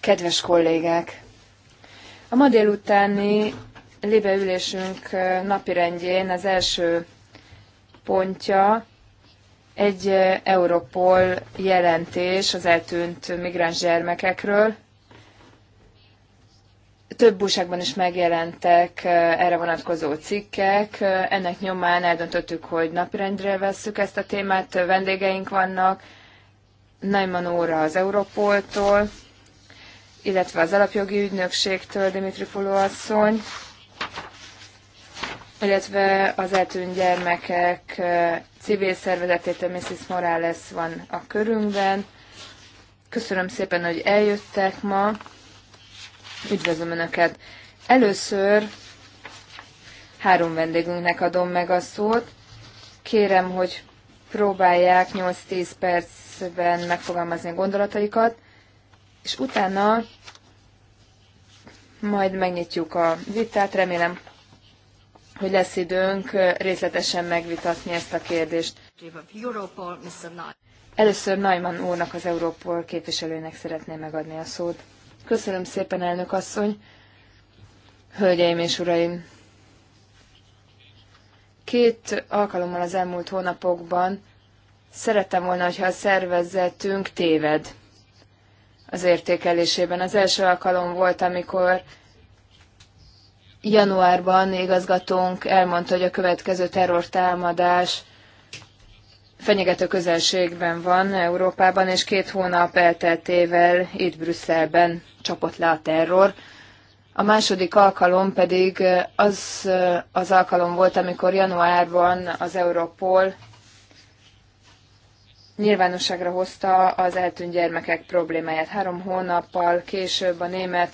Kedves kollégák! A ma délutáni libe ülésünk napirendjén az első pontja egy Europol jelentés az eltűnt migráns gyermekekről. Több újságban is megjelentek erre vonatkozó cikkek. Ennek nyomán eldöntöttük, hogy napirendre vesszük ezt a témát. Vendégeink vannak. Naiman óra az Európoltól, illetve az alapjogi ügynökségtől Dimitri Fuló asszony, illetve az eltűnt gyermekek civil szervezetétől Mrs. Morales van a körünkben. Köszönöm szépen, hogy eljöttek ma. Üdvözlöm Önöket! Először három vendégünknek adom meg a szót. Kérem, hogy próbálják 8-10 percben megfogalmazni a gondolataikat, és utána majd megnyitjuk a vitát. Remélem, hogy lesz időnk részletesen megvitatni ezt a kérdést. Először Najman úrnak, az Európol képviselőnek szeretném megadni a szót. Köszönöm szépen, elnök asszony. Hölgyeim és uraim! Két alkalommal az elmúlt hónapokban szerettem volna, hogyha a szervezetünk téved az értékelésében. Az első alkalom volt, amikor januárban igazgatónk elmondta, hogy a következő terrortámadás fenyegető közelségben van Európában, és két hónap elteltével itt Brüsszelben csapott le a terror. A második alkalom pedig az az alkalom volt, amikor januárban az Europol nyilvánosságra hozta az eltűnt gyermekek problémáját. Három hónappal később a német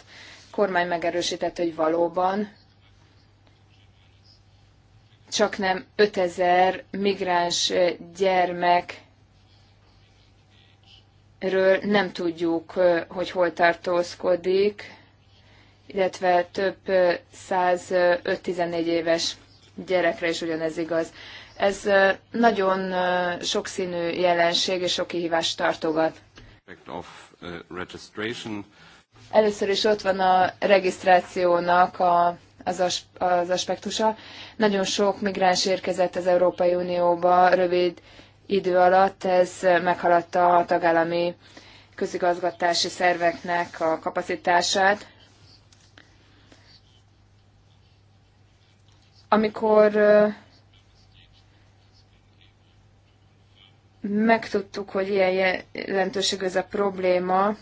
kormány megerősített, hogy valóban csak nem 5000 migráns gyermekről nem tudjuk, hogy hol tartózkodik, illetve több 105-14 éves gyerekre is ugyanez igaz. Ez nagyon sokszínű jelenség és sok kihívást tartogat. Először is ott van a regisztrációnak a az, as, az aspektusa. Nagyon sok migráns érkezett az Európai Unióba rövid idő alatt, ez meghaladta a tagállami közigazgatási szerveknek a kapacitását. Amikor megtudtuk, hogy ilyen jelentőség ez a probléma,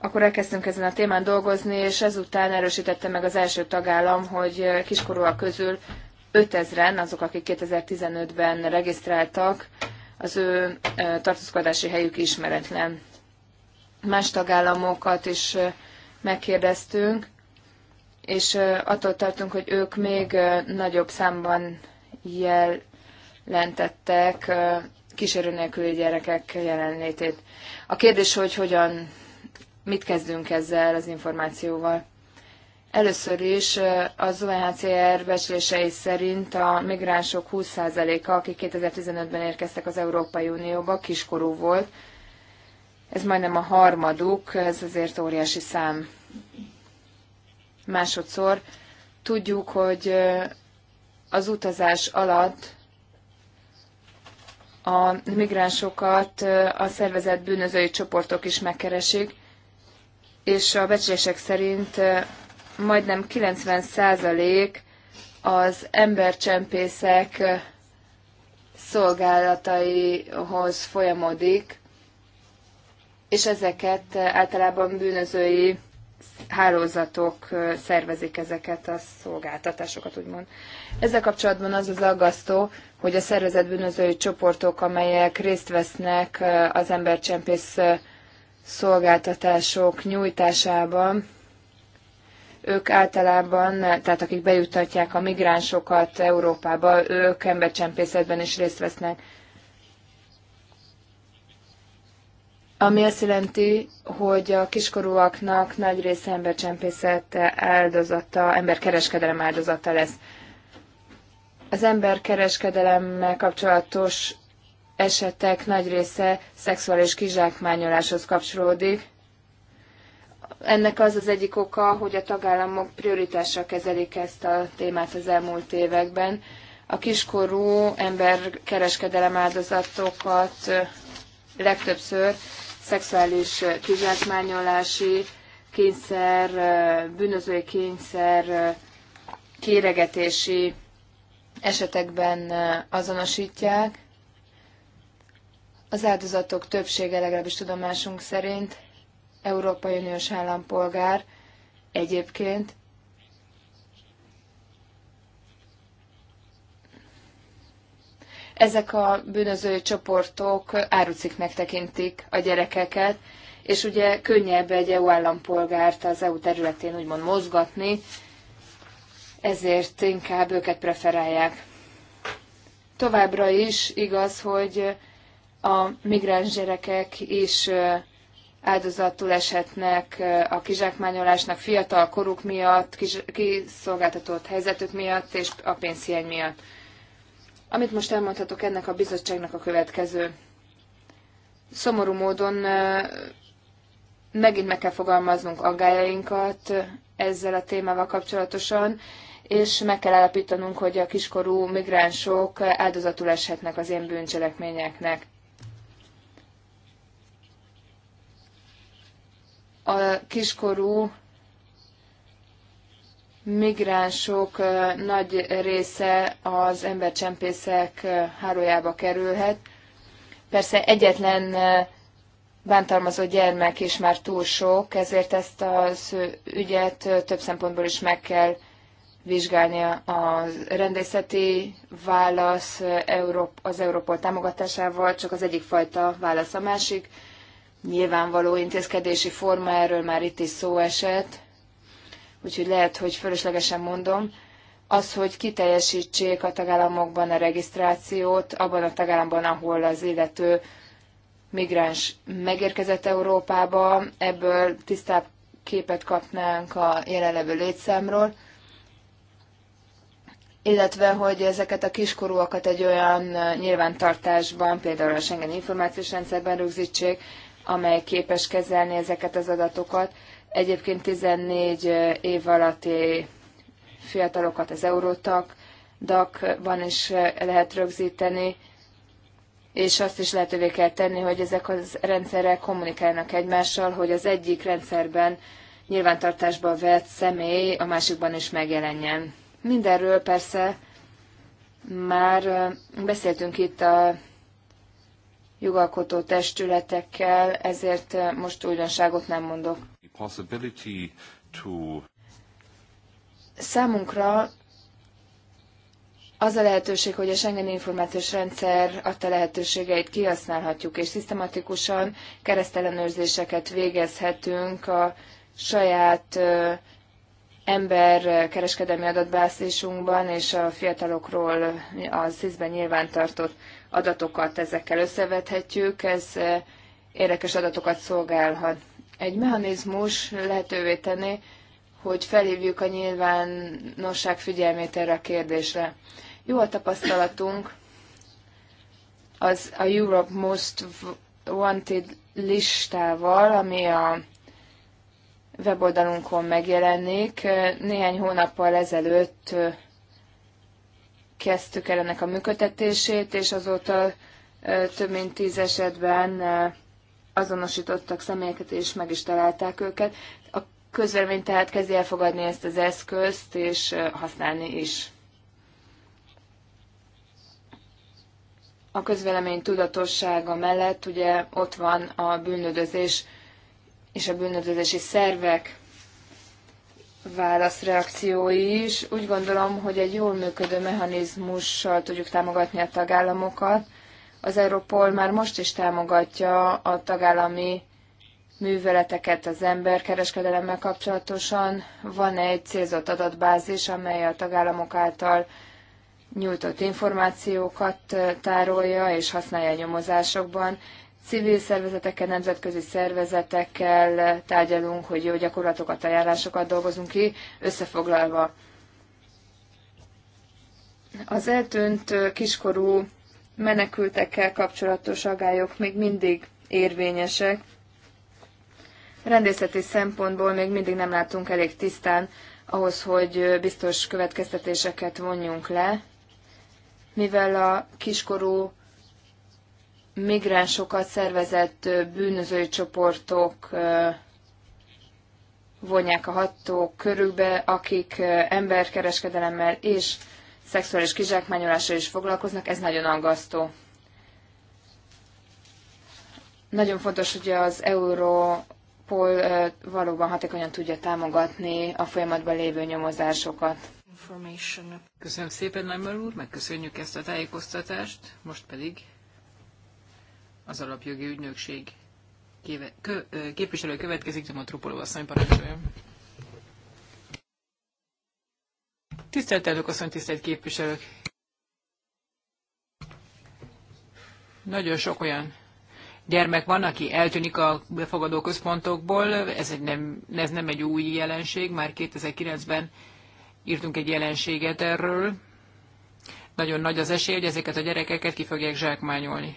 akkor elkezdtünk ezen a témán dolgozni, és ezután erősítette meg az első tagállam, hogy kiskorúak közül 5000-en, azok, akik 2015-ben regisztráltak, az ő e, tartózkodási helyük ismeretlen. Más tagállamokat is e, megkérdeztünk, és e, attól tartunk, hogy ők még nagyobb számban jelentettek kísérő nélküli gyerekek jelenlétét. A kérdés, hogy hogyan mit kezdünk ezzel az információval. Először is eh, az UNHCR becslései szerint a migránsok 20%-a, akik 2015-ben érkeztek az Európai Unióba, kiskorú volt. Ez majdnem a harmaduk, ez azért óriási szám. Másodszor tudjuk, hogy eh, az utazás alatt a migránsokat eh, a szervezett bűnözői csoportok is megkeresik, és a becslések szerint majdnem 90% az embercsempészek szolgálataihoz folyamodik, és ezeket általában bűnözői hálózatok szervezik ezeket a szolgáltatásokat, úgymond. Ezzel kapcsolatban az az aggasztó, hogy a szervezett bűnözői csoportok, amelyek részt vesznek az embercsempész szolgáltatások nyújtásában ők általában, tehát akik bejutatják a migránsokat Európába, ők embercsempészetben is részt vesznek. Ami azt jelenti, hogy a kiskorúaknak nagy része embercsempészet áldozata, emberkereskedelem áldozata lesz. Az emberkereskedelemmel kapcsolatos esetek nagy része szexuális kizsákmányoláshoz kapcsolódik. Ennek az az egyik oka, hogy a tagállamok prioritásra kezelik ezt a témát az elmúlt években. A kiskorú emberkereskedelem áldozatokat legtöbbször szexuális kizsákmányolási, kényszer, bűnözői kényszer, kéregetési esetekben azonosítják. Az áldozatok többsége, legalábbis tudomásunk szerint, Európai Uniós állampolgár egyébként. Ezek a bűnözői csoportok áruciknek tekintik a gyerekeket, és ugye könnyebb egy EU állampolgárt az EU területén úgymond mozgatni, ezért inkább őket preferálják. Továbbra is igaz, hogy a migráns gyerekek is áldozatul eshetnek a kizsákmányolásnak fiatal koruk miatt, kiszolgáltatott helyzetük miatt és a pénzhiány miatt. Amit most elmondhatok ennek a bizottságnak a következő. Szomorú módon megint meg kell fogalmaznunk aggájainkat ezzel a témával kapcsolatosan, és meg kell állapítanunk, hogy a kiskorú migránsok áldozatul eshetnek az én bűncselekményeknek. a kiskorú migránsok nagy része az embercsempészek hálójába kerülhet. Persze egyetlen bántalmazó gyermek is már túl sok, ezért ezt az ügyet több szempontból is meg kell vizsgálni a rendészeti válasz az Európol támogatásával, csak az egyik fajta válasz a másik nyilvánvaló intézkedési forma, erről már itt is szó esett, úgyhogy lehet, hogy fölöslegesen mondom, az, hogy kiteljesítsék a tagállamokban a regisztrációt, abban a tagállamban, ahol az illető migráns megérkezett Európába, ebből tisztább képet kapnánk a jelenlevő létszámról, illetve hogy ezeket a kiskorúakat egy olyan nyilvántartásban, például a Schengen információs rendszerben rögzítsék, amely képes kezelni ezeket az adatokat. Egyébként 14 év alatti fiatalokat az Eurótak, DAC-ban is lehet rögzíteni, és azt is lehetővé kell tenni, hogy ezek az rendszerek kommunikálnak egymással, hogy az egyik rendszerben nyilvántartásba vett személy a másikban is megjelenjen. Mindenről persze már beszéltünk itt a jogalkotó testületekkel, ezért eh, most újdonságot nem mondok. Számunkra az a lehetőség, hogy a Schengen információs rendszer adta lehetőségeit kihasználhatjuk, és szisztematikusan keresztelenőrzéseket végezhetünk a saját ember kereskedelmi adatbázisunkban és a fiatalokról a SZISZ-ben nyilvántartott adatokat ezekkel összevethetjük, ez érdekes adatokat szolgálhat. Egy mechanizmus lehetővé tenni, hogy felhívjuk a nyilvánosság figyelmét erre a kérdésre. Jó a tapasztalatunk, az a Europe Most Wanted listával, ami a weboldalunkon megjelenik. Néhány hónappal ezelőtt kezdtük el ennek a működtetését, és azóta több mint tíz esetben azonosítottak személyeket, és meg is találták őket. A közvélemény tehát kezdi elfogadni ezt az eszközt, és használni is. A közvélemény tudatossága mellett ugye ott van a bűnödözés és a bűnödözési szervek válaszreakciói is. Úgy gondolom, hogy egy jól működő mechanizmussal tudjuk támogatni a tagállamokat. Az Európol már most is támogatja a tagállami műveleteket az emberkereskedelemmel kapcsolatosan. Van egy célzott adatbázis, amely a tagállamok által nyújtott információkat tárolja és használja a nyomozásokban, civil szervezetekkel, nemzetközi szervezetekkel tárgyalunk, hogy jó gyakorlatokat, ajánlásokat dolgozunk ki, összefoglalva. Az eltűnt kiskorú menekültekkel kapcsolatos agályok még mindig érvényesek. Rendészeti szempontból még mindig nem látunk elég tisztán ahhoz, hogy biztos következtetéseket vonjunk le, mivel a kiskorú migránsokat szervezett bűnözői csoportok vonják a hatók körülbe, akik emberkereskedelemmel és szexuális kizsákmányolással is foglalkoznak, ez nagyon aggasztó. Nagyon fontos, hogy az Europol valóban hatékonyan tudja támogatni a folyamatban lévő nyomozásokat. Köszönöm szépen, Neumann úr, megköszönjük ezt a tájékoztatást, most pedig az alapjogi ügynökség kéve, kö, képviselő következik, de Matropoló asszony parancsolja. Tisztelt elnök asszony, tisztelt képviselők! Nagyon sok olyan gyermek van, aki eltűnik a befogadó központokból. Ez, egy nem, ez nem egy új jelenség, már 2009-ben írtunk egy jelenséget erről. Nagyon nagy az esély, hogy ezeket a gyerekeket ki fogják zsákmányolni.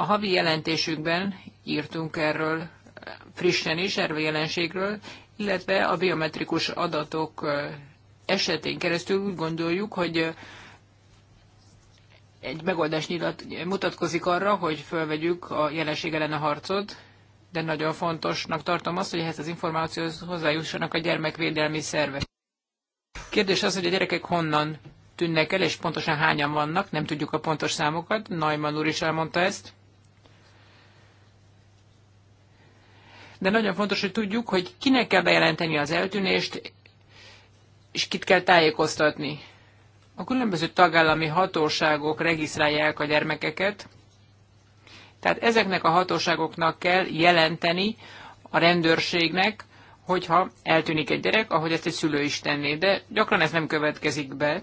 A havi jelentésükben írtunk erről frissen is, erről jelenségről, illetve a biometrikus adatok esetén keresztül úgy gondoljuk, hogy egy megoldás nyilat, mutatkozik arra, hogy fölvegyük a jelenség ellen a harcot, de nagyon fontosnak tartom azt, hogy ehhez az információhoz hozzájussanak a gyermekvédelmi szervek. Kérdés az, hogy a gyerekek honnan tűnnek el, és pontosan hányan vannak, nem tudjuk a pontos számokat, Neumann úr is elmondta ezt. de nagyon fontos, hogy tudjuk, hogy kinek kell bejelenteni az eltűnést, és kit kell tájékoztatni. A különböző tagállami hatóságok regisztrálják a gyermekeket, tehát ezeknek a hatóságoknak kell jelenteni a rendőrségnek, hogyha eltűnik egy gyerek, ahogy ezt egy szülő is tenné, de gyakran ez nem következik be.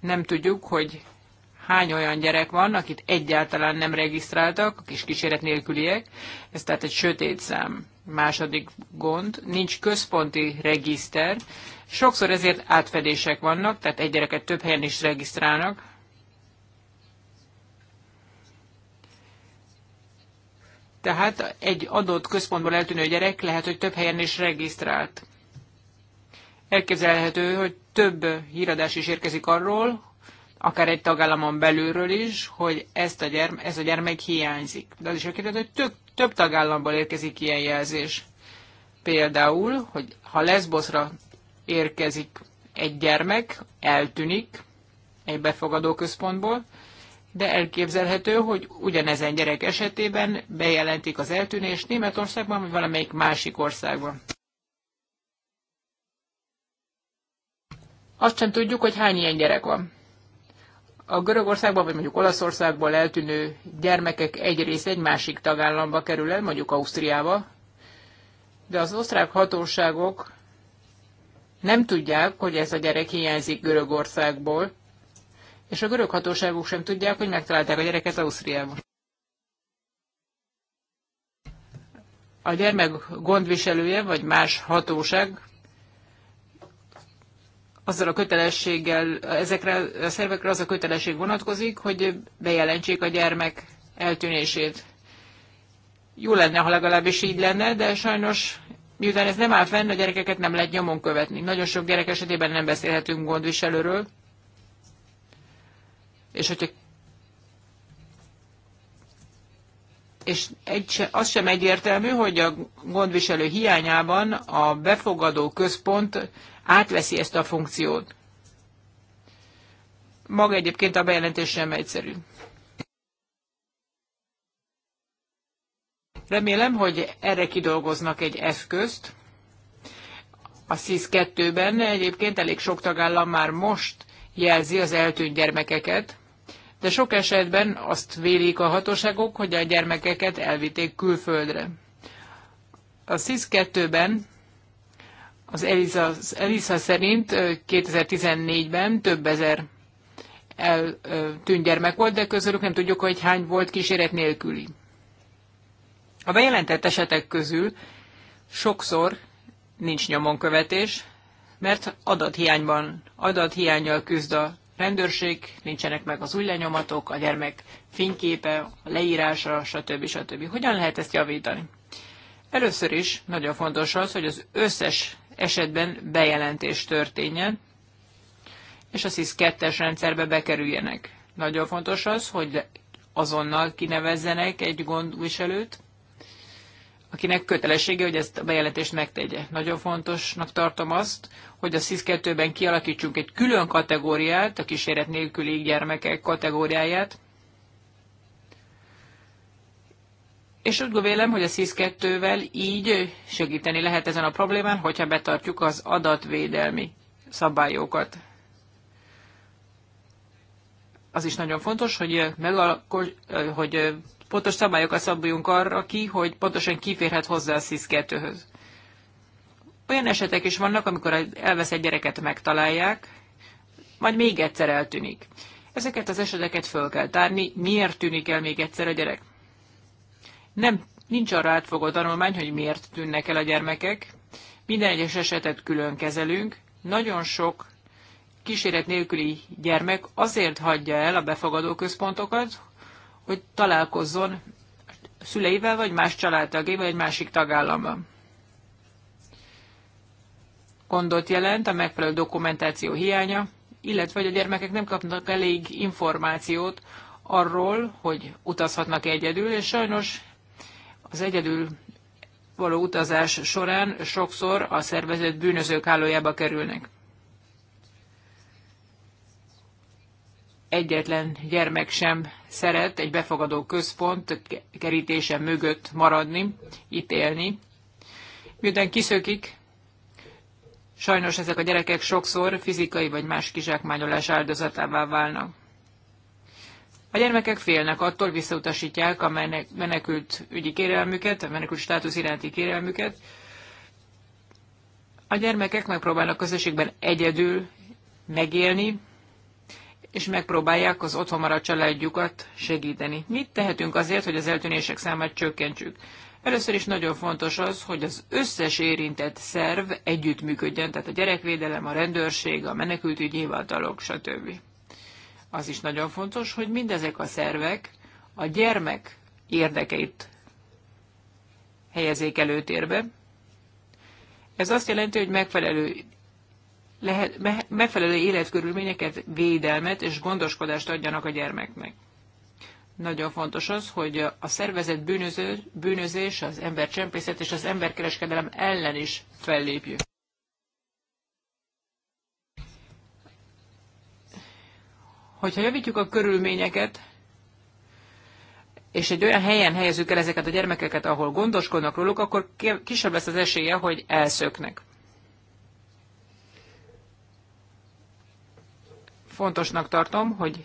Nem tudjuk, hogy hány olyan gyerek van, akit egyáltalán nem regisztráltak, a kis kíséret nélküliek, ez tehát egy sötét szám. Második gond, nincs központi regiszter, sokszor ezért átfedések vannak, tehát egy gyereket több helyen is regisztrálnak. Tehát egy adott központból eltűnő gyerek lehet, hogy több helyen is regisztrált. Elképzelhető, hogy több híradás is érkezik arról, akár egy tagállamon belülről is, hogy ezt a gyerme, ez a gyermek hiányzik. De az is a kérdés, hogy több, több tagállamból érkezik ilyen jelzés. Például, hogy ha leszboszra érkezik egy gyermek, eltűnik egy befogadó központból, de elképzelhető, hogy ugyanezen gyerek esetében bejelentik az eltűnést Németországban, vagy valamelyik másik országban. Azt sem tudjuk, hogy hány ilyen gyerek van a Görögországban vagy mondjuk Olaszországból eltűnő gyermekek egy része egy másik tagállamba kerül el, mondjuk Ausztriába, de az osztrák hatóságok nem tudják, hogy ez a gyerek hiányzik Görögországból, és a görög hatóságok sem tudják, hogy megtalálták a gyereket Ausztriában. A gyermek gondviselője vagy más hatóság azzal a kötelességgel, ezekre a szervekre az a kötelesség vonatkozik, hogy bejelentsék a gyermek eltűnését. Jó lenne, ha legalábbis így lenne, de sajnos miután ez nem áll fenn, a gyerekeket nem lehet nyomon követni. Nagyon sok gyerek esetében nem beszélhetünk gondviselőről, és hogyha és egy az sem egyértelmű, hogy a gondviselő hiányában a befogadó központ átveszi ezt a funkciót. Maga egyébként a bejelentés sem egyszerű. Remélem, hogy erre kidolgoznak egy eszközt. A SZIS 2-ben egyébként elég sok tagállam már most jelzi az eltűnt gyermekeket de sok esetben azt vélik a hatóságok, hogy a gyermekeket elvitték külföldre. A SZIS-2-ben az Elisa, az Elisa szerint 2014-ben több ezer eltűnt gyermek volt, de közülük nem tudjuk, hogy hány volt kíséret nélküli. A bejelentett esetek közül sokszor nincs nyomon követés, mert adathiányban, adathiányjal küzd a rendőrség, nincsenek meg az új lenyomatok, a gyermek fényképe, a leírása, stb. stb. Hogyan lehet ezt javítani? Először is nagyon fontos az, hogy az összes esetben bejelentés történjen, és a SZISZ 2 rendszerbe bekerüljenek. Nagyon fontos az, hogy azonnal kinevezzenek egy gondviselőt, akinek kötelessége, hogy ezt a bejelentést megtegye. Nagyon fontosnak tartom azt, hogy a SZISZ-2-ben kialakítsunk egy külön kategóriát, a kíséret nélküli gyermekek kategóriáját, és úgy gondolom, hogy a SZISZ-2-vel így segíteni lehet ezen a problémán, hogyha betartjuk az adatvédelmi szabályokat. Az is nagyon fontos, hogy, megalko- hogy pontos szabályokat szabjunk arra ki, hogy pontosan kiférhet hozzá a SZIS-2-höz. Olyan esetek is vannak, amikor elveszett gyereket megtalálják, majd még egyszer eltűnik. Ezeket az eseteket föl kell tárni, miért tűnik el még egyszer a gyerek. Nem, nincs arra átfogó tanulmány, hogy miért tűnnek el a gyermekek. Minden egyes esetet külön kezelünk. Nagyon sok kíséret nélküli gyermek azért hagyja el a befogadó központokat, hogy találkozzon szüleivel, vagy más családtagével egy másik tagállamban. Gondot jelent a megfelelő dokumentáció hiánya, illetve hogy a gyermekek nem kapnak elég információt arról, hogy utazhatnak -e egyedül, és sajnos az egyedül való utazás során sokszor a szervezet bűnözők hálójába kerülnek. egyetlen gyermek sem szeret egy befogadó központ kerítése mögött maradni, itt élni. Miután kiszökik, sajnos ezek a gyerekek sokszor fizikai vagy más kizsákmányolás áldozatává válnak. A gyermekek félnek, attól visszautasítják a menekült ügyi kérelmüket, a menekült státusz iránti kérelmüket. A gyermekek megpróbálnak közösségben egyedül megélni, és megpróbálják az otthon maradt családjukat segíteni. Mit tehetünk azért, hogy az eltűnések számát csökkentsük? Először is nagyon fontos az, hogy az összes érintett szerv együttműködjön, tehát a gyerekvédelem, a rendőrség, a menekültügyi hivatalok, stb. Az is nagyon fontos, hogy mindezek a szervek a gyermek érdekeit helyezék előtérbe. Ez azt jelenti, hogy megfelelő lehet, me, megfelelő életkörülményeket, védelmet és gondoskodást adjanak a gyermeknek. Nagyon fontos az, hogy a szervezet bűnöző, bűnözés, az embercsempészet és az emberkereskedelem ellen is fellépjük. Hogyha javítjuk a körülményeket, és egy olyan helyen helyezzük el ezeket a gyermekeket, ahol gondoskodnak róluk, akkor kisebb lesz az esélye, hogy elszöknek. fontosnak tartom, hogy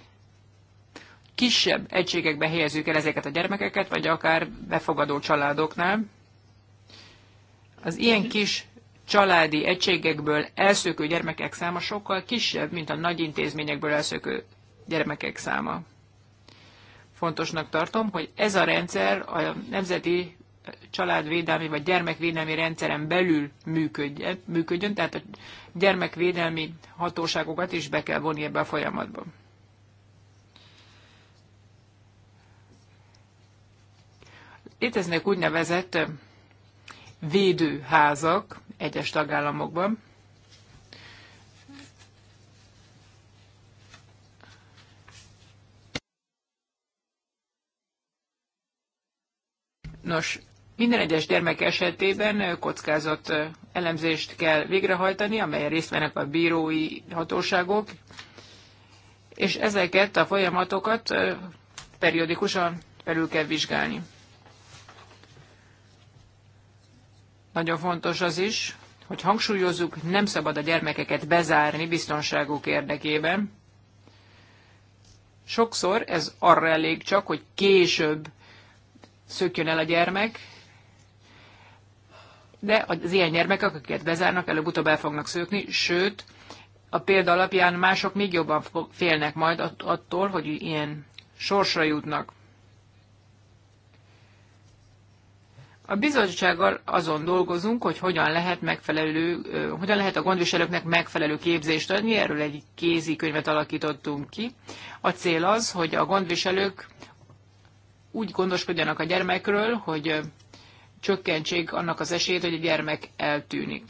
kisebb egységekbe helyezzük el ezeket a gyermekeket, vagy akár befogadó családoknál. Az ilyen kis családi egységekből elszökő gyermekek száma sokkal kisebb, mint a nagy intézményekből elszökő gyermekek száma. Fontosnak tartom, hogy ez a rendszer a nemzeti családvédelmi vagy gyermekvédelmi rendszeren belül működjön, működjön, tehát a gyermekvédelmi hatóságokat is be kell vonni ebbe a folyamatba. Léteznek úgynevezett védőházak egyes tagállamokban. Nos, minden egyes gyermek esetében kockázat elemzést kell végrehajtani, amelyen részt vennek a bírói hatóságok, és ezeket a folyamatokat periódikusan felül kell vizsgálni. Nagyon fontos az is, hogy hangsúlyozzuk, nem szabad a gyermekeket bezárni biztonságuk érdekében. Sokszor ez arra elég csak, hogy később szökjön el a gyermek, de az ilyen gyermekek, akiket bezárnak, előbb-utóbb el fognak szökni, sőt, a példa alapján mások még jobban félnek majd attól, hogy ilyen sorsra jutnak. A bizottsággal azon dolgozunk, hogy hogyan lehet, megfelelő, hogyan lehet a gondviselőknek megfelelő képzést adni, erről egy kézikönyvet alakítottunk ki. A cél az, hogy a gondviselők úgy gondoskodjanak a gyermekről, hogy csökkentsék annak az esélyét, hogy a gyermek eltűnik.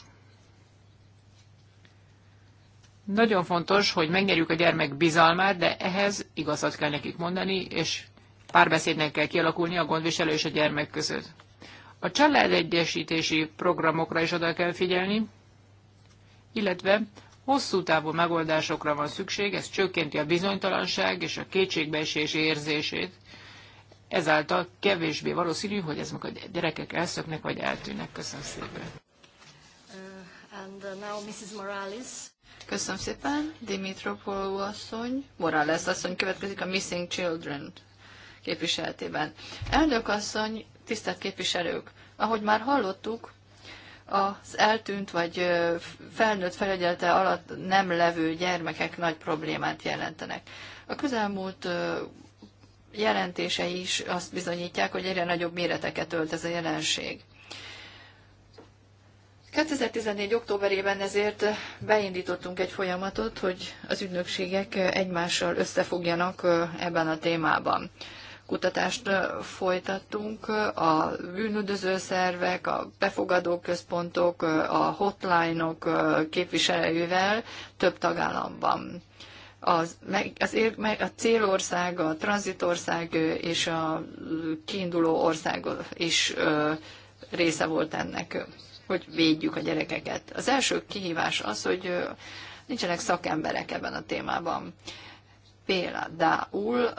Nagyon fontos, hogy megnyerjük a gyermek bizalmát, de ehhez igazat kell nekik mondani, és párbeszédnek kell kialakulni a gondviselő és a gyermek között. A család egyesítési programokra is oda kell figyelni, illetve hosszú távú megoldásokra van szükség, ez csökkenti a bizonytalanság és a kétségbeesés érzését ezáltal kevésbé valószínű, hogy ezek a gyerekek elszöknek vagy eltűnnek. Köszönöm szépen. Uh, uh, Mrs. Morales. Köszönöm szépen, Dimitropoló asszony. Morales asszony következik a Missing Children képviseletében. Elnök asszony, tisztelt képviselők! Ahogy már hallottuk, az eltűnt vagy felnőtt felügyelete alatt nem levő gyermekek nagy problémát jelentenek. A közelmúlt jelentései is azt bizonyítják, hogy egyre nagyobb méreteket ölt ez a jelenség. 2014. októberében ezért beindítottunk egy folyamatot, hogy az ügynökségek egymással összefogjanak ebben a témában. Kutatást folytattunk, a bűnüldöző szervek, a befogadó központok, a hotline-ok -ok képviselőivel több tagállamban az, meg, az ér, meg a célország, a tranzitország és a kiinduló ország is része volt ennek, hogy védjük a gyerekeket. Az első kihívás az, hogy nincsenek szakemberek ebben a témában. Például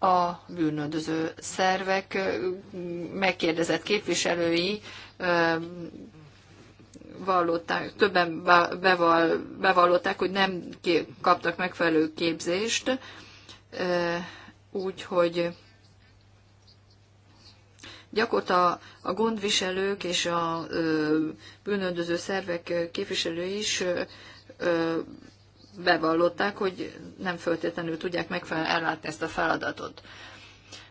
a bűnöldöző szervek megkérdezett képviselői bevallották, többen bevall, bevallották, hogy nem kaptak megfelelő képzést, úgyhogy gyakorta a gondviselők és a bűnöldöző szervek képviselői is bevallották, hogy nem feltétlenül tudják megfelelően ellátni ezt a feladatot.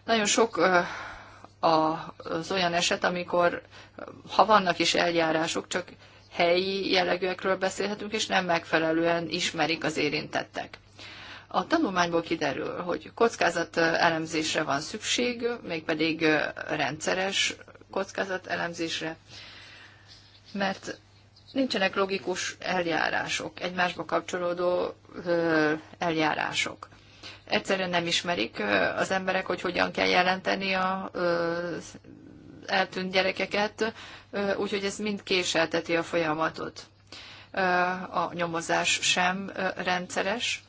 Nagyon sok az olyan eset, amikor ha vannak is eljárások, csak helyi jellegűekről beszélhetünk, és nem megfelelően ismerik az érintettek. A tanulmányból kiderül, hogy kockázat elemzésre van szükség, mégpedig rendszeres kockázat elemzésre, mert nincsenek logikus eljárások, egymásba kapcsolódó eljárások. Egyszerűen nem ismerik az emberek, hogy hogyan kell jelenteni a eltűnt gyerekeket, úgyhogy ez mind késelteti a folyamatot. A nyomozás sem rendszeres.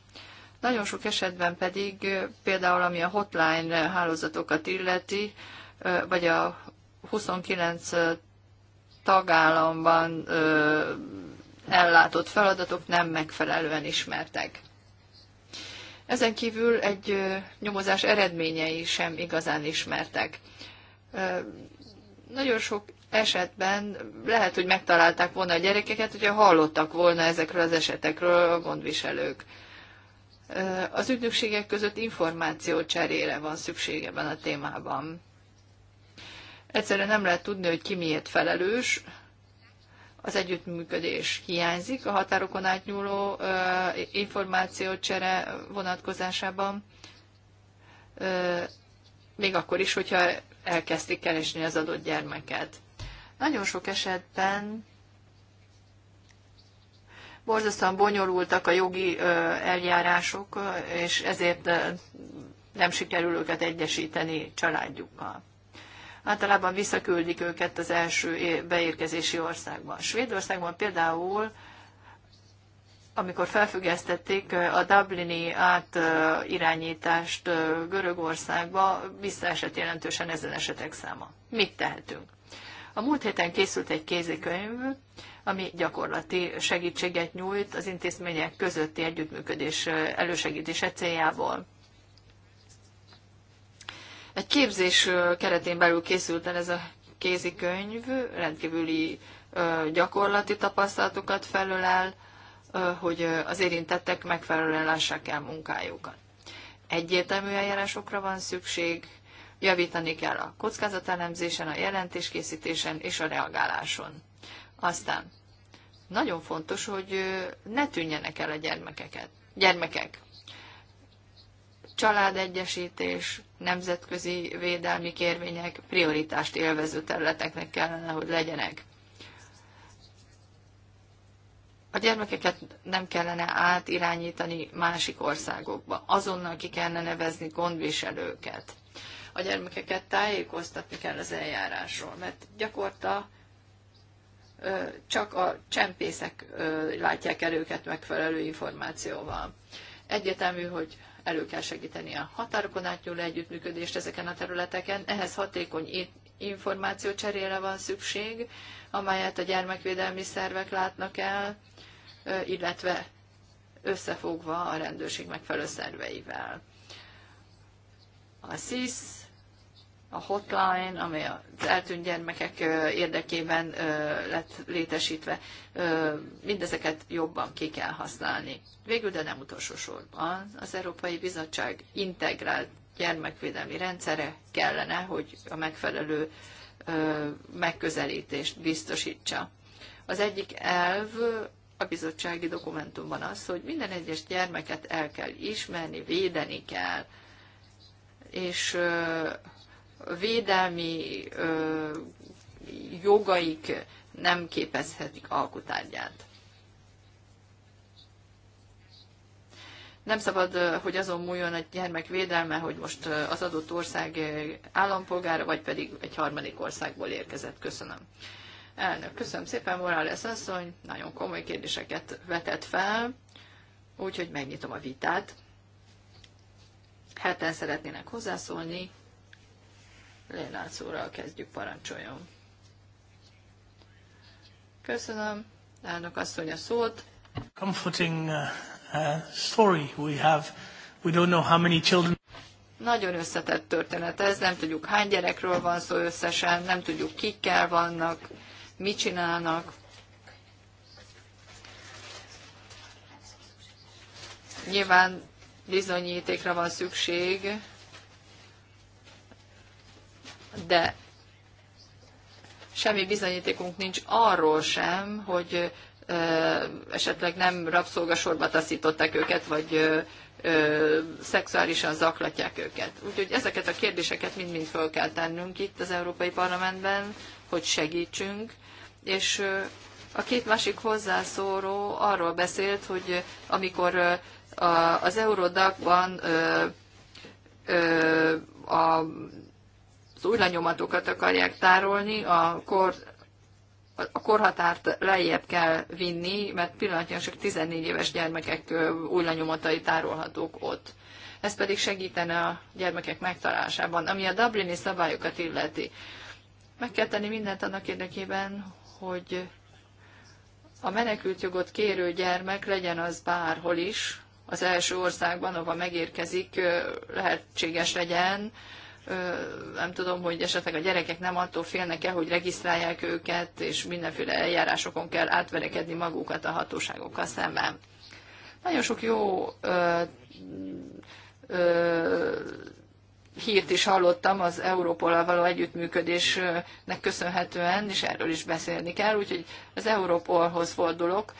Nagyon sok esetben pedig, például ami a hotline hálózatokat illeti, vagy a 29 tagállamban ellátott feladatok nem megfelelően ismertek. Ezen kívül egy nyomozás eredményei sem igazán ismertek nagyon sok esetben lehet, hogy megtalálták volna a gyerekeket, hogyha hallottak volna ezekről az esetekről a gondviselők. Az ügynökségek között információ cserére van szükség ebben a témában. Egyszerűen nem lehet tudni, hogy ki miért felelős, az együttműködés hiányzik a határokon átnyúló információcsere vonatkozásában, még akkor is, hogyha elkezdték keresni az adott gyermeket. Nagyon sok esetben borzasztóan bonyolultak a jogi eljárások, és ezért nem sikerül őket egyesíteni családjukkal. Általában visszaküldik őket az első beérkezési országban. Svédországban például amikor felfüggesztették a Dublini átirányítást Görögországba, visszaesett jelentősen ezen esetek száma. Mit tehetünk? A múlt héten készült egy kézikönyv, ami gyakorlati segítséget nyújt az intézmények közötti együttműködés elősegítése céljából. Egy képzés keretén belül készült el ez a kézikönyv, rendkívüli gyakorlati tapasztalatokat felölel, hogy az érintettek megfelelően lássák el munkájukat. Egyértelmű eljárásokra van szükség, javítani kell a kockázatelemzésen, a jelentéskészítésen és a reagáláson. Aztán nagyon fontos, hogy ne tűnjenek el a gyermekeket. gyermekek. Családegyesítés, nemzetközi védelmi kérvények prioritást élvező területeknek kellene, hogy legyenek a gyermekeket nem kellene átirányítani másik országokba. Azonnal ki kellene nevezni gondviselőket. A gyermekeket tájékoztatni kell az eljárásról, mert gyakorta csak a csempészek látják el őket megfelelő információval. Egyetemű, hogy elő kell segíteni a határokon átnyúló együttműködést ezeken a területeken, ehhez hatékony információcserére van szükség, amelyet a gyermekvédelmi szervek látnak el, illetve összefogva a rendőrség megfelelő szerveivel. A SIS, a hotline, amely az eltűnt gyermekek érdekében lett létesítve, mindezeket jobban ki kell használni. Végül, de nem utolsó sorban, az Európai Bizottság integrált gyermekvédelmi rendszere kellene, hogy a megfelelő megközelítést biztosítsa. Az egyik elv a bizottsági dokumentumban az, hogy minden egyes gyermeket el kell ismerni, védeni kell, és védelmi jogaik nem képezhetik alkutárgyát. Nem szabad, hogy azon múljon egy gyermek védelme, hogy most az adott ország állampolgára, vagy pedig egy harmadik országból érkezett. Köszönöm. Elnök, köszönöm szépen, Morales asszony, nagyon komoly kérdéseket vetett fel, úgyhogy megnyitom a vitát. Heten szeretnének hozzászólni. Lénárc úrral kezdjük, parancsoljon. Köszönöm, elnök asszony a szót. Comforting uh, uh, story we have. We don't know how many children nagyon összetett történet ez, nem tudjuk hány gyerekről van szó összesen, nem tudjuk kikkel vannak, mit csinálnak. Nyilván bizonyítékra van szükség, de semmi bizonyítékunk nincs arról sem, hogy esetleg nem rabszolgasorba taszították őket, vagy ö, ö, szexuálisan zaklatják őket. Úgyhogy ezeket a kérdéseket mind-mind föl kell tennünk itt az Európai Parlamentben, hogy segítsünk, és a két másik hozzászóró arról beszélt, hogy amikor az Eurodagban az új lenyomatokat akarják tárolni, a, kor, a korhatárt lejjebb kell vinni, mert pillanatnyilag csak 14 éves gyermekek új lenyomatai tárolhatók ott. Ez pedig segítene a gyermekek megtalálásában, ami a Dublini szabályokat illeti. Meg kell tenni mindent annak érdekében, hogy a menekültjogot kérő gyermek legyen az bárhol is, az első országban, ahova megérkezik, lehetséges legyen. Nem tudom, hogy esetleg a gyerekek nem attól félnek-e, hogy regisztrálják őket, és mindenféle eljárásokon kell átverekedni magukat a hatóságokkal szemben. Nagyon sok jó hírt is hallottam az Európolal való együttműködésnek köszönhetően, és erről is beszélni kell, úgyhogy az Európolhoz fordulok.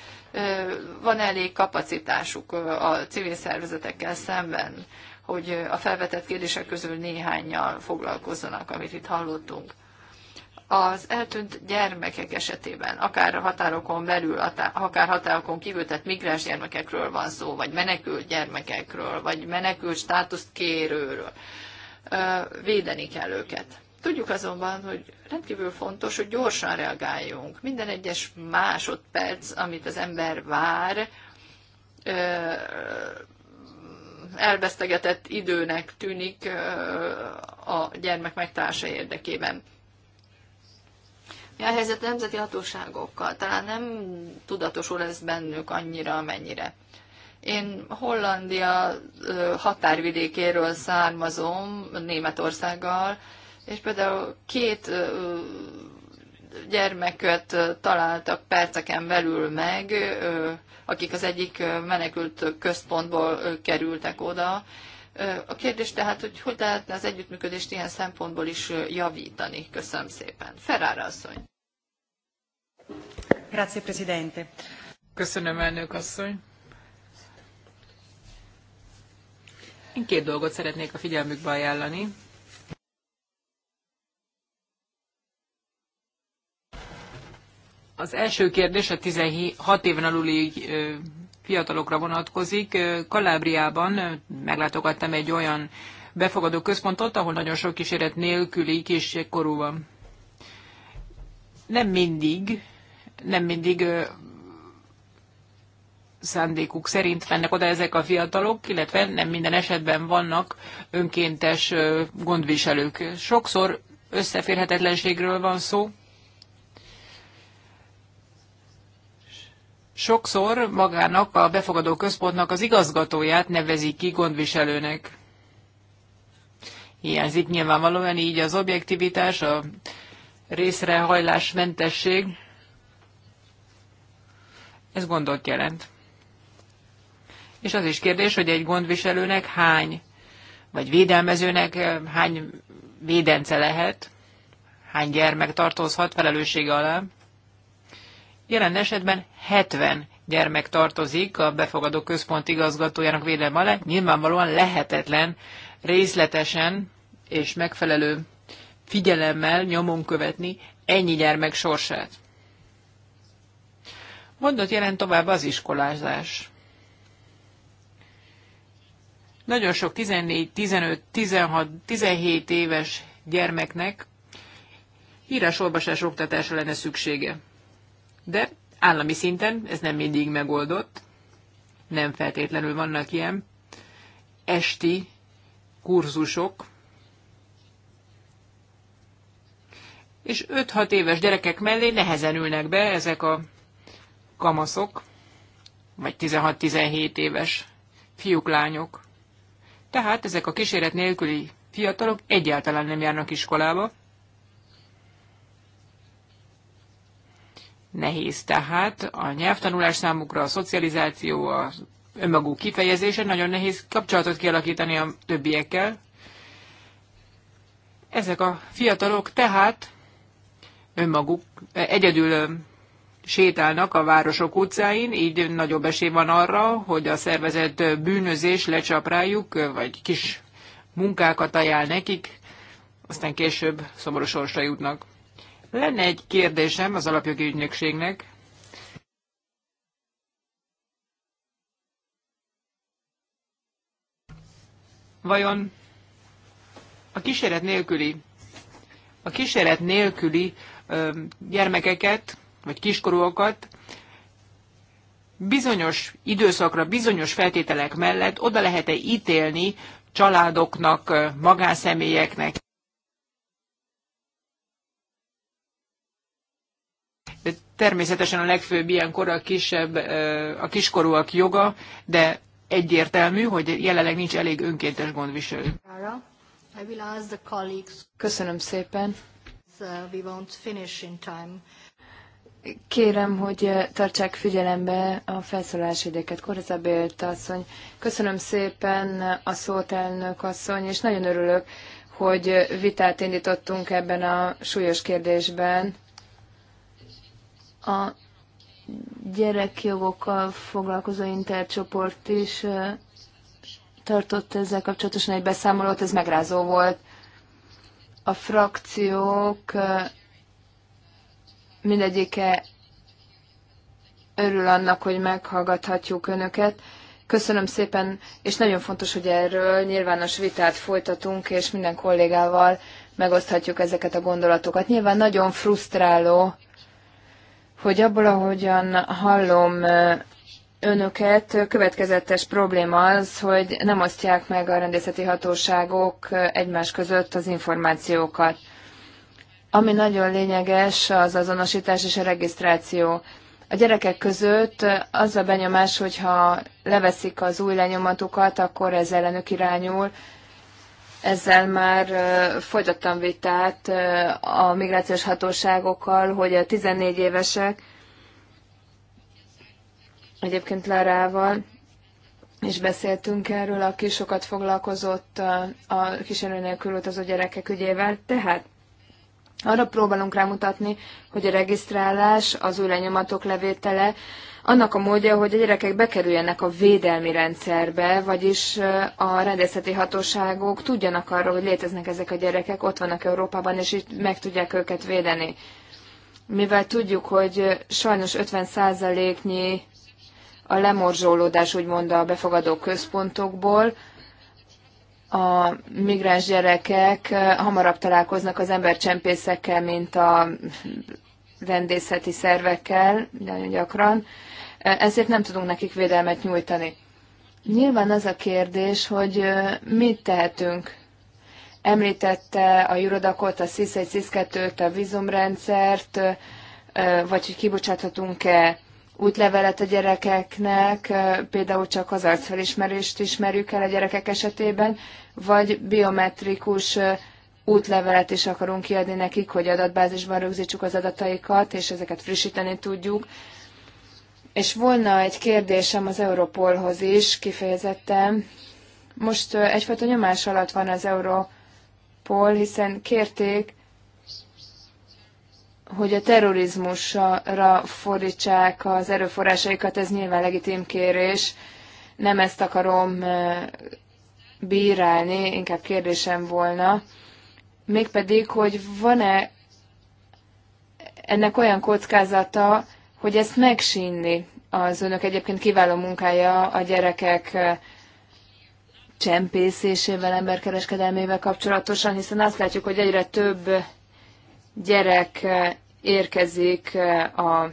Van elég kapacitásuk a civil szervezetekkel szemben, hogy a felvetett kérdések közül néhányal foglalkozzanak, amit itt hallottunk. Az eltűnt gyermekek esetében, akár határokon belül, akár határokon kívül, tehát migráns gyermekekről van szó, vagy menekült gyermekekről, vagy menekült státuszt kérőről, védeni kell őket. Tudjuk azonban, hogy rendkívül fontos, hogy gyorsan reagáljunk. Minden egyes másodperc, amit az ember vár, elvesztegetett időnek tűnik a gyermek megtársa érdekében. Mi a helyzet a nemzeti hatóságokkal? Talán nem tudatosul ez bennük annyira, amennyire. Én Hollandia határvidékéről származom, Németországgal, és például két gyermeket találtak perceken belül meg, akik az egyik menekült központból kerültek oda. A kérdés tehát, hogy hogy lehetne az együttműködést ilyen szempontból is javítani. Köszönöm szépen. Ferrara asszony. Grazie, Presidente. Köszönöm, elnök asszony. Én két dolgot szeretnék a figyelmükbe ajánlani. Az első kérdés a 16 éven aluli fiatalokra vonatkozik. Kalábriában meglátogattam egy olyan befogadó központot, ahol nagyon sok kíséret nélküli kiskorú van. Nem mindig, nem mindig szándékuk szerint mennek oda ezek a fiatalok, illetve nem minden esetben vannak önkéntes gondviselők. Sokszor összeférhetetlenségről van szó. Sokszor magának a befogadó központnak az igazgatóját nevezik ki gondviselőnek. Hiányzik nyilvánvalóan így az objektivitás, a részrehajlás mentesség. Ez gondot jelent és az is kérdés, hogy egy gondviselőnek hány, vagy védelmezőnek eh, hány védence lehet, hány gyermek tartozhat felelőssége alá. Jelen esetben 70 gyermek tartozik a befogadó központ igazgatójának védelme alá. Nyilvánvalóan lehetetlen részletesen és megfelelő figyelemmel nyomon követni ennyi gyermek sorsát. Mondott jelen tovább az iskolázás. Nagyon sok 14, 15, 16, 17 éves gyermeknek írás-olvasás oktatásra lenne szüksége. De állami szinten ez nem mindig megoldott, nem feltétlenül vannak ilyen esti kurzusok, és 5-6 éves gyerekek mellé nehezen ülnek be ezek a kamaszok, vagy 16-17 éves fiúk, lányok. Tehát ezek a kíséret nélküli fiatalok egyáltalán nem járnak iskolába. Nehéz tehát a nyelvtanulás számukra, a szocializáció, a önmaguk kifejezése, nagyon nehéz kapcsolatot kialakítani a többiekkel. Ezek a fiatalok tehát önmaguk egyedül sétálnak a városok utcáin, így nagyobb esély van arra, hogy a szervezett bűnözés lecsap rájuk, vagy kis munkákat ajánl nekik, aztán később szomorú sorsra jutnak. Lenne egy kérdésem az alapjogi ügynökségnek. Vajon a kíséret nélküli, a kíséret nélküli ö, gyermekeket vagy kiskorúakat bizonyos időszakra, bizonyos feltételek mellett oda lehet-e ítélni családoknak, magánszemélyeknek. De természetesen a legfőbb ilyenkor a, kisebb, a kiskorúak joga, de egyértelmű, hogy jelenleg nincs elég önkéntes gondviselő. Köszönöm szépen. Uh, Kérem, hogy tartsák figyelembe a felszólás idéket. Korzabélt asszony, köszönöm szépen a szót, elnök asszony, és nagyon örülök, hogy vitát indítottunk ebben a súlyos kérdésben. A gyerekjogokkal foglalkozó intercsoport is tartott ezzel kapcsolatosan egy beszámolót, ez megrázó volt. A frakciók mindegyike örül annak, hogy meghallgathatjuk önöket. Köszönöm szépen, és nagyon fontos, hogy erről nyilvános vitát folytatunk, és minden kollégával megoszthatjuk ezeket a gondolatokat. Nyilván nagyon frusztráló, hogy abból, ahogyan hallom önöket, következetes probléma az, hogy nem osztják meg a rendészeti hatóságok egymás között az információkat. Ami nagyon lényeges, az azonosítás és a regisztráció. A gyerekek között az a benyomás, hogyha leveszik az új lenyomatukat, akkor ez ellenük irányul. Ezzel már folytattam vitát a migrációs hatóságokkal, hogy a 14 évesek, egyébként Lárával, és beszéltünk erről, aki sokat foglalkozott a kísérő nélkül utazó gyerekek ügyével. Tehát arra próbálunk rámutatni, hogy a regisztrálás, az új lenyomatok levétele annak a módja, hogy a gyerekek bekerüljenek a védelmi rendszerbe, vagyis a rendészeti hatóságok tudjanak arról, hogy léteznek ezek a gyerekek, ott vannak Európában, és itt meg tudják őket védeni. Mivel tudjuk, hogy sajnos 50%-nyi a lemorzsolódás, úgymond a befogadó központokból, a migráns gyerekek eh, hamarabb találkoznak az embercsempészekkel, mint a rendészeti szervekkel, nagyon gyakran, eh, ezért nem tudunk nekik védelmet nyújtani. Nyilván az a kérdés, hogy eh, mit tehetünk. Említette a Jurodakot, a SZISZ 1, SZISZ 2 a vízumrendszert, vagy hogy kibocsáthatunk-e útlevelet a gyerekeknek, például csak az arcfelismerést ismerjük el a gyerekek esetében, vagy biometrikus útlevelet is akarunk kiadni nekik, hogy adatbázisban rögzítsük az adataikat, és ezeket frissíteni tudjuk. És volna egy kérdésem az Europolhoz is kifejezetten. Most egyfajta nyomás alatt van az Europol, hiszen kérték hogy a terrorizmusra fordítsák az erőforrásaikat, ez nyilván legitim kérés. Nem ezt akarom bírálni, inkább kérdésem volna. Mégpedig, hogy van-e ennek olyan kockázata, hogy ezt megsinni az önök egyébként kiváló munkája a gyerekek csempészésével, emberkereskedelmével kapcsolatosan, hiszen azt látjuk, hogy egyre több gyerek eh, érkezik eh, a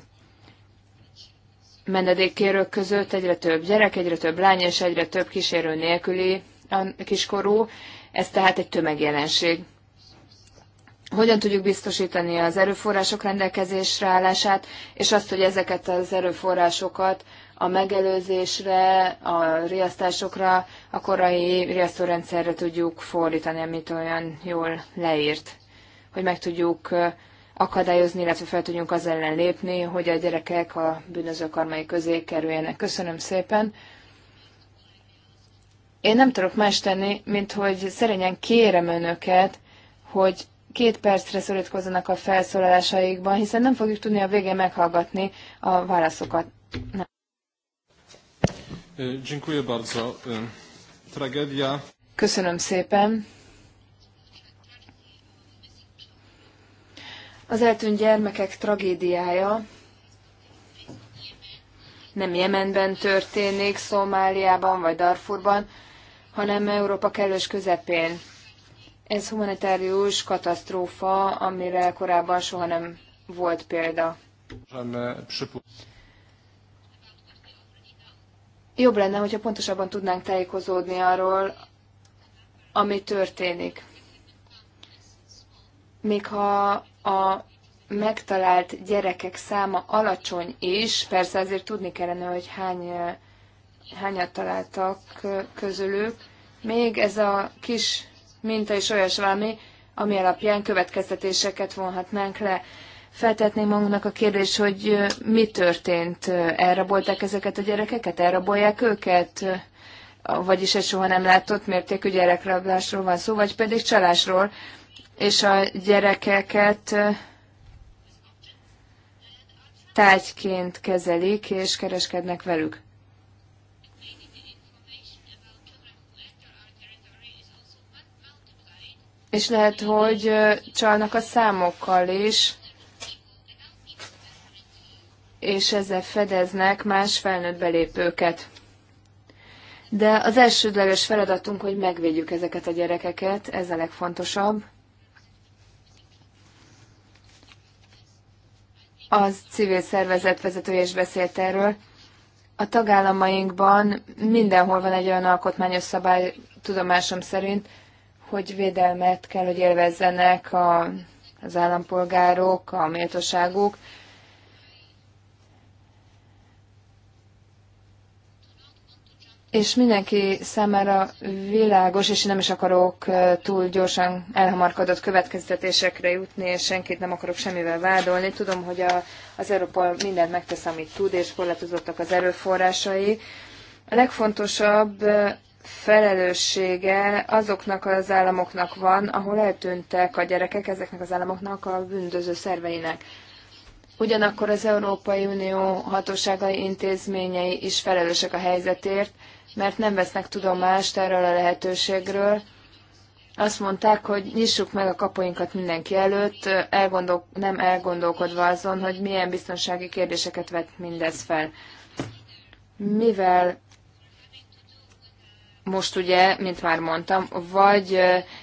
menedékkérők között, egyre több gyerek, egyre több lány és egyre több kísérő nélküli a kiskorú, ez tehát egy tömegjelenség. Hogyan tudjuk biztosítani az erőforrások rendelkezésre állását, és azt, hogy ezeket az erőforrásokat a megelőzésre, a riasztásokra, a korai riasztórendszerre tudjuk fordítani, amit olyan jól leírt hogy meg tudjuk akadályozni, illetve fel tudjunk az ellen lépni, hogy a gyerekek a bűnöző karmai közé kerüljenek. Köszönöm szépen. Én nem tudok más tenni, mint hogy szerényen kérem önöket, hogy két percre szorítkozzanak a felszólalásaikban, hiszen nem fogjuk tudni a végén meghallgatni a válaszokat. Nem. Köszönöm szépen. Az eltűnt gyermekek tragédiája nem Jemenben történik, Szomáliában vagy Darfurban, hanem Európa kellős közepén. Ez humanitárius katasztrófa, amire korábban soha nem volt példa. Jobb lenne, hogyha pontosabban tudnánk tájékozódni arról, ami történik. Még ha a megtalált gyerekek száma alacsony is, persze azért tudni kellene, hogy hány, eh, hányat találtak eh, közülük. Még ez a kis minta is olyas valami, ami alapján következtetéseket vonhatnánk le. Feltetném magunknak a kérdés, hogy eh, mi történt? Elrabolták ezeket a gyerekeket? Elrabolják őket? Vagyis egy soha nem látott mértékű gyerekrablásról van szó, vagy pedig csalásról, és a gyerekeket tárgyként kezelik és kereskednek velük. És lehet, hogy csalnak a számokkal is, és ezzel fedeznek más felnőtt belépőket. De az elsődleges feladatunk, hogy megvédjük ezeket a gyerekeket, ez a legfontosabb. az civil szervezet vezetője is beszélt erről. A tagállamainkban mindenhol van egy olyan alkotmányos szabály, tudomásom szerint, hogy védelmet kell, hogy élvezzenek a, az állampolgárok, a méltóságuk, és mindenki számára világos, és én nem is akarok túl gyorsan elhamarkodott következtetésekre jutni, és senkit nem akarok semmivel vádolni. Tudom, hogy a, az Európa mindent megtesz, amit tud, és korlátozottak az erőforrásai. A legfontosabb felelőssége azoknak az államoknak van, ahol eltűntek a gyerekek, ezeknek az államoknak a bűnöző szerveinek. Ugyanakkor az Európai Unió hatóságai intézményei is felelősek a helyzetért, mert nem vesznek tudomást erről a lehetőségről. Azt mondták, hogy nyissuk meg a kapuinkat mindenki előtt, elgondol, nem elgondolkodva azon, hogy milyen biztonsági kérdéseket vet mindez fel. Mivel most ugye, mint már mondtam, vagy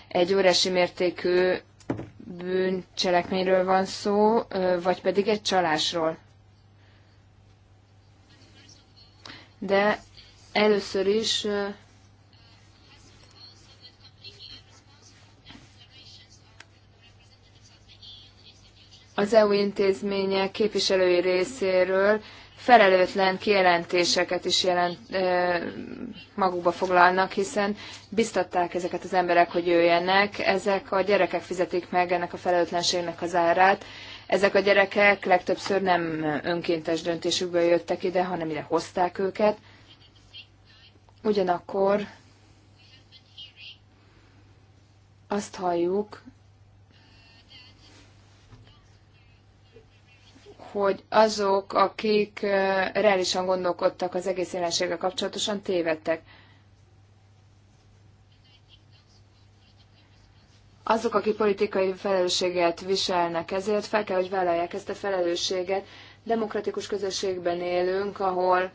egy órási mértékű bűncselekményről van szó, vagy pedig egy csalásról. De Először is az EU intézmények képviselői részéről felelőtlen kijelentéseket is jelent, magukba foglalnak, hiszen biztatták ezeket az emberek, hogy jöjjenek. Ezek a gyerekek fizetik meg ennek a felelőtlenségnek az árát. Ezek a gyerekek legtöbbször nem önkéntes döntésükből jöttek ide, hanem ide hozták őket. Ugyanakkor azt halljuk, hogy azok, akik reálisan gondolkodtak az egész jelenséggel kapcsolatosan, tévedtek. Azok, akik politikai felelősséget viselnek ezért, fel kell, hogy vállalják ezt a felelősséget. Demokratikus közösségben élünk, ahol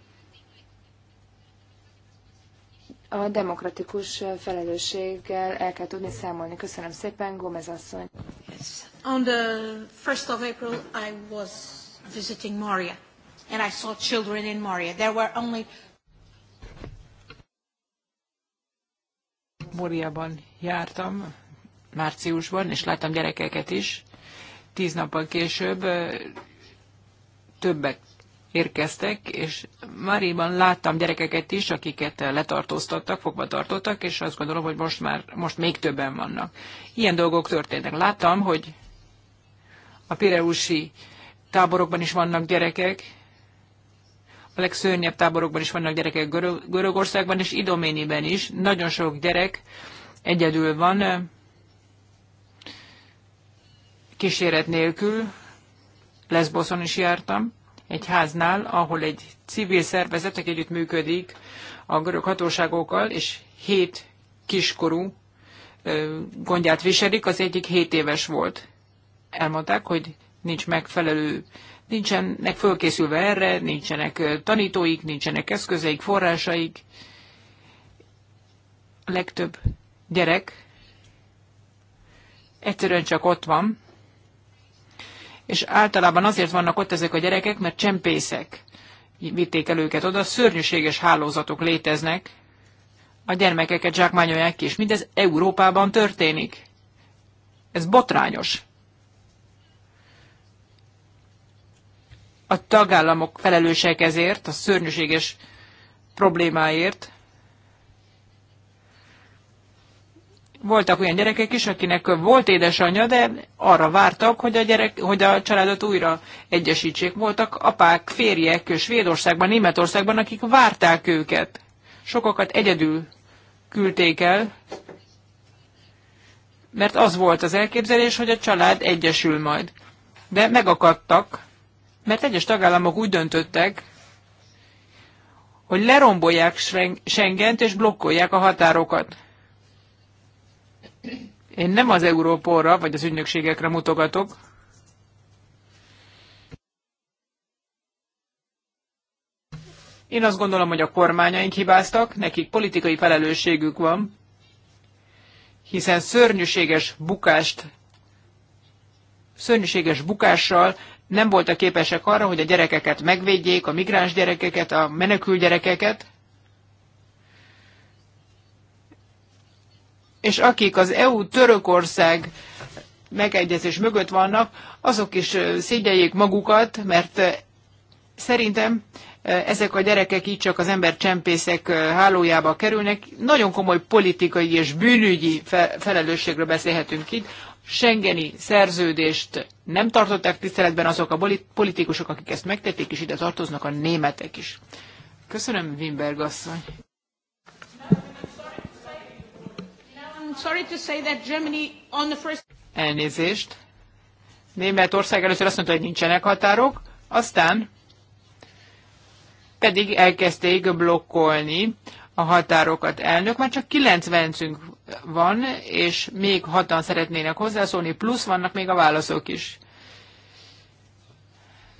a demokratikus felelősséggel el kell tudni számolni. Köszönöm szépen, Gómez asszony. Yes. On the 1st of April I was visiting Moria and I saw children in Moria. There were only Moriaban jártam márciusban, és láttam gyerekeket is. Tíz nappal később többek érkeztek, és Máriban láttam gyerekeket is, akiket letartóztattak, fogva tartottak, és azt gondolom, hogy most már most még többen vannak. Ilyen dolgok történnek. Láttam, hogy a Pireusi táborokban is vannak gyerekek, a legszörnyebb táborokban is vannak gyerekek Görög Görögországban, és Idoméniben is. Nagyon sok gyerek egyedül van, kíséret nélkül, Leszboszon is jártam, egy háznál, ahol egy civil szervezet, aki együttműködik a görög hatóságokkal, és hét kiskorú gondját viselik, az egyik hét éves volt. Elmondták, hogy nincs megfelelő, nincsenek fölkészülve erre, nincsenek tanítóik, nincsenek eszközeik, forrásaik. A legtöbb gyerek egyszerűen csak ott van, és általában azért vannak ott ezek a gyerekek, mert csempészek vitték el őket oda, szörnyűséges hálózatok léteznek, a gyermekeket zsákmányolják ki, és mindez Európában történik. Ez botrányos. A tagállamok felelősek ezért, a szörnyűséges problémáért, voltak olyan gyerekek is, akinek volt édesanyja, de arra vártak, hogy a, gyerek, hogy a családot újra egyesítsék. Voltak apák, férjek Svédországban, Németországban, akik várták őket. Sokakat egyedül küldték el, mert az volt az elképzelés, hogy a család egyesül majd. De megakadtak, mert egyes tagállamok úgy döntöttek, hogy lerombolják Schengent és blokkolják a határokat. Én nem az Európóra, vagy az ügynökségekre mutogatok. Én azt gondolom, hogy a kormányaink hibáztak, nekik politikai felelősségük van, hiszen szörnyűséges bukást, szörnyűséges bukással nem voltak képesek arra, hogy a gyerekeket megvédjék, a migráns gyerekeket, a menekül gyerekeket, és akik az EU-Törökország megegyezés mögött vannak, azok is szégyeljék magukat, mert szerintem ezek a gyerekek így csak az ember csempészek hálójába kerülnek. Nagyon komoly politikai és bűnügyi felelősségről beszélhetünk itt. Schengeni szerződést nem tartották tiszteletben azok a politikusok, akik ezt megtették, és ide tartoznak a németek is. Köszönöm, Wimberg asszony. sorry to say that Germany on the first... Elnézést. Németország először azt mondta, hogy nincsenek határok, aztán pedig elkezdték blokkolni a határokat. Elnök, már csak 90 van, és még hatan szeretnének hozzászólni, plusz vannak még a válaszok is.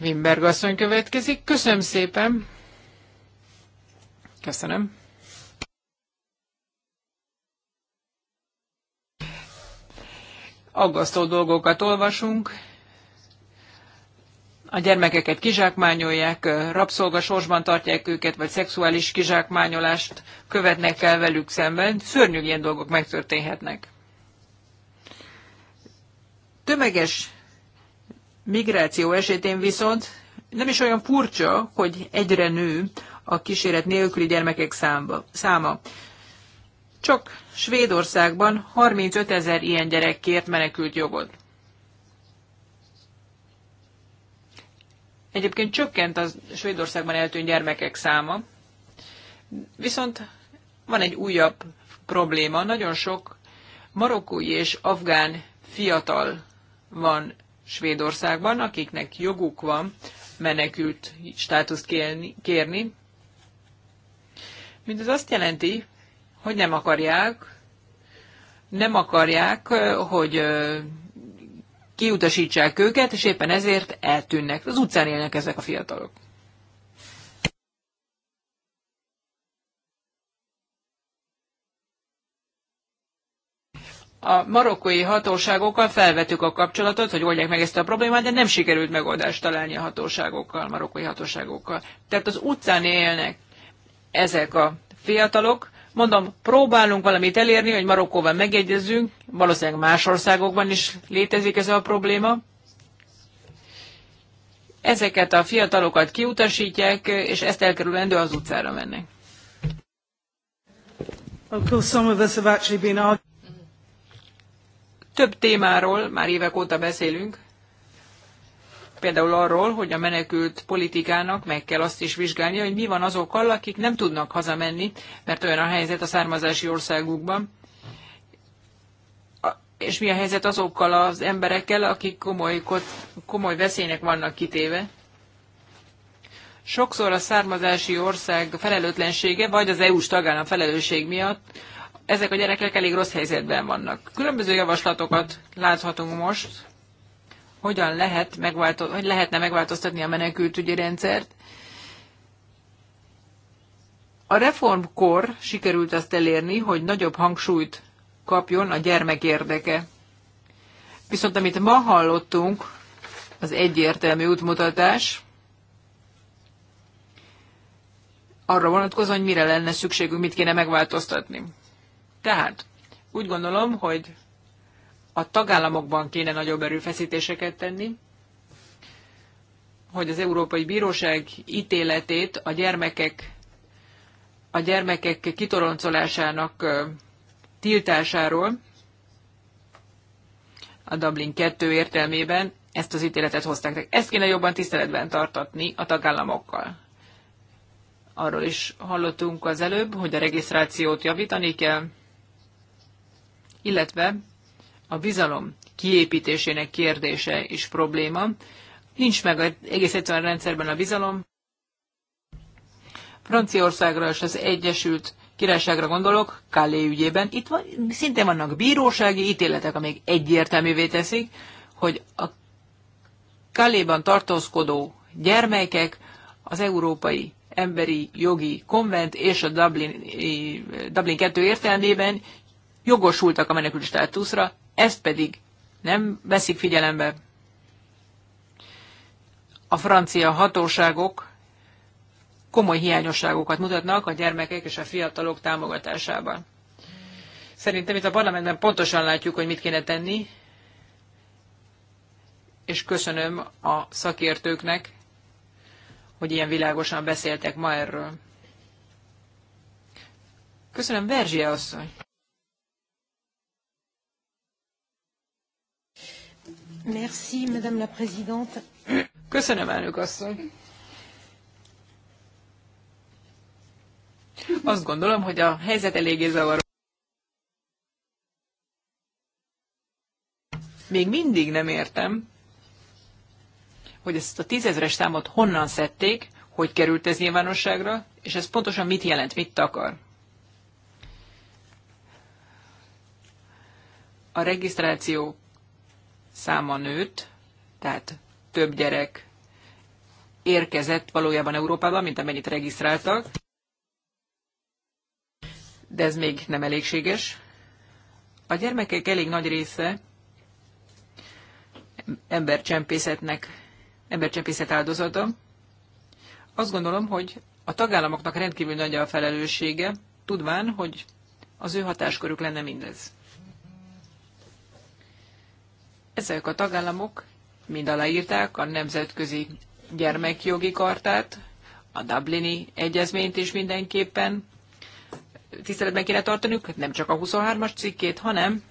Wimberg asszony következik. Köszönöm szépen. Köszönöm. aggasztó dolgokat olvasunk. A gyermekeket kizsákmányolják, sorsban tartják őket, vagy szexuális kizsákmányolást követnek el velük szemben. Szörnyű ilyen dolgok megtörténhetnek. Tömeges migráció esetén viszont nem is olyan furcsa, hogy egyre nő a kíséret nélküli gyermekek számba, száma. Csak Svédországban 35 ezer ilyen gyerek kért menekült jogot. Egyébként csökkent az Svédországban eltűnt gyermekek száma, viszont van egy újabb probléma. Nagyon sok marokkói és afgán fiatal van Svédországban, akiknek joguk van menekült státuszt kérni. ez azt jelenti, hogy nem akarják, nem akarják, hogy kiutasítsák őket, és éppen ezért eltűnnek. Az utcán élnek ezek a fiatalok. A marokkói hatóságokkal felvettük a kapcsolatot, hogy oldják meg ezt a problémát, de nem sikerült megoldást találni a hatóságokkal, marokkói hatóságokkal. Tehát az utcán élnek ezek a fiatalok, Mondom, próbálunk valamit elérni, hogy Marokkóval megegyezünk, valószínűleg más országokban is létezik ez a probléma. Ezeket a fiatalokat kiutasítják, és ezt elkerülendő az utcára mennek. Több témáról már évek óta beszélünk, például arról, hogy a menekült politikának meg kell azt is vizsgálnia, hogy mi van azokkal, akik nem tudnak hazamenni, mert olyan a helyzet a származási országukban, és mi a helyzet azokkal az emberekkel, akik komoly, komoly veszélynek vannak kitéve. Sokszor a származási ország felelőtlensége, vagy az EU-s tagállam felelősség miatt ezek a gyerekek elég rossz helyzetben vannak. Különböző javaslatokat láthatunk most hogyan lehet megváltoz, hogy lehetne megváltoztatni a menekültügyi rendszert. A reformkor sikerült azt elérni, hogy nagyobb hangsúlyt kapjon a gyermek érdeke. Viszont amit ma hallottunk, az egyértelmű útmutatás, arra vonatkozó, hogy mire lenne szükségünk, mit kéne megváltoztatni. Tehát úgy gondolom, hogy a tagállamokban kéne nagyobb erőfeszítéseket tenni, hogy az Európai Bíróság ítéletét a gyermekek, a gyermekek kitoroncolásának tiltásáról a Dublin 2 értelmében ezt az ítéletet hozták. Ezt kéne jobban tiszteletben tartatni a tagállamokkal. Arról is hallottunk az előbb, hogy a regisztrációt javítani kell, illetve a bizalom kiépítésének kérdése is probléma. Nincs meg egész egyszerűen a rendszerben a bizalom. Franciaországra és az Egyesült Királyságra gondolok, Kálé ügyében. Itt van, szinte vannak bírósági ítéletek, amik egyértelművé teszik, hogy a Káléban tartózkodó gyermekek az Európai Emberi Jogi Konvent és a Dublin, Dublin 2 értelmében jogosultak a menekült státuszra, ezt pedig nem veszik figyelembe. A francia hatóságok komoly hiányosságokat mutatnak a gyermekek és a fiatalok támogatásában. Szerintem itt a parlamentben pontosan látjuk, hogy mit kéne tenni, és köszönöm a szakértőknek, hogy ilyen világosan beszéltek ma erről. Köszönöm, Verzsia asszony! Merci, Madame la Présidente. Köszönöm, elnök asszony. Azt gondolom, hogy a helyzet eléggé zavaró. Még mindig nem értem, hogy ezt a tízezres számot honnan szedték, hogy került ez nyilvánosságra, és ez pontosan mit jelent, mit takar. A regisztráció száma nőtt, tehát több gyerek érkezett valójában Európában, mint amennyit regisztráltak. De ez még nem elégséges. A gyermekek elég nagy része embercsempészetnek, embercsempészet áldozata. Azt gondolom, hogy a tagállamoknak rendkívül nagy a felelőssége, tudván, hogy az ő hatáskörük lenne mindez. Ezek a tagállamok mind aláírták a nemzetközi gyermekjogi kartát, a Dublini egyezményt is mindenképpen tiszteletben kéne tartaniuk, hát nem csak a 23-as cikkét, hanem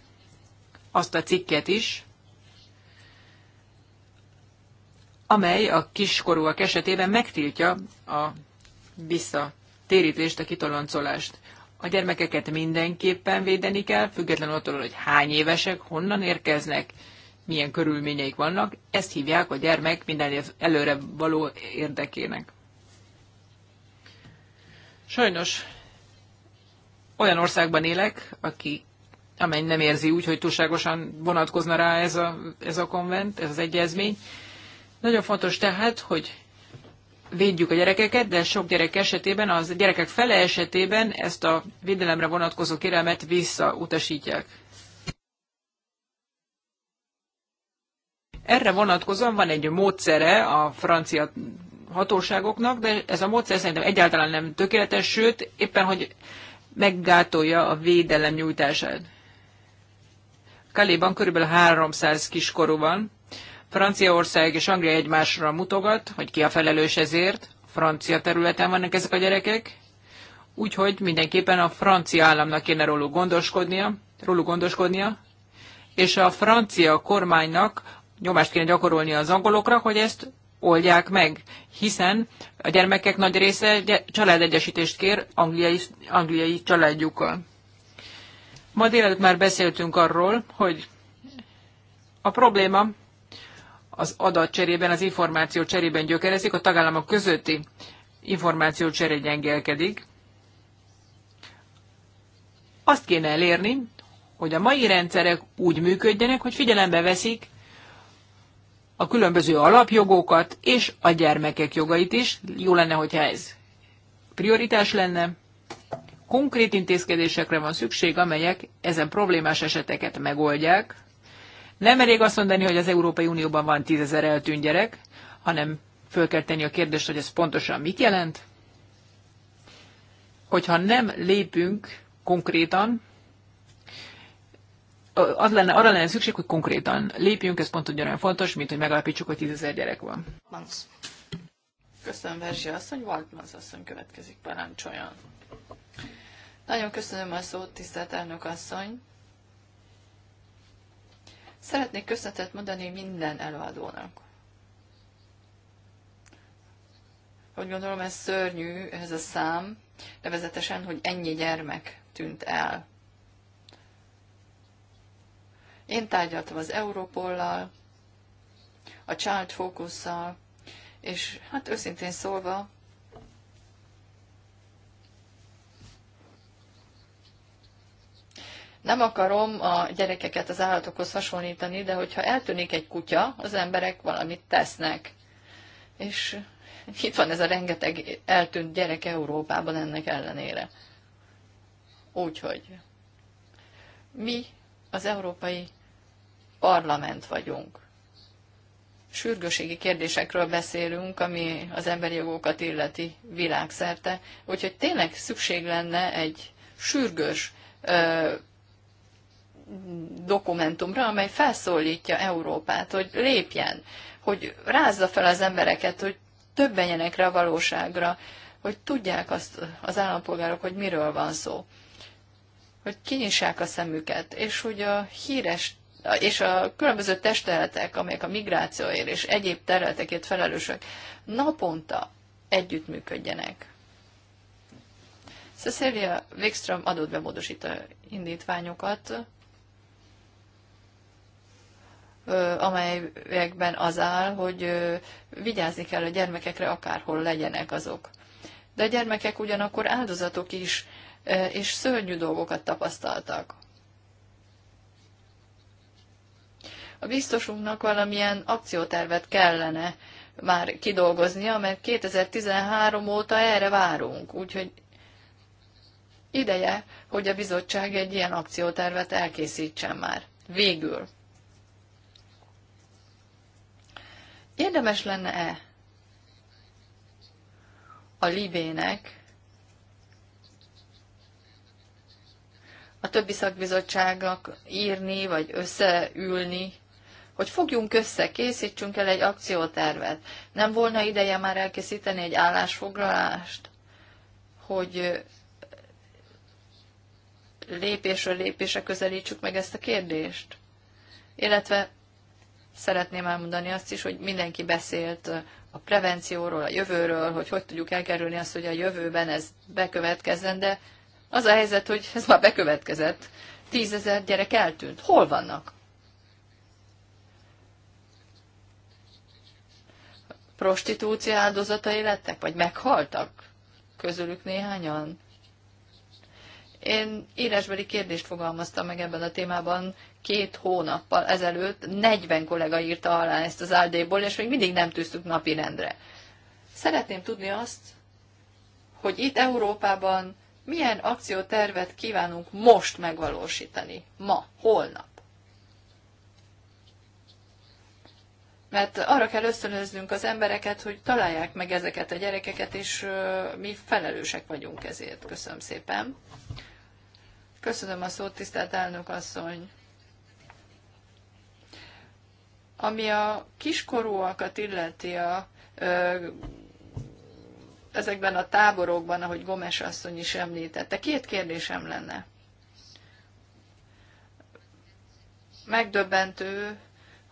azt a cikket is, amely a kiskorúak esetében megtiltja a visszatérítést, a kitoloncolást. A gyermekeket mindenképpen védeni kell, függetlenül attól, hogy hány évesek, honnan érkeznek, milyen körülményeik vannak, ezt hívják a gyermek minden előre való érdekének. Sajnos olyan országban élek, aki, amely nem érzi úgy, hogy túlságosan vonatkozna rá ez a, ez a konvent, ez az egyezmény. Nagyon fontos tehát, hogy védjük a gyerekeket, de sok gyerek esetében, az gyerekek fele esetében ezt a védelemre vonatkozó kérelmet visszautasítják. Erre vonatkozóan van egy módszere a francia hatóságoknak, de ez a módszer szerintem egyáltalán nem tökéletes, sőt, éppen, hogy meggátolja a védelem nyújtását. Kaléban kb. 300 kiskorú van. Franciaország és Anglia egymásra mutogat, hogy ki a felelős ezért. Francia területen vannak ezek a gyerekek. Úgyhogy mindenképpen a francia államnak kéne róluk gondoskodnia, róluk gondoskodnia, és a francia kormánynak nyomást kéne gyakorolni az angolokra, hogy ezt oldják meg, hiszen a gyermekek nagy része családegyesítést kér angliai, angliai családjukkal. Ma délelőtt már beszéltünk arról, hogy a probléma az adatcserében, az információ cserében gyökerezik, a tagállamok közötti információ cseré gyengelkedik. Azt kéne elérni, hogy a mai rendszerek úgy működjenek, hogy figyelembe veszik a különböző alapjogokat és a gyermekek jogait is. Jó lenne, hogyha ez prioritás lenne. Konkrét intézkedésekre van szükség, amelyek ezen problémás eseteket megoldják. Nem elég azt mondani, hogy az Európai Unióban van tízezer eltűnt gyerek, hanem föl kell tenni a kérdést, hogy ez pontosan mit jelent. Hogyha nem lépünk konkrétan, az lenne, arra lenne szükség, hogy konkrétan lépjünk, ez pont ugyanolyan fontos, mint hogy megalapítsuk, hogy tízezer gyerek van. Mansz. Köszönöm, Verzsi asszony, Valtmansz asszony következik, parancsoljon. Nagyon köszönöm a szót, tisztelt elnök asszony. Szeretnék köszönetet mondani minden előadónak. Hogy gondolom, ez szörnyű, ez a szám, nevezetesen, hogy ennyi gyermek tűnt el én tárgyaltam az Európollal, a Child focus és hát őszintén szólva, nem akarom a gyerekeket az állatokhoz hasonlítani, de hogyha eltűnik egy kutya, az emberek valamit tesznek. És itt van ez a rengeteg eltűnt gyerek Európában ennek ellenére. Úgyhogy mi az Európai Parlament vagyunk. Sürgőségi kérdésekről beszélünk, ami az emberi jogokat illeti világszerte, úgyhogy tényleg szükség lenne egy sürgős ö, dokumentumra, amely felszólítja Európát, hogy lépjen, hogy rázza fel az embereket, hogy többenjenek rá a valóságra, hogy tudják azt az állampolgárok, hogy miről van szó hogy kinyissák a szemüket, és hogy a híres és a különböző testületek, amelyek a migrációért és egyéb területekért felelősök, naponta együttműködjenek. Cecilia Wikström adott be módosító indítványokat, amelyekben az áll, hogy vigyázni kell a gyermekekre, akárhol legyenek azok. De a gyermekek ugyanakkor áldozatok is, és szörnyű dolgokat tapasztaltak. A biztosunknak valamilyen akciótervet kellene már kidolgoznia, mert 2013 óta erre várunk, úgyhogy ideje, hogy a bizottság egy ilyen akciótervet elkészítsen már. Végül. Érdemes lenne-e a Libének a többi szakbizottságnak írni, vagy összeülni, hogy fogjunk össze, készítsünk el egy akciótervet. Nem volna ideje már elkészíteni egy állásfoglalást, hogy lépésről lépésre közelítsük meg ezt a kérdést? Illetve szeretném elmondani azt is, hogy mindenki beszélt a prevencióról, a jövőről, hogy hogy tudjuk elkerülni azt, hogy a jövőben ez bekövetkezzen, de az a helyzet, hogy ez már bekövetkezett. Tízezer gyerek eltűnt. Hol vannak? Prostitúció áldozatai lettek, vagy meghaltak? Közülük néhányan? Én írásbeli kérdést fogalmaztam meg ebben a témában két hónappal ezelőtt. 40 kollega írta alá ezt az áldéból, és még mindig nem tűztük rendre. Szeretném tudni azt, hogy itt Európában milyen akciótervet kívánunk most megvalósítani, ma, holnap. Mert arra kell ösztönöznünk az embereket, hogy találják meg ezeket a gyerekeket, és mi felelősek vagyunk ezért. Köszönöm szépen. Köszönöm a szót, tisztelt elnök asszony. Ami a kiskorúakat illeti a ezekben a táborokban, ahogy Gomes asszony is említette. Két kérdésem lenne. Megdöbbentő,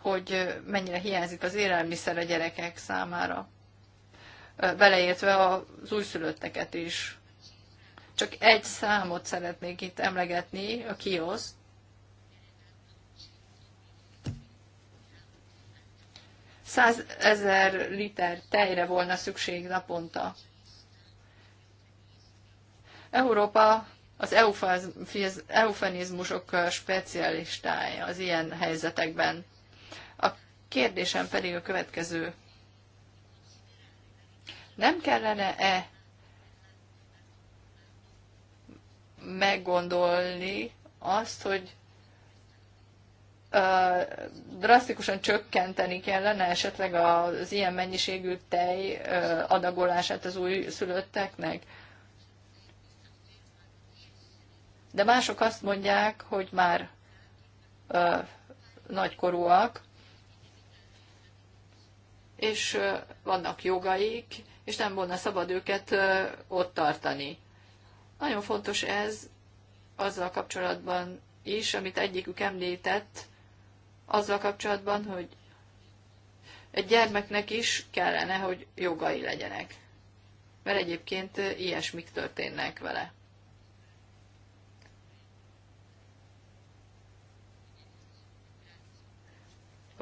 hogy mennyire hiányzik az élelmiszer a gyerekek számára, beleértve az újszülötteket is. Csak egy számot szeretnék itt emlegetni, a kioszt, százezer liter tejre volna szükség naponta. Európa az eufemizmusok specialistája az ilyen helyzetekben. A kérdésem pedig a következő. Nem kellene-e meggondolni azt, hogy drasztikusan csökkenteni kellene esetleg az ilyen mennyiségű tej adagolását az új szülötteknek? de mások azt mondják, hogy már ö, nagykorúak, és ö, vannak jogaik, és nem volna szabad őket ö, ott tartani. Nagyon fontos ez azzal kapcsolatban is, amit egyikük említett, azzal kapcsolatban, hogy egy gyermeknek is kellene, hogy jogai legyenek. Mert egyébként ilyesmik történnek vele.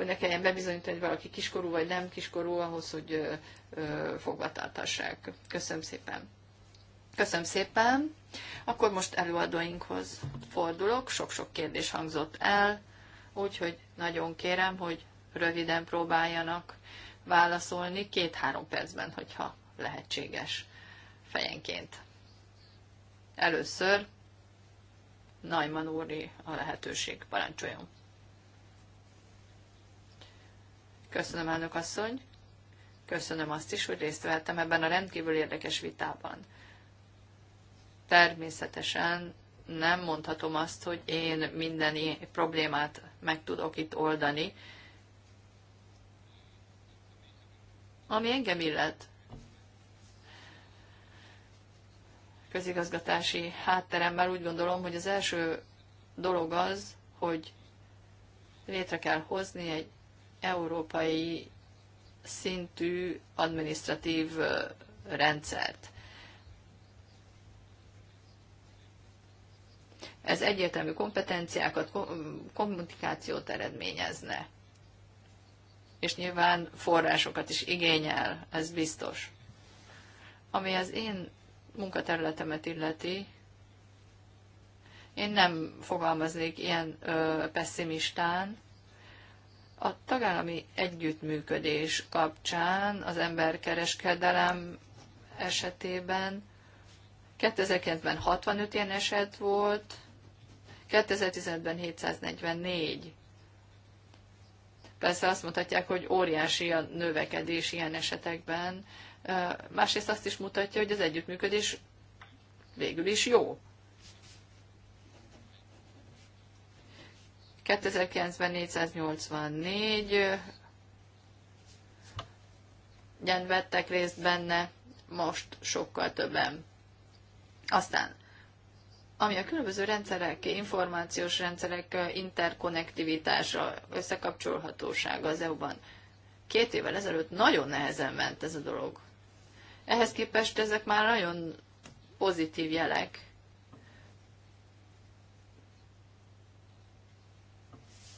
hogy ne kelljen bebizonyítani, hogy valaki kiskorú vagy nem kiskorú ahhoz, hogy fogvatartassák. Köszönöm szépen. Köszönöm szépen. Akkor most előadóinkhoz fordulok. Sok-sok kérdés hangzott el, úgyhogy nagyon kérem, hogy röviden próbáljanak válaszolni, két-három percben, hogyha lehetséges fejenként. Először Najman úrni a lehetőség. Parancsoljon! Köszönöm, elnök asszony. Köszönöm azt is, hogy részt vehettem ebben a rendkívül érdekes vitában. Természetesen nem mondhatom azt, hogy én minden problémát meg tudok itt oldani. Ami engem illet, közigazgatási hátteremmel úgy gondolom, hogy az első dolog az, hogy létre kell hozni egy európai szintű administratív rendszert. Ez egyértelmű kompetenciákat, kommunikációt eredményezne. És nyilván forrásokat is igényel, ez biztos. Ami az én munkaterületemet illeti, én nem fogalmaznék ilyen ö, pessimistán, a tagállami együttműködés kapcsán az emberkereskedelem esetében 2009-ben 65 ilyen eset volt, 2010 ben 744. Persze azt mutatják, hogy óriási a növekedés ilyen esetekben. Másrészt azt is mutatja, hogy az együttműködés végül is jó. 2009-ben 484 Gyen vettek részt benne, most sokkal többen. Aztán, ami a különböző rendszerek, információs rendszerek interkonnektivitása, összekapcsolhatósága az EU-ban. Két évvel ezelőtt nagyon nehezen ment ez a dolog. Ehhez képest ezek már nagyon pozitív jelek,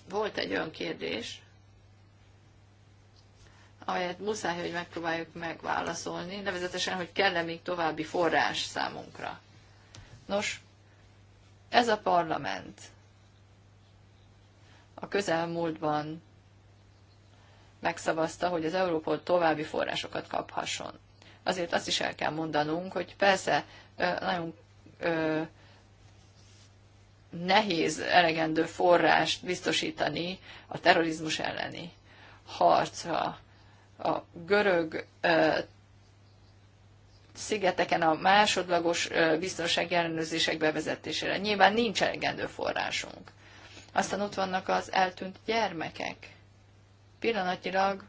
volt egy olyan kérdés, amelyet muszáj, hogy megpróbáljuk megválaszolni, nevezetesen, hogy kell-e még további forrás számunkra. Nos, ez a parlament a közelmúltban megszavazta, hogy az Európol további forrásokat kaphasson. Azért azt is el kell mondanunk, hogy persze nagyon nehéz elegendő forrást biztosítani a terrorizmus elleni harcra. A görög szigeteken a másodlagos biztonsági ellenőrzések bevezetésére. Nyilván nincs elegendő forrásunk. Aztán ott vannak az eltűnt gyermekek. Pillanatilag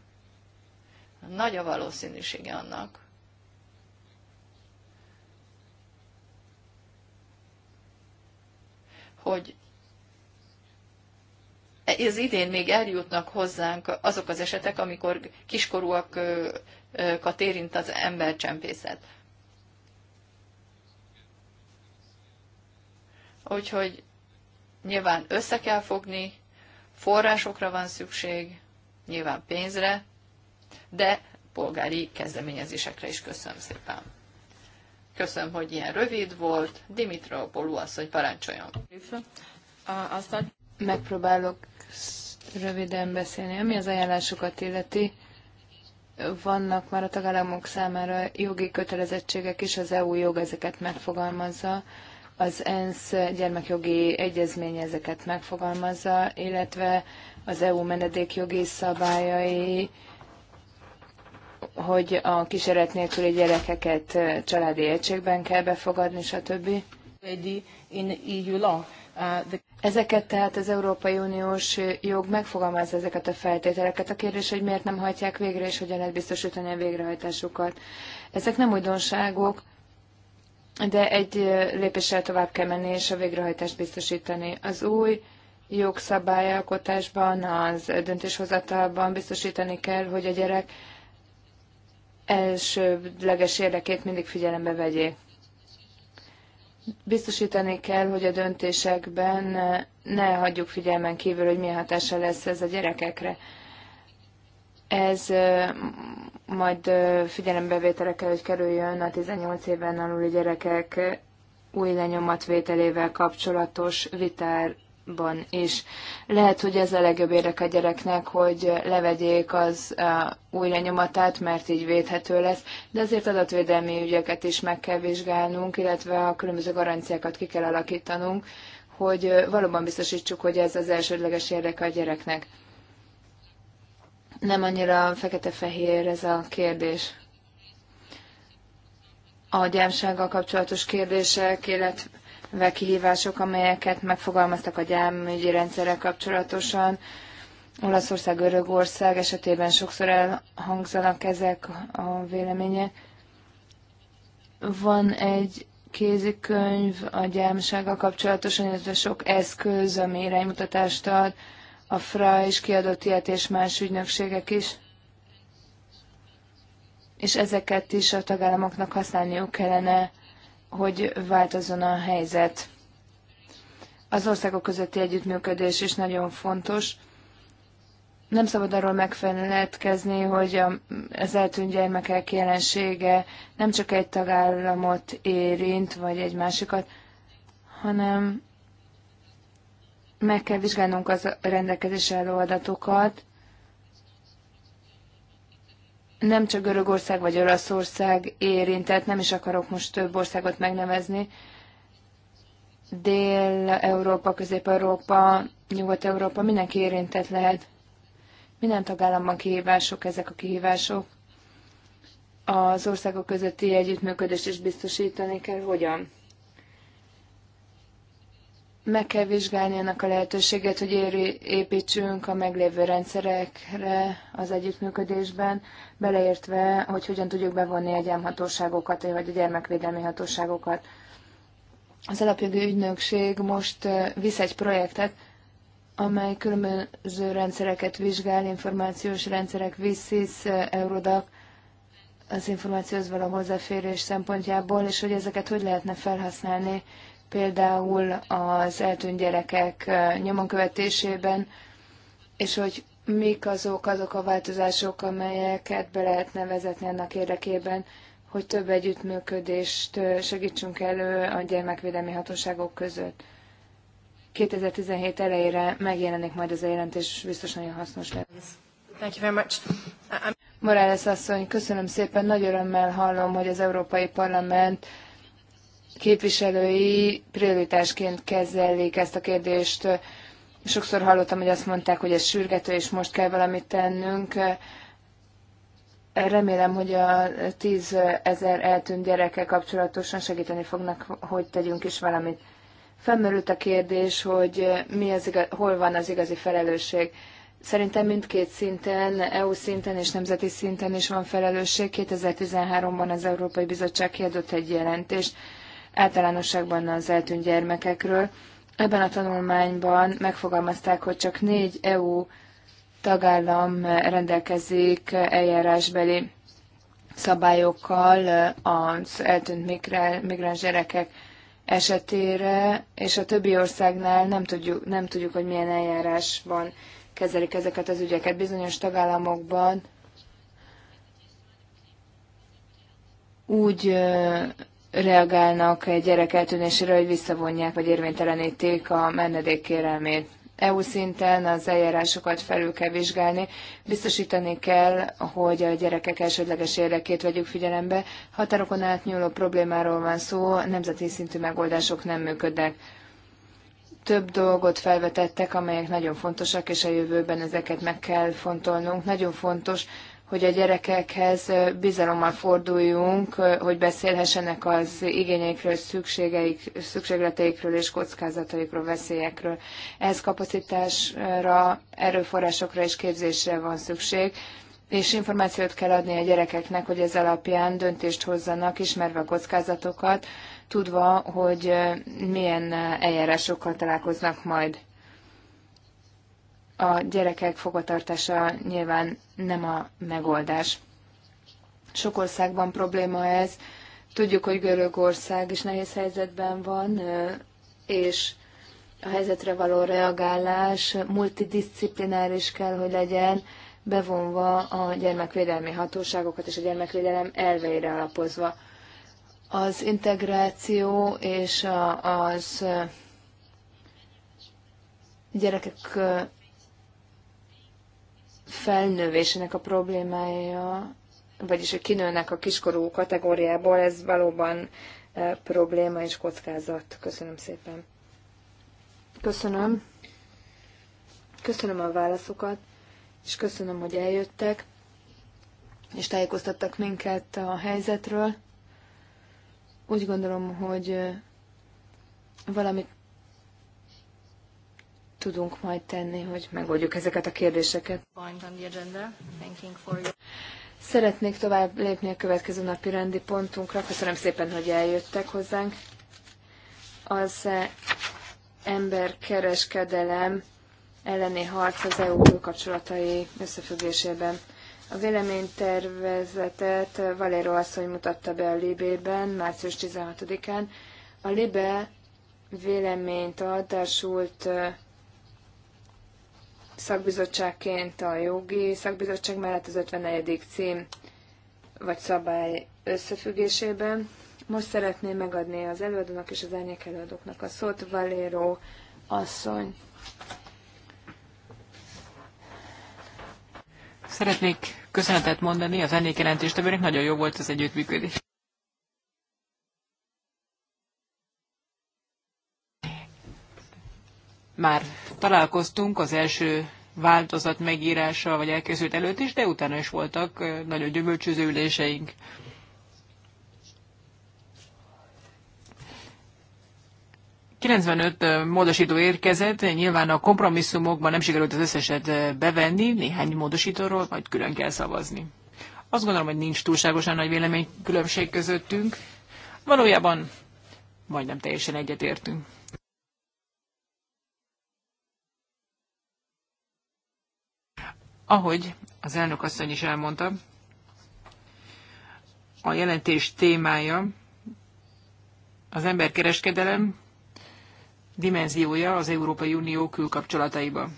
nagy a valószínűsége annak, hogy ez idén még eljutnak hozzánk azok az esetek, amikor kiskorúakat érint az embercsempészet. Úgyhogy nyilván össze kell fogni, forrásokra van szükség, nyilván pénzre, de polgári kezdeményezésekre is köszönöm szépen. Köszönöm, hogy ilyen rövid volt. Dimitra Polú hogy parancsoljon. Megpróbálok röviden beszélni. Ami az ajánlásokat illeti, vannak már a tagállamok számára jogi kötelezettségek is, az EU jog ezeket megfogalmazza, az ENSZ gyermekjogi egyezmény ezeket megfogalmazza, illetve az EU menedékjogi szabályai hogy a kísérlet nélküli gyerekeket családi egységben kell befogadni, stb. E uh, ezeket tehát az Európai Uniós jog megfogalmazza ezeket a feltételeket. A kérdés, hogy miért nem hajtják végre, és hogyan lehet biztosítani a végrehajtásukat. Ezek nem újdonságok, de egy lépéssel tovább kell menni, és a végrehajtást biztosítani. Az új jogszabályalkotásban, az döntéshozatalban biztosítani kell, hogy a gyerek elsődleges érdekét mindig figyelembe vegyék. Biztosítani kell, hogy a döntésekben ne hagyjuk figyelmen kívül, hogy milyen hatása lesz ez a gyerekekre. Ez majd figyelembevételre kell, hogy kerüljön a 18 éven aluli gyerekek új lenyomatvételével kapcsolatos vitár, ban is. Lehet, hogy ez a legjobb érdek a gyereknek, hogy levegyék az új lenyomatát, mert így védhető lesz, de azért adatvédelmi ügyeket is meg kell vizsgálnunk, illetve a különböző garanciákat ki kell alakítanunk, hogy valóban biztosítsuk, hogy ez az elsődleges érdeke a gyereknek. Nem annyira fekete-fehér ez a kérdés. A gyámsággal kapcsolatos kérdések, illetve kihívások, amelyeket megfogalmaztak a gyámügyi rendszerrel kapcsolatosan. Olaszország, Görögország esetében sokszor elhangzanak ezek a vélemények. Van egy kézikönyv a gyámsággal kapcsolatosan, illetve sok eszköz, ami iránymutatást ad, a FRA is kiadott ilyet, és más ügynökségek is. És ezeket is a tagállamoknak használniuk kellene hogy változzon a helyzet. Az országok közötti együttműködés is nagyon fontos. Nem szabad arról megfeledkezni, hogy az eltűnt gyermekek jelensége nem csak egy tagállamot érint, vagy egy másikat, hanem meg kell vizsgálnunk az rendelkezés előadatokat. adatokat, nem csak Görögország vagy Olaszország érintett, nem is akarok most több országot megnevezni, Dél-Európa, Közép-Európa, Nyugat-Európa, mindenki érintett lehet. Minden tagállamban kihívások, ezek a kihívások. Az országok közötti együttműködést is biztosítani kell. Hogyan? meg kell vizsgálni ennek a lehetőséget, hogy éri építsünk a meglévő rendszerekre az együttműködésben, beleértve, hogy hogyan tudjuk bevonni a gyámhatóságokat, vagy a gyermekvédelmi hatóságokat. Az alapjogi ügynökség most visz egy projektet, amely különböző rendszereket vizsgál, információs rendszerek, VISIS, Eurodac, az információhoz való hozzáférés szempontjából, és hogy ezeket hogy lehetne felhasználni például az eltűnt gyerekek nyomon követésében, és hogy mik azok, azok a változások, amelyeket be lehetne vezetni annak érdekében, hogy több együttműködést segítsünk elő a gyermekvédelmi hatóságok között. 2017 elejére megjelenik majd az a jelentés, biztos nagyon hasznos lesz. Thank you very much. Uh, um- Morales asszony, köszönöm szépen, nagy örömmel hallom, hogy az Európai Parlament képviselői prioritásként kezelik ezt a kérdést. Sokszor hallottam, hogy azt mondták, hogy ez sürgető, és most kell valamit tennünk. Remélem, hogy a tíz ezer eltűnt gyerekkel kapcsolatosan segíteni fognak, hogy tegyünk is valamit. Felmerült a kérdés, hogy mi az igaz, hol van az igazi felelősség. Szerintem mindkét szinten, EU szinten és nemzeti szinten is van felelősség. 2013-ban az Európai Bizottság kiadott egy jelentést, általánosságban az eltűnt gyermekekről. Ebben a tanulmányban megfogalmazták, hogy csak négy EU tagállam rendelkezik eljárásbeli szabályokkal az eltűnt migráns gyerekek esetére, és a többi országnál nem tudjuk, nem tudjuk, hogy milyen eljárásban kezelik ezeket az ügyeket. Bizonyos tagállamokban úgy reagálnak egy gyerek eltűnésére, hogy visszavonják vagy érvénytelenítik a menedék kérelmét. EU szinten az eljárásokat felül kell vizsgálni, biztosítani kell, hogy a gyerekek elsődleges érdekét vegyük figyelembe. Határokon átnyúló problémáról van szó, nemzeti szintű megoldások nem működnek. Több dolgot felvetettek, amelyek nagyon fontosak, és a jövőben ezeket meg kell fontolnunk. Nagyon fontos, hogy a gyerekekhez bizalommal forduljunk, hogy beszélhessenek az igényeikről, szükségeik, szükségleteikről és kockázataikról, veszélyekről. Ehhez kapacitásra, erőforrásokra és képzésre van szükség, és információt kell adni a gyerekeknek, hogy ez alapján döntést hozzanak, ismerve a kockázatokat, tudva, hogy milyen eljárásokkal találkoznak majd a gyerekek fogvatartása nyilván nem a megoldás. Sok országban probléma ez. Tudjuk, hogy Görögország is nehéz helyzetben van, és a helyzetre való reagálás multidisciplináris kell, hogy legyen, bevonva a gyermekvédelmi hatóságokat és a gyermekvédelem elveire alapozva. Az integráció és az gyerekek felnővésének a problémája, vagyis hogy kinőnek a kiskorú kategóriából, ez valóban e, probléma és kockázat. Köszönöm szépen. Köszönöm. Köszönöm a válaszokat, és köszönöm, hogy eljöttek, és tájékoztattak minket a helyzetről. Úgy gondolom, hogy e, valamit tudunk majd tenni, hogy megoldjuk ezeket a kérdéseket. Szeretnék tovább lépni a következő napi rendi pontunkra. Köszönöm szépen, hogy eljöttek hozzánk. Az e emberkereskedelem elleni harc az EU kapcsolatai összefüggésében. A véleménytervezetet Valéro asszony mutatta be a Libében március 16-án. A Libe véleményt ad, társult szakbizottságként a jogi szakbizottság mellett az 54. cím vagy szabály összefüggésében. Most szeretném megadni az előadónak és az árnyék előadóknak a szót, Valero asszony. Szeretnék köszönetet mondani az árnyék jelentéstevőnek, nagyon jó volt az együttműködés. Már találkoztunk az első változat megírása vagy elkészült előtt is, de utána is voltak nagyon gyümölcsöző üléseink. módosító érkezett, nyilván a kompromisszumokban nem sikerült az összeset bevenni, néhány módosítóról majd külön kell szavazni. Azt gondolom, hogy nincs túlságosan nagy véleménykülönbség közöttünk. Valójában majdnem teljesen egyetértünk. Ahogy az elnök asszony is elmondta, a jelentés témája az emberkereskedelem dimenziója az Európai Unió külkapcsolataiba.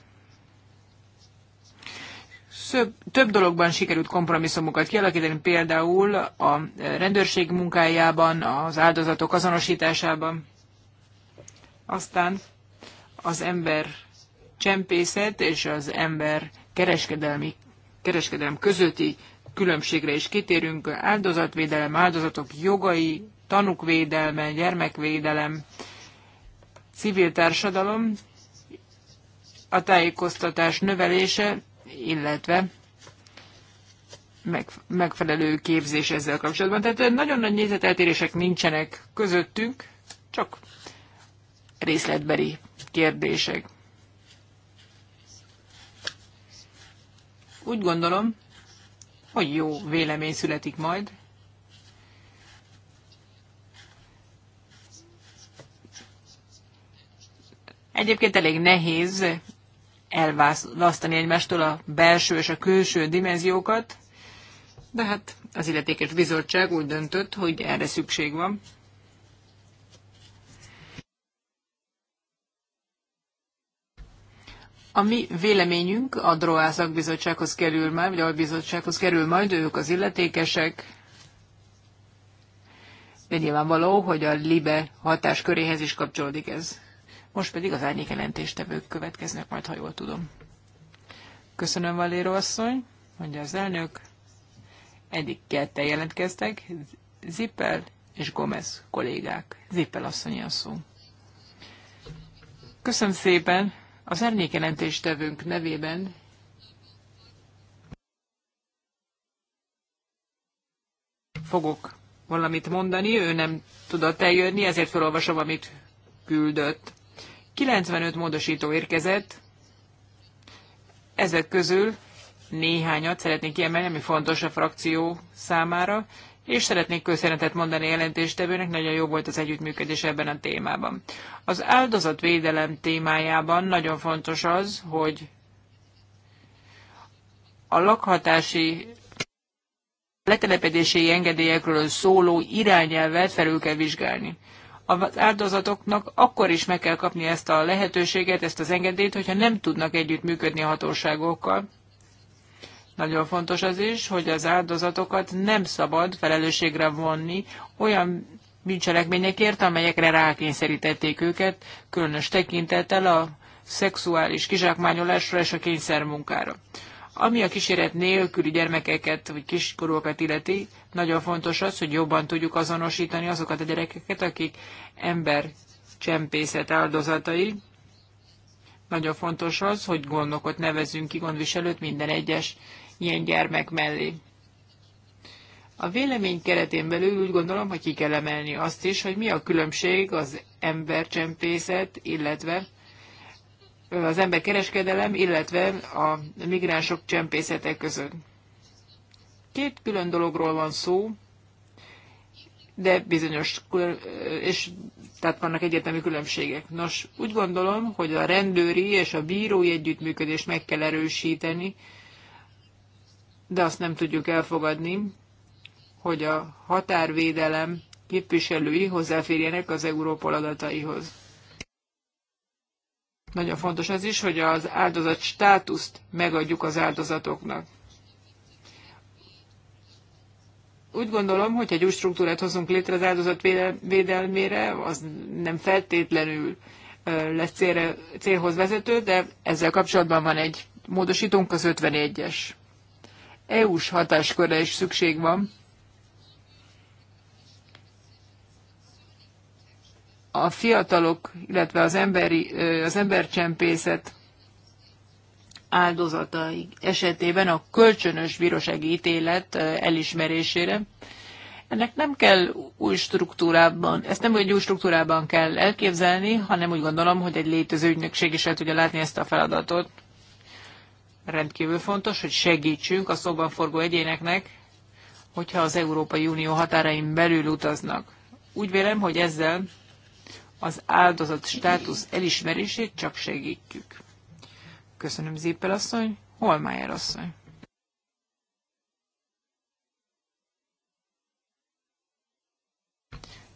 Szöbb, több dologban sikerült kompromisszumokat kialakítani, például a rendőrség munkájában, az áldozatok azonosításában. Aztán az ember csempészet és az ember kereskedelmi, kereskedelem közötti különbségre is kitérünk. Áldozatvédelem, áldozatok jogai, tanukvédelme, gyermekvédelem, civil társadalom, a tájékoztatás növelése, illetve megfelelő képzés ezzel kapcsolatban. Tehát nagyon nagy nézeteltérések nincsenek közöttünk, csak részletbeli kérdések. Úgy gondolom, hogy jó vélemény születik majd. Egyébként elég nehéz elválasztani egymástól a belső és a külső dimenziókat, de hát az illetékes bizottság úgy döntött, hogy erre szükség van. A mi véleményünk a DROA Bizottsághoz kerül majd, vagy a bizottsághoz kerül majd, ők az illetékesek, de nyilvánvaló, hogy a LIBE hatásköréhez is kapcsolódik ez. Most pedig az árnyék jelentéstevők következnek, majd ha jól tudom. Köszönöm, Valéro asszony, mondja az elnök. Eddig kette jelentkeztek, Zippel és Gomez kollégák. Zippel asszony a szó. Köszönöm szépen, az tevünk nevében fogok valamit mondani, ő nem tudott eljönni, ezért felolvasom, amit küldött. 95 módosító érkezett, ezek közül néhányat szeretnék kiemelni, ami fontos a frakció számára és szeretnék köszönetet mondani jelentéstevőnek, nagyon jó volt az együttműködés ebben a témában. Az áldozatvédelem témájában nagyon fontos az, hogy a lakhatási letelepedési engedélyekről szóló irányelvet felül kell vizsgálni. Az áldozatoknak akkor is meg kell kapni ezt a lehetőséget, ezt az engedélyt, hogyha nem tudnak együttműködni a hatóságokkal. Nagyon fontos az is, hogy az áldozatokat nem szabad felelősségre vonni olyan bűncselekményekért, amelyekre rákényszerítették őket, különös tekintettel a szexuális kizsákmányolásra és a kényszermunkára. Ami a kíséret nélküli gyermekeket vagy kiskorúakat illeti, nagyon fontos az, hogy jobban tudjuk azonosítani azokat a gyerekeket, akik ember csempészet áldozatai. Nagyon fontos az, hogy gondokot nevezünk ki, gondviselőt minden egyes ilyen gyermek mellé. A vélemény keretén belül úgy gondolom, hogy ki kell emelni azt is, hogy mi a különbség az embercsempészet, illetve az emberkereskedelem, illetve a migránsok csempészete között. Két külön dologról van szó, de bizonyos, és tehát vannak egyetemi különbségek. Nos, úgy gondolom, hogy a rendőri és a bírói együttműködést meg kell erősíteni, de azt nem tudjuk elfogadni, hogy a határvédelem képviselői hozzáférjenek az Európol adataihoz. Nagyon fontos az is, hogy az áldozat státuszt megadjuk az áldozatoknak. Úgy gondolom, hogy egy új struktúrát hozunk létre az áldozat védelmére, az nem feltétlenül lesz célre, célhoz vezető, de ezzel kapcsolatban van egy módosítónk, az 51-es. EU-s hatáskörre is szükség van. A fiatalok, illetve az, emberi, az embercsempészet áldozatai esetében a kölcsönös bírósági ítélet elismerésére. Ennek nem kell új struktúrában, ezt nem egy új struktúrában kell elképzelni, hanem úgy gondolom, hogy egy létező ügynökség is el tudja látni ezt a feladatot rendkívül fontos, hogy segítsünk a szóban forgó egyéneknek, hogyha az Európai Unió határain belül utaznak. Úgy vélem, hogy ezzel az áldozat státusz elismerését csak segítjük. Köszönöm Zippel asszony, Holmájer asszony.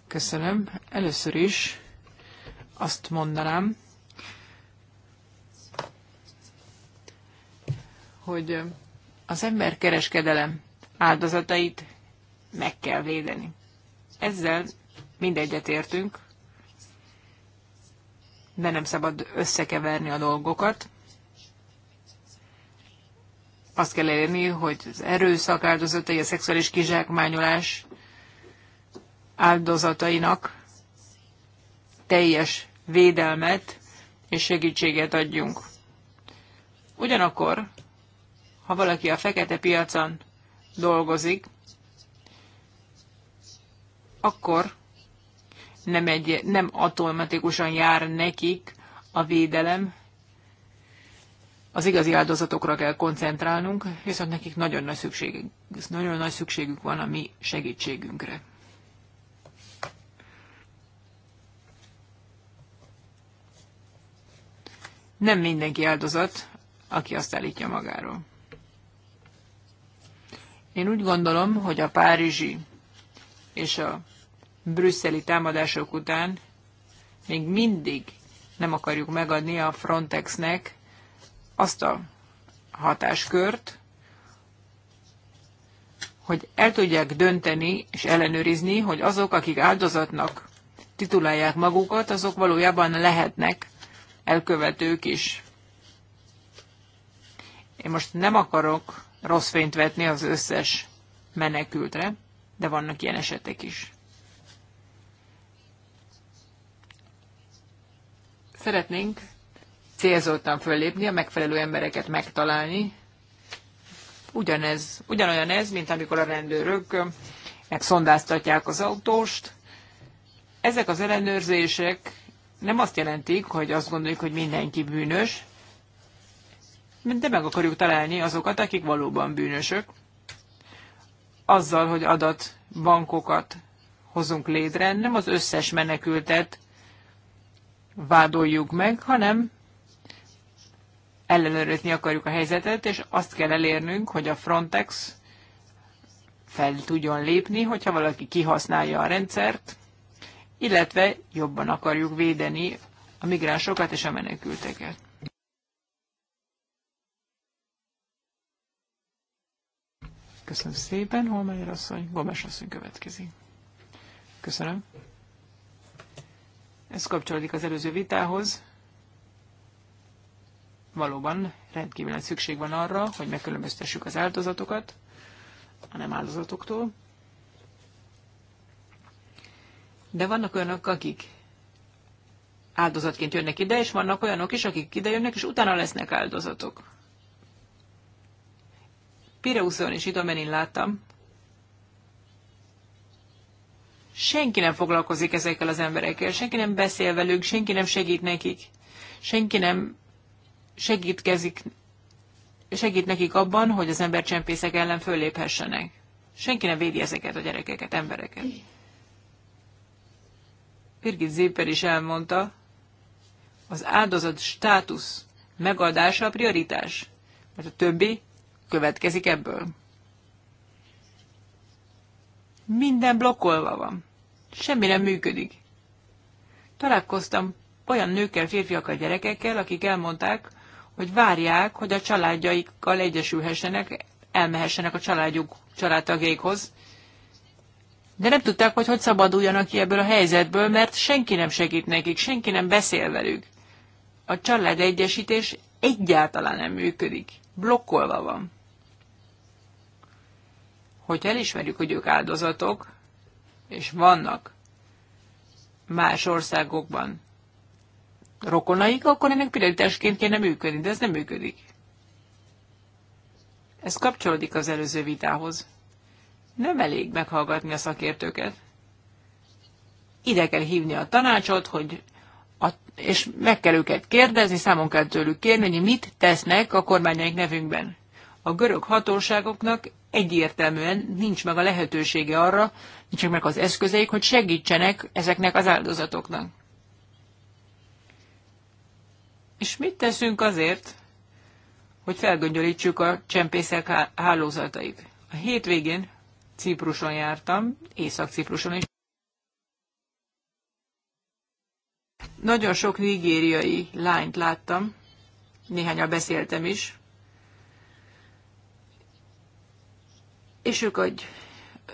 Köszönöm. Először is azt mondanám, hogy az emberkereskedelem áldozatait meg kell védeni. Ezzel mindegyet értünk, de nem szabad összekeverni a dolgokat. Azt kell érni, hogy az erőszak áldozatai, a szexuális kizsákmányolás áldozatainak teljes védelmet és segítséget adjunk. Ugyanakkor ha valaki a fekete piacon dolgozik, akkor nem, egy, nem automatikusan jár nekik a védelem. Az igazi áldozatokra kell koncentrálnunk, viszont nekik nagyon nagy, szükség, nagyon nagy szükségük van a mi segítségünkre. Nem mindenki áldozat, aki azt állítja magáról. Én úgy gondolom, hogy a párizsi és a brüsszeli támadások után még mindig nem akarjuk megadni a Frontexnek azt a hatáskört, hogy el tudják dönteni és ellenőrizni, hogy azok, akik áldozatnak titulálják magukat, azok valójában lehetnek elkövetők is. Én most nem akarok rossz fényt vetni az összes menekültre, de vannak ilyen esetek is. Szeretnénk célzottan föllépni, a megfelelő embereket megtalálni. Ugyanez, ugyanolyan ez, mint amikor a rendőrök megszondáztatják az autóst. Ezek az ellenőrzések nem azt jelentik, hogy azt gondoljuk, hogy mindenki bűnös, de meg akarjuk találni azokat, akik valóban bűnösök, azzal, hogy adat bankokat hozunk létre, nem az összes menekültet vádoljuk meg, hanem ellenőrizni akarjuk a helyzetet, és azt kell elérnünk, hogy a Frontex fel tudjon lépni, hogyha valaki kihasználja a rendszert, illetve jobban akarjuk védeni a migránsokat és a menekülteket. Köszönöm szépen, Holmeyer asszony, Gomes asszony következik. Köszönöm. Ez kapcsolódik az előző vitához. Valóban rendkívül szükség van arra, hogy megkülönböztessük az áldozatokat a nem áldozatoktól. De vannak olyanok, akik áldozatként jönnek ide, és vannak olyanok is, akik ide jönnek, és utána lesznek áldozatok. Pireuszon és Idomenin láttam, senki nem foglalkozik ezekkel az emberekkel, senki nem beszél velük, senki nem segít nekik, senki nem segítkezik, segít nekik abban, hogy az embercsempészek ellen föléphessenek. Senki nem védi ezeket a gyerekeket, embereket. Birgit Zéper is elmondta, az áldozat státusz megadása a prioritás, mert a többi következik ebből. Minden blokkolva van. Semmi nem működik. Találkoztam olyan nőkkel, férfiakkal, gyerekekkel, akik elmondták, hogy várják, hogy a családjaikkal egyesülhessenek, elmehessenek a családjuk családtagjaikhoz, de nem tudták, hogy hogy szabaduljanak ki ebből a helyzetből, mert senki nem segít nekik, senki nem beszél velük. A család egyesítés egyáltalán nem működik. Blokkolva van hogyha elismerjük, hogy ők áldozatok, és vannak más országokban rokonaik, akkor ennek prioritásként kéne működni, de ez nem működik. Ez kapcsolódik az előző vitához. Nem elég meghallgatni a szakértőket. Ide kell hívni a tanácsot, hogy a, és meg kell őket kérdezni, számon kell tőlük kérni, hogy mit tesznek a kormányaik nevünkben. A görög hatóságoknak egyértelműen nincs meg a lehetősége arra, nincs meg az eszközeik, hogy segítsenek ezeknek az áldozatoknak. És mit teszünk azért, hogy felgöngyölítsük a csempészek hálózatait? A hétvégén Cipruson jártam, Észak-Cipruson is. Nagyon sok nigériai lányt láttam, néhányal beszéltem is, és ők egy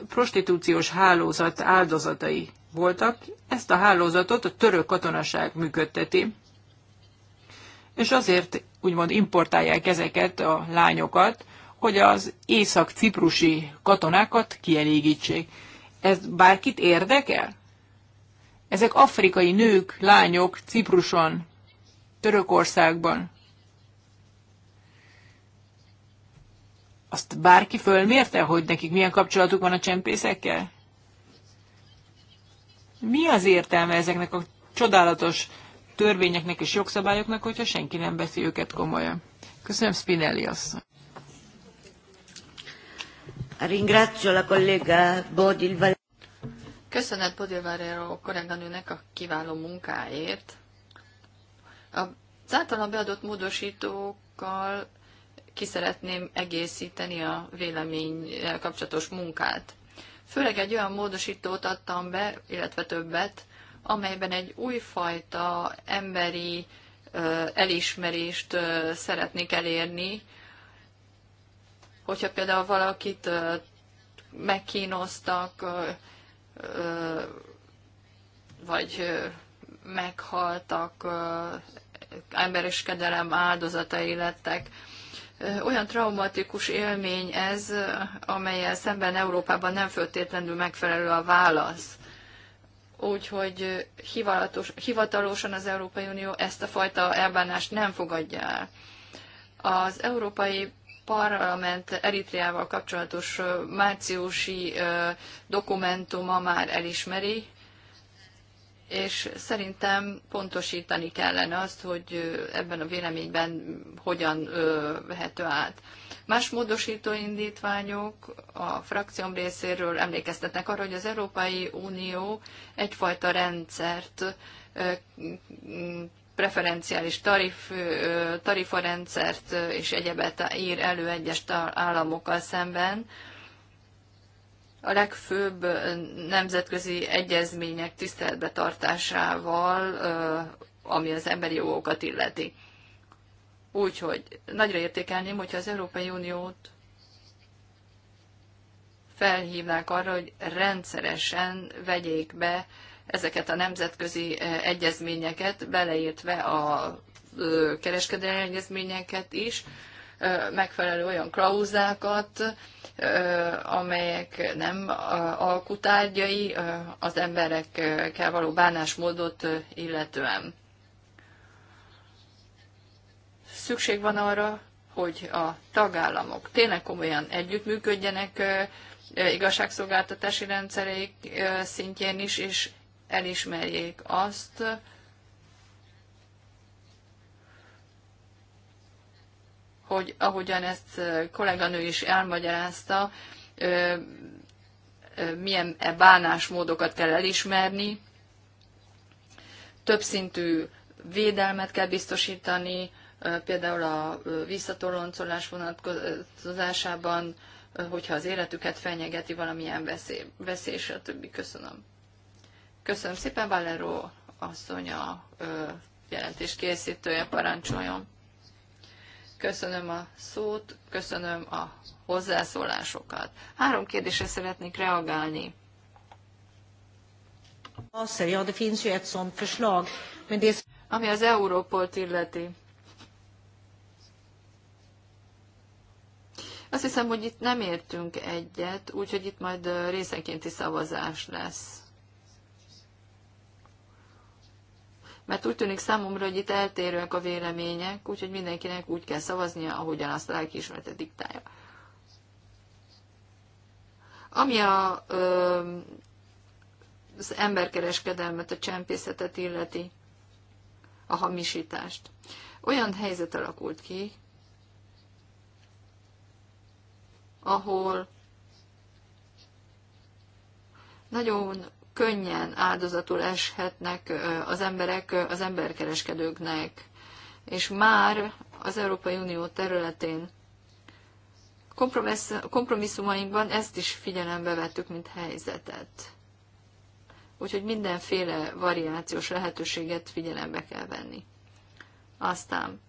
prostitúciós hálózat áldozatai voltak. Ezt a hálózatot a török katonaság működteti, és azért úgymond importálják ezeket a lányokat, hogy az észak-ciprusi katonákat kielégítsék. Ez bárkit érdekel? Ezek afrikai nők, lányok Cipruson, Törökországban. Azt bárki fölmérte, hogy nekik milyen kapcsolatuk van a csempészekkel? Mi az értelme ezeknek a csodálatos törvényeknek és jogszabályoknak, hogyha senki nem veszi őket komolyan? Köszönöm, Spinelli asszony. la collega Köszönet Bodilvárjáról a kolléganőnek a kiváló munkáért. Az általam beadott módosítókkal ki szeretném egészíteni a vélemény kapcsolatos munkát. Főleg egy olyan módosítót adtam be, illetve többet, amelyben egy újfajta emberi elismerést szeretnék elérni, hogyha például valakit megkínoztak, vagy meghaltak, emberiskedelem áldozatai lettek, olyan traumatikus élmény ez, amelyel szemben Európában nem föltétlenül megfelelő a válasz. Úgyhogy hivatalosan az Európai Unió ezt a fajta elbánást nem fogadja el. Az Európai Parlament Eritreával kapcsolatos márciusi dokumentuma már elismeri és szerintem pontosítani kellene azt, hogy ebben a véleményben hogyan vehető át. Más módosító indítványok a frakcióm részéről emlékeztetnek arra, hogy az Európai Unió egyfajta rendszert, preferenciális tarif, tarifarendszert és egyebet ír elő egyes államokkal szemben, a legfőbb nemzetközi egyezmények tiszteletbetartásával, ami az emberi jogokat illeti. Úgyhogy nagyra értékelném, hogyha az Európai Uniót felhívnák arra, hogy rendszeresen vegyék be ezeket a nemzetközi egyezményeket, beleértve a kereskedelmi egyezményeket is, megfelelő olyan klauzákat, amelyek nem alkutárgyai az emberekkel való bánásmódot illetően. Szükség van arra, hogy a tagállamok tényleg komolyan együttműködjenek igazságszolgáltatási rendszereik szintjén is, és elismerjék azt, hogy ahogyan ezt kolléganő is elmagyarázta, milyen e bánásmódokat kell elismerni, többszintű védelmet kell biztosítani, például a visszatoloncolás vonatkozásában, hogyha az életüket fenyegeti valamilyen veszély, veszély többi Köszönöm. Köszönöm szépen, Valero asszony a jelentés készítője, parancsoljon. Köszönöm a szót, köszönöm a hozzászólásokat. Három kérdésre szeretnék reagálni. Ja, Ami az Európolt illeti. Azt hiszem, hogy itt nem értünk egyet, úgyhogy itt majd részenkénti szavazás lesz. mert úgy tűnik számomra, hogy itt eltérőek a vélemények, úgyhogy mindenkinek úgy kell szavaznia, ahogyan azt a lelkiismerete diktálja. Ami a, ö, az emberkereskedelmet, a csempészetet illeti, a hamisítást. Olyan helyzet alakult ki, ahol nagyon könnyen áldozatul eshetnek az emberek az emberkereskedőknek. És már az Európai Unió területén kompromisszumainkban ezt is figyelembe vettük, mint helyzetet. Úgyhogy mindenféle variációs lehetőséget figyelembe kell venni. Aztán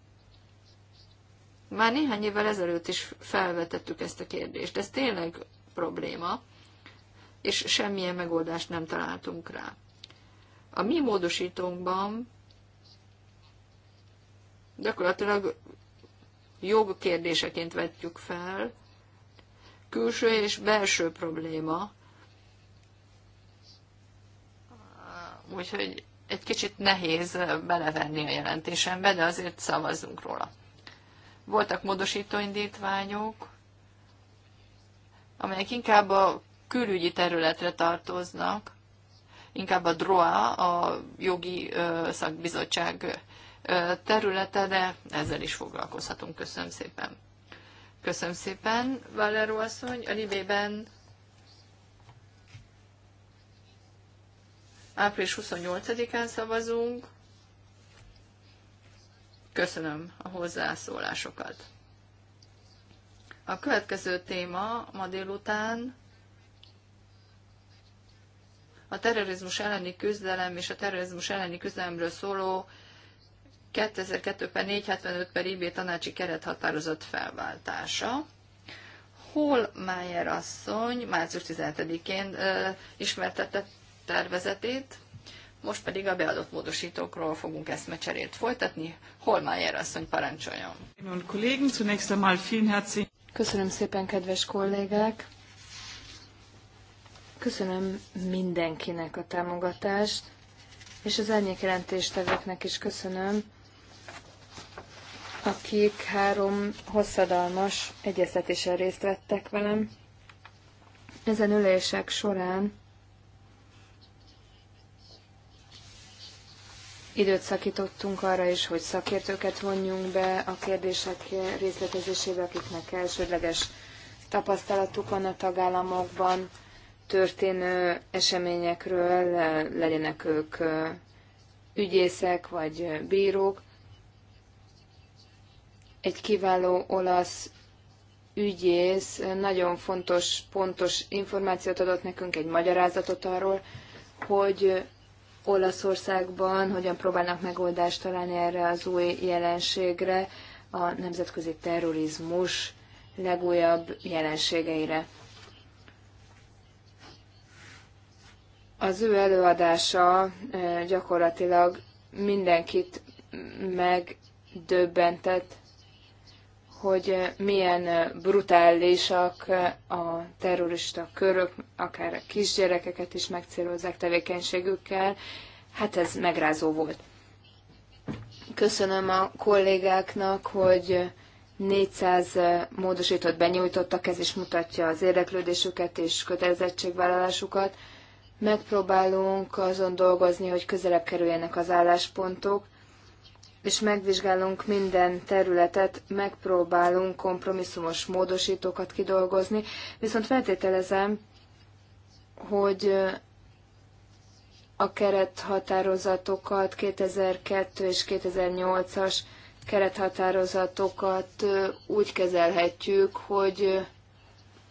már néhány évvel ezelőtt is felvetettük ezt a kérdést. Ez tényleg probléma és semmilyen megoldást nem találtunk rá. A mi módosítónkban gyakorlatilag jogkérdéseként vetjük fel, külső és belső probléma, úgyhogy egy kicsit nehéz belevenni a jelentésembe, de azért szavazzunk róla. Voltak módosítóindítványok, amelyek inkább a külügyi területre tartoznak, inkább a DROA, a jogi szakbizottság területe, de ezzel is foglalkozhatunk. Köszönöm szépen. Köszönöm szépen, Valero asszony. A Libében április 28-án szavazunk. Köszönöm a hozzászólásokat. A következő téma ma délután a terrorizmus elleni küzdelem és a terrorizmus elleni küzdelemről szóló 2002 475 per IB tanácsi kerethatározat felváltása. Hol Mayer asszony március 17-én ismertette tervezetét, most pedig a beadott módosítókról fogunk eszmecserét folytatni. hol Mayer asszony parancsoljon. Köszönöm szépen, kedves kollégák! Köszönöm mindenkinek a támogatást, és az jelentéstevőknek is köszönöm, akik három hosszadalmas egyeztetésen részt vettek velem. Ezen ülések során időt szakítottunk arra is, hogy szakértőket vonjunk be a kérdések részletezésébe, akiknek elsődleges tapasztalatuk van a tagállamokban, történő eseményekről, legyenek ők ügyészek vagy bírók. Egy kiváló olasz ügyész nagyon fontos, pontos információt adott nekünk, egy magyarázatot arról, hogy Olaszországban hogyan próbálnak megoldást találni erre az új jelenségre, a nemzetközi terrorizmus legújabb jelenségeire. Az ő előadása gyakorlatilag mindenkit megdöbbentett, hogy milyen brutálisak a terrorista körök, akár a kisgyerekeket is megcélozzák tevékenységükkel. Hát ez megrázó volt. Köszönöm a kollégáknak, hogy 400 módosított benyújtottak, ez is mutatja az érdeklődésüket és kötelezettségvállalásukat megpróbálunk azon dolgozni, hogy közelebb kerüljenek az álláspontok, és megvizsgálunk minden területet, megpróbálunk kompromisszumos módosítókat kidolgozni, viszont feltételezem, hogy eh, a kerethatározatokat, 2002 és 2008-as kerethatározatokat eh, úgy kezelhetjük, hogy eh,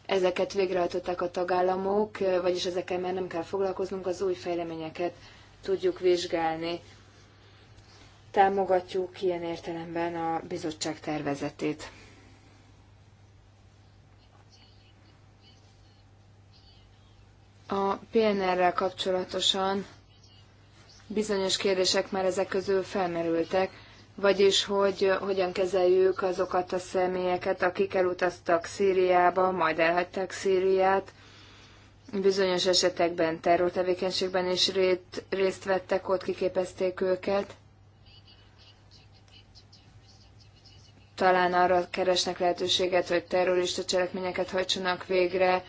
ezeket végrehajtották a tagállamok, vagyis ezekkel már nem kell foglalkoznunk, az új fejleményeket tudjuk vizsgálni. Támogatjuk ilyen értelemben a bizottság tervezetét. A PNR-rel kapcsolatosan bizonyos kérdések már ezek közül felmerültek vagyis hogy hogyan kezeljük azokat a személyeket, akik elutaztak Szíriába, majd elhagyták Szíriát, bizonyos esetekben terrortevékenységben is rét, részt vettek, ott kiképezték őket. Talán arra keresnek lehetőséget, hogy terrorista cselekményeket hajtsanak végre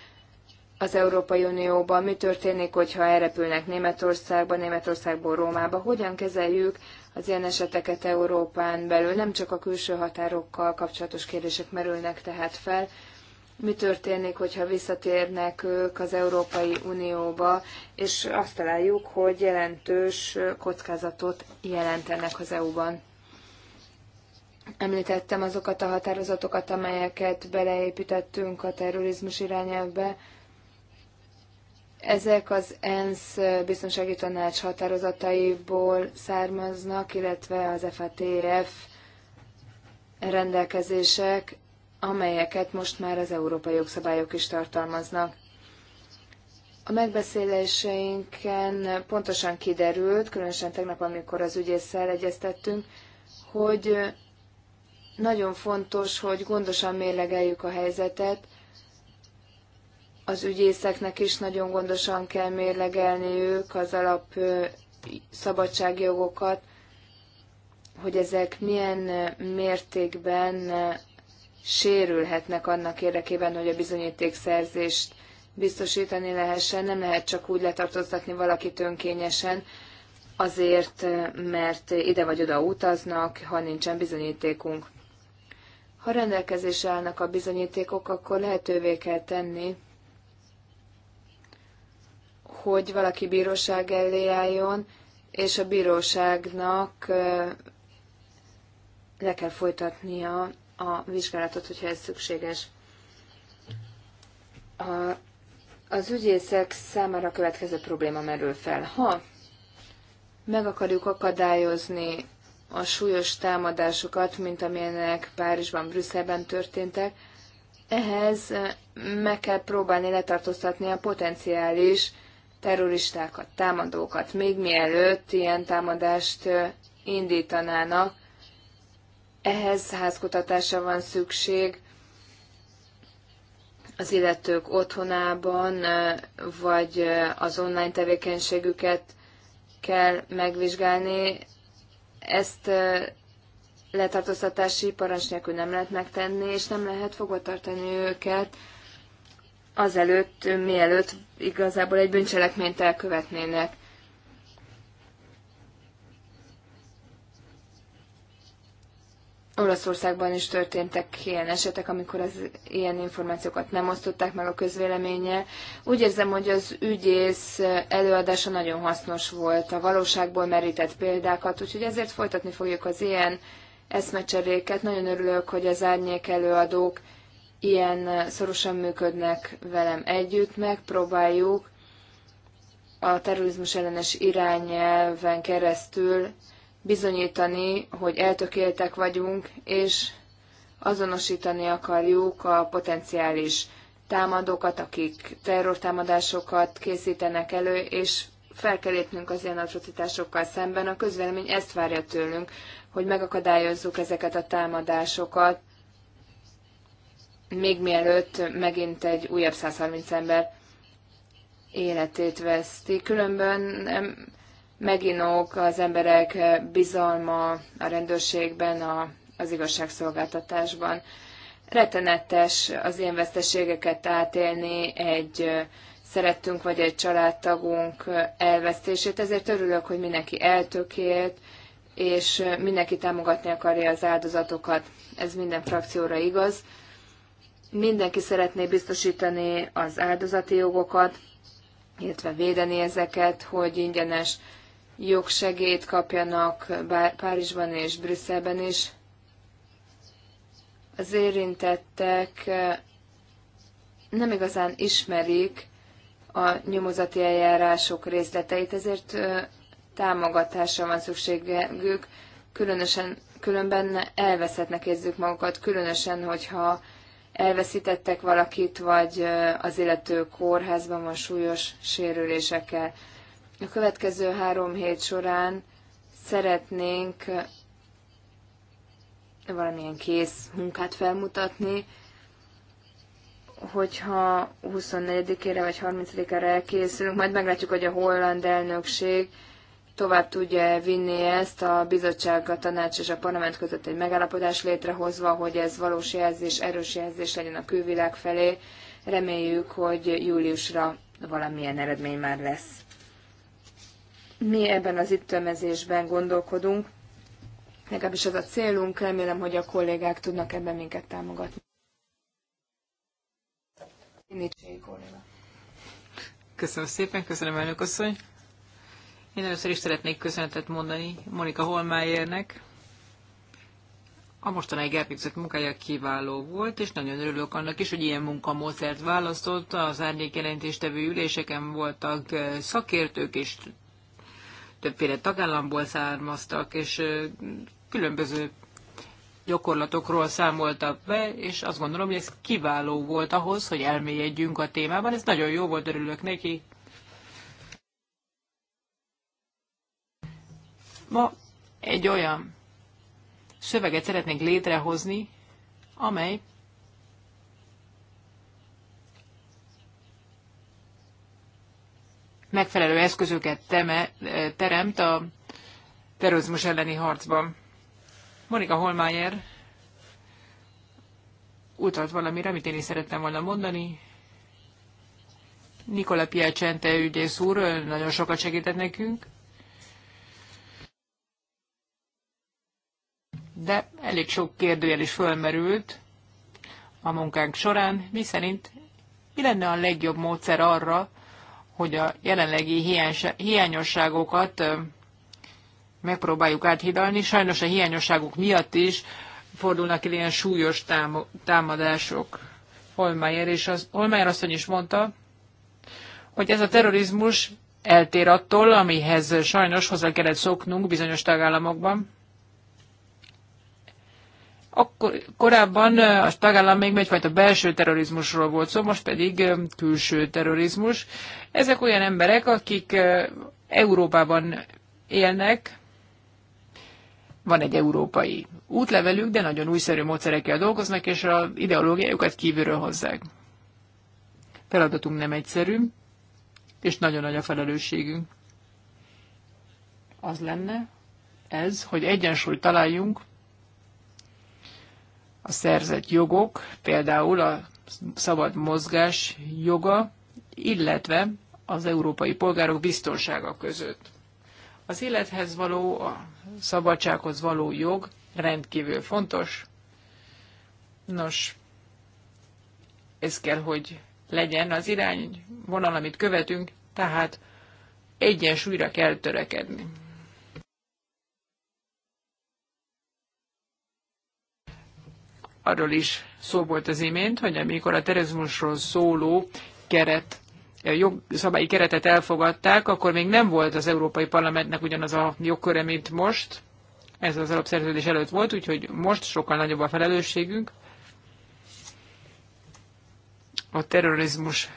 az Európai Unióban. Mi történik, hogyha elrepülnek Németországba, Németországból Rómába? Hogyan kezeljük az ilyen eseteket Európán belül. Nem csak a külső határokkal kapcsolatos kérdések merülnek tehát fel. Mi történik, hogyha visszatérnek ők az Európai Unióba, és azt találjuk, hogy jelentős kockázatot jelentenek az EU-ban. Említettem azokat a határozatokat, amelyeket beleépítettünk a terrorizmus irányelvbe, ezek az ENSZ biztonsági tanács határozataiból származnak, illetve az FATF rendelkezések, amelyeket most már az európai jogszabályok is tartalmaznak. A megbeszéléseinken pontosan kiderült, különösen tegnap, amikor az ügyészszel egyeztettünk, hogy nagyon fontos, hogy gondosan mérlegeljük a helyzetet, az ügyészeknek is nagyon gondosan kell mérlegelni ők az alap szabadságjogokat, hogy ezek milyen mértékben sérülhetnek annak érdekében, hogy a bizonyítékszerzést biztosítani lehessen. Nem lehet csak úgy letartóztatni valakit önkényesen, azért, mert ide vagy oda utaznak, ha nincsen bizonyítékunk. Ha rendelkezésre állnak a bizonyítékok, akkor lehetővé kell tenni, hogy valaki bíróság elé álljon, és a bíróságnak le kell folytatnia a vizsgálatot, hogyha ez szükséges. A, az ügyészek számára a következő probléma merül fel. Ha meg akarjuk akadályozni a súlyos támadásokat, mint amilyenek Párizsban, Brüsszelben történtek, ehhez meg kell próbálni letartóztatni a potenciális terroristákat, támadókat, még mielőtt ilyen támadást indítanának. Ehhez házkutatásra van szükség az illetők otthonában, vagy az online tevékenységüket kell megvizsgálni. Ezt letartóztatási parancs nélkül nem lehet megtenni, és nem lehet tartani őket azelőtt, mielőtt igazából egy bűncselekményt elkövetnének. Olaszországban is történtek ilyen esetek, amikor az ilyen információkat nem osztották meg a közvéleménye. Úgy érzem, hogy az ügyész előadása nagyon hasznos volt, a valóságból merített példákat, úgyhogy ezért folytatni fogjuk az ilyen eszmecseréket. Nagyon örülök, hogy az árnyék előadók ilyen szorosan működnek velem együtt, megpróbáljuk a terrorizmus ellenes irányelven keresztül bizonyítani, hogy eltökéltek vagyunk, és azonosítani akarjuk a potenciális támadókat, akik terrortámadásokat készítenek elő, és fel kell lépnünk az ilyen atrocitásokkal szemben. A közvélemény ezt várja tőlünk, hogy megakadályozzuk ezeket a támadásokat, még mielőtt megint egy újabb 130 ember életét veszti. Különben meginók az emberek bizalma a rendőrségben, a, az igazságszolgáltatásban. Rettenetes az ilyen veszteségeket átélni egy szerettünk vagy egy családtagunk elvesztését, ezért örülök, hogy mindenki eltökélt, és mindenki támogatni akarja az áldozatokat. Ez minden frakcióra igaz. Mindenki szeretné biztosítani az áldozati jogokat, illetve védeni ezeket, hogy ingyenes jogsegélyt kapjanak Párizsban és Brüsszelben is. Az érintettek eh, nem igazán ismerik a nyomozati eljárások részleteit, ezért eh, támogatásra van szükségük, különösen, különben elveszhetnek érzük magukat, különösen, hogyha elveszítettek valakit, vagy az illető kórházban van súlyos sérülésekkel. A következő három hét során szeretnénk valamilyen kész munkát felmutatni, hogyha 24-ére vagy 30 ére elkészülünk, majd meglátjuk, hogy a holland elnökség tovább tudja vinni ezt a bizottság, a tanács és a parlament között egy megállapodás létrehozva, hogy ez valós jelzés, erős jelzés legyen a külvilág felé. Reméljük, hogy júliusra valamilyen eredmény már lesz. Mi ebben az ittömezésben gondolkodunk, legalábbis az a célunk, remélem, hogy a kollégák tudnak ebben minket támogatni. Köszönöm szépen, köszönöm elnök asszony először is szeretnék köszönetet mondani Monika Holmájérnek. A mostanáig elvégzett munkája kiváló volt, és nagyon örülök annak is, hogy ilyen munkamódszert választott. Az árnyékjelentéstevő üléseken voltak szakértők, és többféle tagállamból származtak, és különböző gyakorlatokról számoltak be, és azt gondolom, hogy ez kiváló volt ahhoz, hogy elmélyedjünk a témában. Ez nagyon jó volt, örülök neki. Ma egy olyan szöveget szeretnénk létrehozni, amely megfelelő eszközöket teme, eh, teremt a terrorizmus elleni harcban. Monika Holmeyer utalt valamire, amit én is szerettem volna mondani. Nikola Piacente ügyész úr nagyon sokat segített nekünk. de elég sok kérdőjel is fölmerült a munkánk során, mi szerint mi lenne a legjobb módszer arra, hogy a jelenlegi hiányosságokat megpróbáljuk áthidalni. Sajnos a hiányosságok miatt is fordulnak el ilyen súlyos támadások. Holmeyer, és az, Holmeyer asszony is mondta, hogy ez a terrorizmus eltér attól, amihez sajnos hozzá kellett szoknunk bizonyos tagállamokban. Akkor korábban a tagállam még egyfajta belső terrorizmusról volt szó, most pedig külső terrorizmus. Ezek olyan emberek, akik Európában élnek, van egy európai útlevelük, de nagyon újszerű módszerekkel dolgoznak, és a ideológiájukat kívülről hozzák. Feladatunk nem egyszerű, és nagyon nagy a felelősségünk. Az lenne ez, hogy egyensúlyt találjunk a szerzett jogok, például a szabad mozgás joga, illetve az európai polgárok biztonsága között. Az élethez való, a szabadsághoz való jog rendkívül fontos. Nos, ez kell, hogy legyen az irányvonal, amit követünk, tehát egyensúlyra kell törekedni. Arról is szó volt az imént, hogy amikor a terrorizmusról szóló keret jogszabályi keretet elfogadták, akkor még nem volt az Európai Parlamentnek ugyanaz a jogköre, mint most. Ez az alapszerződés előtt volt, úgyhogy most sokkal nagyobb a felelősségünk. A terrorizmus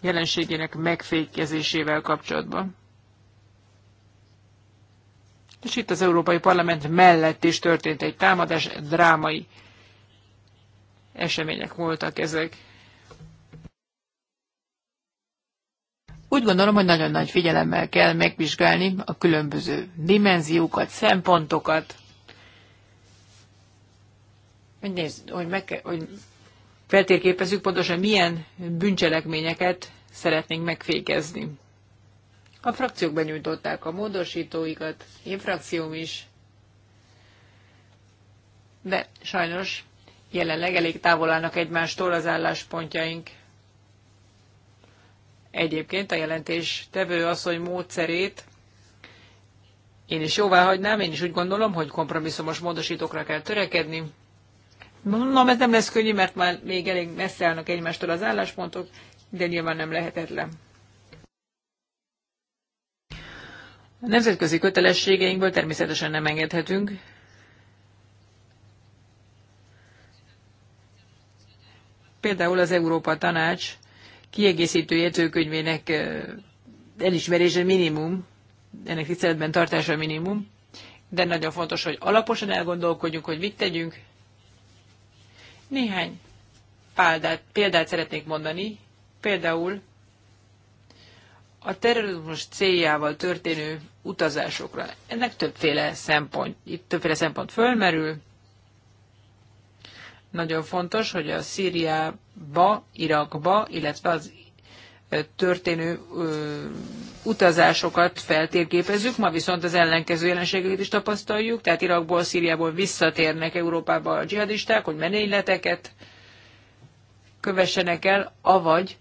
jelenségének megfékezésével kapcsolatban. És itt az Európai Parlament mellett is történt egy támadás, drámai események voltak ezek. Úgy gondolom, hogy nagyon nagy figyelemmel kell megvizsgálni a különböző dimenziókat, szempontokat, hogy, nézd, hogy, meg kell, hogy feltérképezzük pontosan milyen bűncselekményeket szeretnénk megfékezni. A frakciók benyújtották a módosítóikat, én frakcióm is, de sajnos jelenleg elég távol állnak egymástól az álláspontjaink. Egyébként a jelentés tevő asszony módszerét én is jóvá hagynám, én is úgy gondolom, hogy kompromisszumos módosítókra kell törekedni. Mondom, ez nem lesz könnyű, mert már még elég messze állnak egymástól az álláspontok, de nyilván nem lehetetlen. A nemzetközi kötelességeinkből természetesen nem engedhetünk, Például az Európa Tanács kiegészítő jegyzőkönyvének elismerése minimum, ennek tiszteletben tartása minimum, de nagyon fontos, hogy alaposan elgondolkodjunk, hogy mit tegyünk. Néhány példát, példát szeretnék mondani, például a terrorizmus céljával történő utazásokra. Ennek többféle szempont, itt többféle szempont fölmerül, nagyon fontos, hogy a Szíriába, Irakba, illetve az történő ö, utazásokat feltérképezzük, ma viszont az ellenkező jelenségeket is tapasztaljuk, tehát Irakból, Szíriából visszatérnek Európába a dzsihadisták, hogy menényleteket kövessenek el, avagy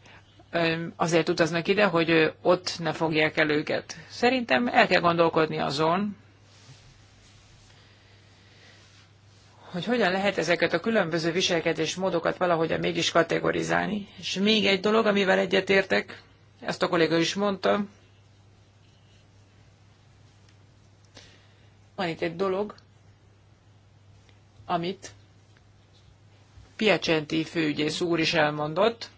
ö, azért utaznak ide, hogy ö, ott ne fogják el őket. Szerintem el kell gondolkodni azon, hogy hogyan lehet ezeket a különböző viselkedés módokat valahogyan mégis kategorizálni. És még egy dolog, amivel egyetértek, ezt a kolléga is mondta, van itt egy dolog, amit Piacenti főügyész úr is elmondott,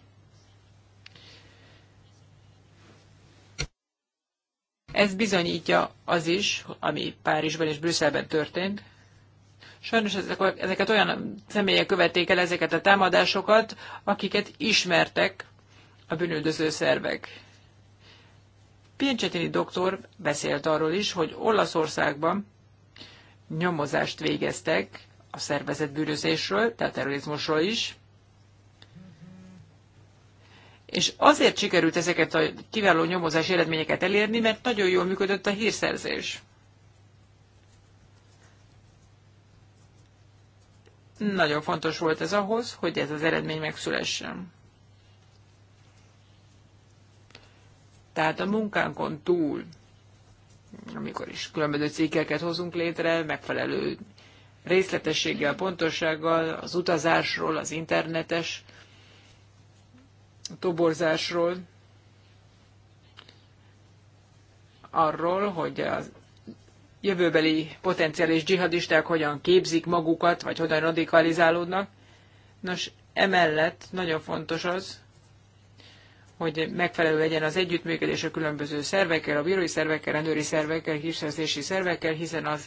Ez bizonyítja az is, ami Párizsban és Brüsszelben történt, Sajnos ezek, ezeket olyan személyek követték el ezeket a támadásokat, akiket ismertek a bűnüldöző szervek. Pincsetini doktor beszélt arról is, hogy Olaszországban nyomozást végeztek a szervezett bűnözésről, tehát terrorizmusról is, és azért sikerült ezeket a kiváló nyomozás eredményeket elérni, mert nagyon jól működött a hírszerzés. Nagyon fontos volt ez ahhoz, hogy ez az eredmény megszülessen. Tehát a munkánkon túl, amikor is különböző cikkeket hozunk létre, megfelelő részletességgel, pontossággal, az utazásról, az internetes toborzásról, arról, hogy az jövőbeli potenciális dzsihadisták hogyan képzik magukat, vagy hogyan radikalizálódnak. Nos, emellett nagyon fontos az, hogy megfelelő legyen az együttműködés a különböző szervekkel, a bírói szervekkel, rendőri szervekkel, hírszerzési szervekkel, hiszen az,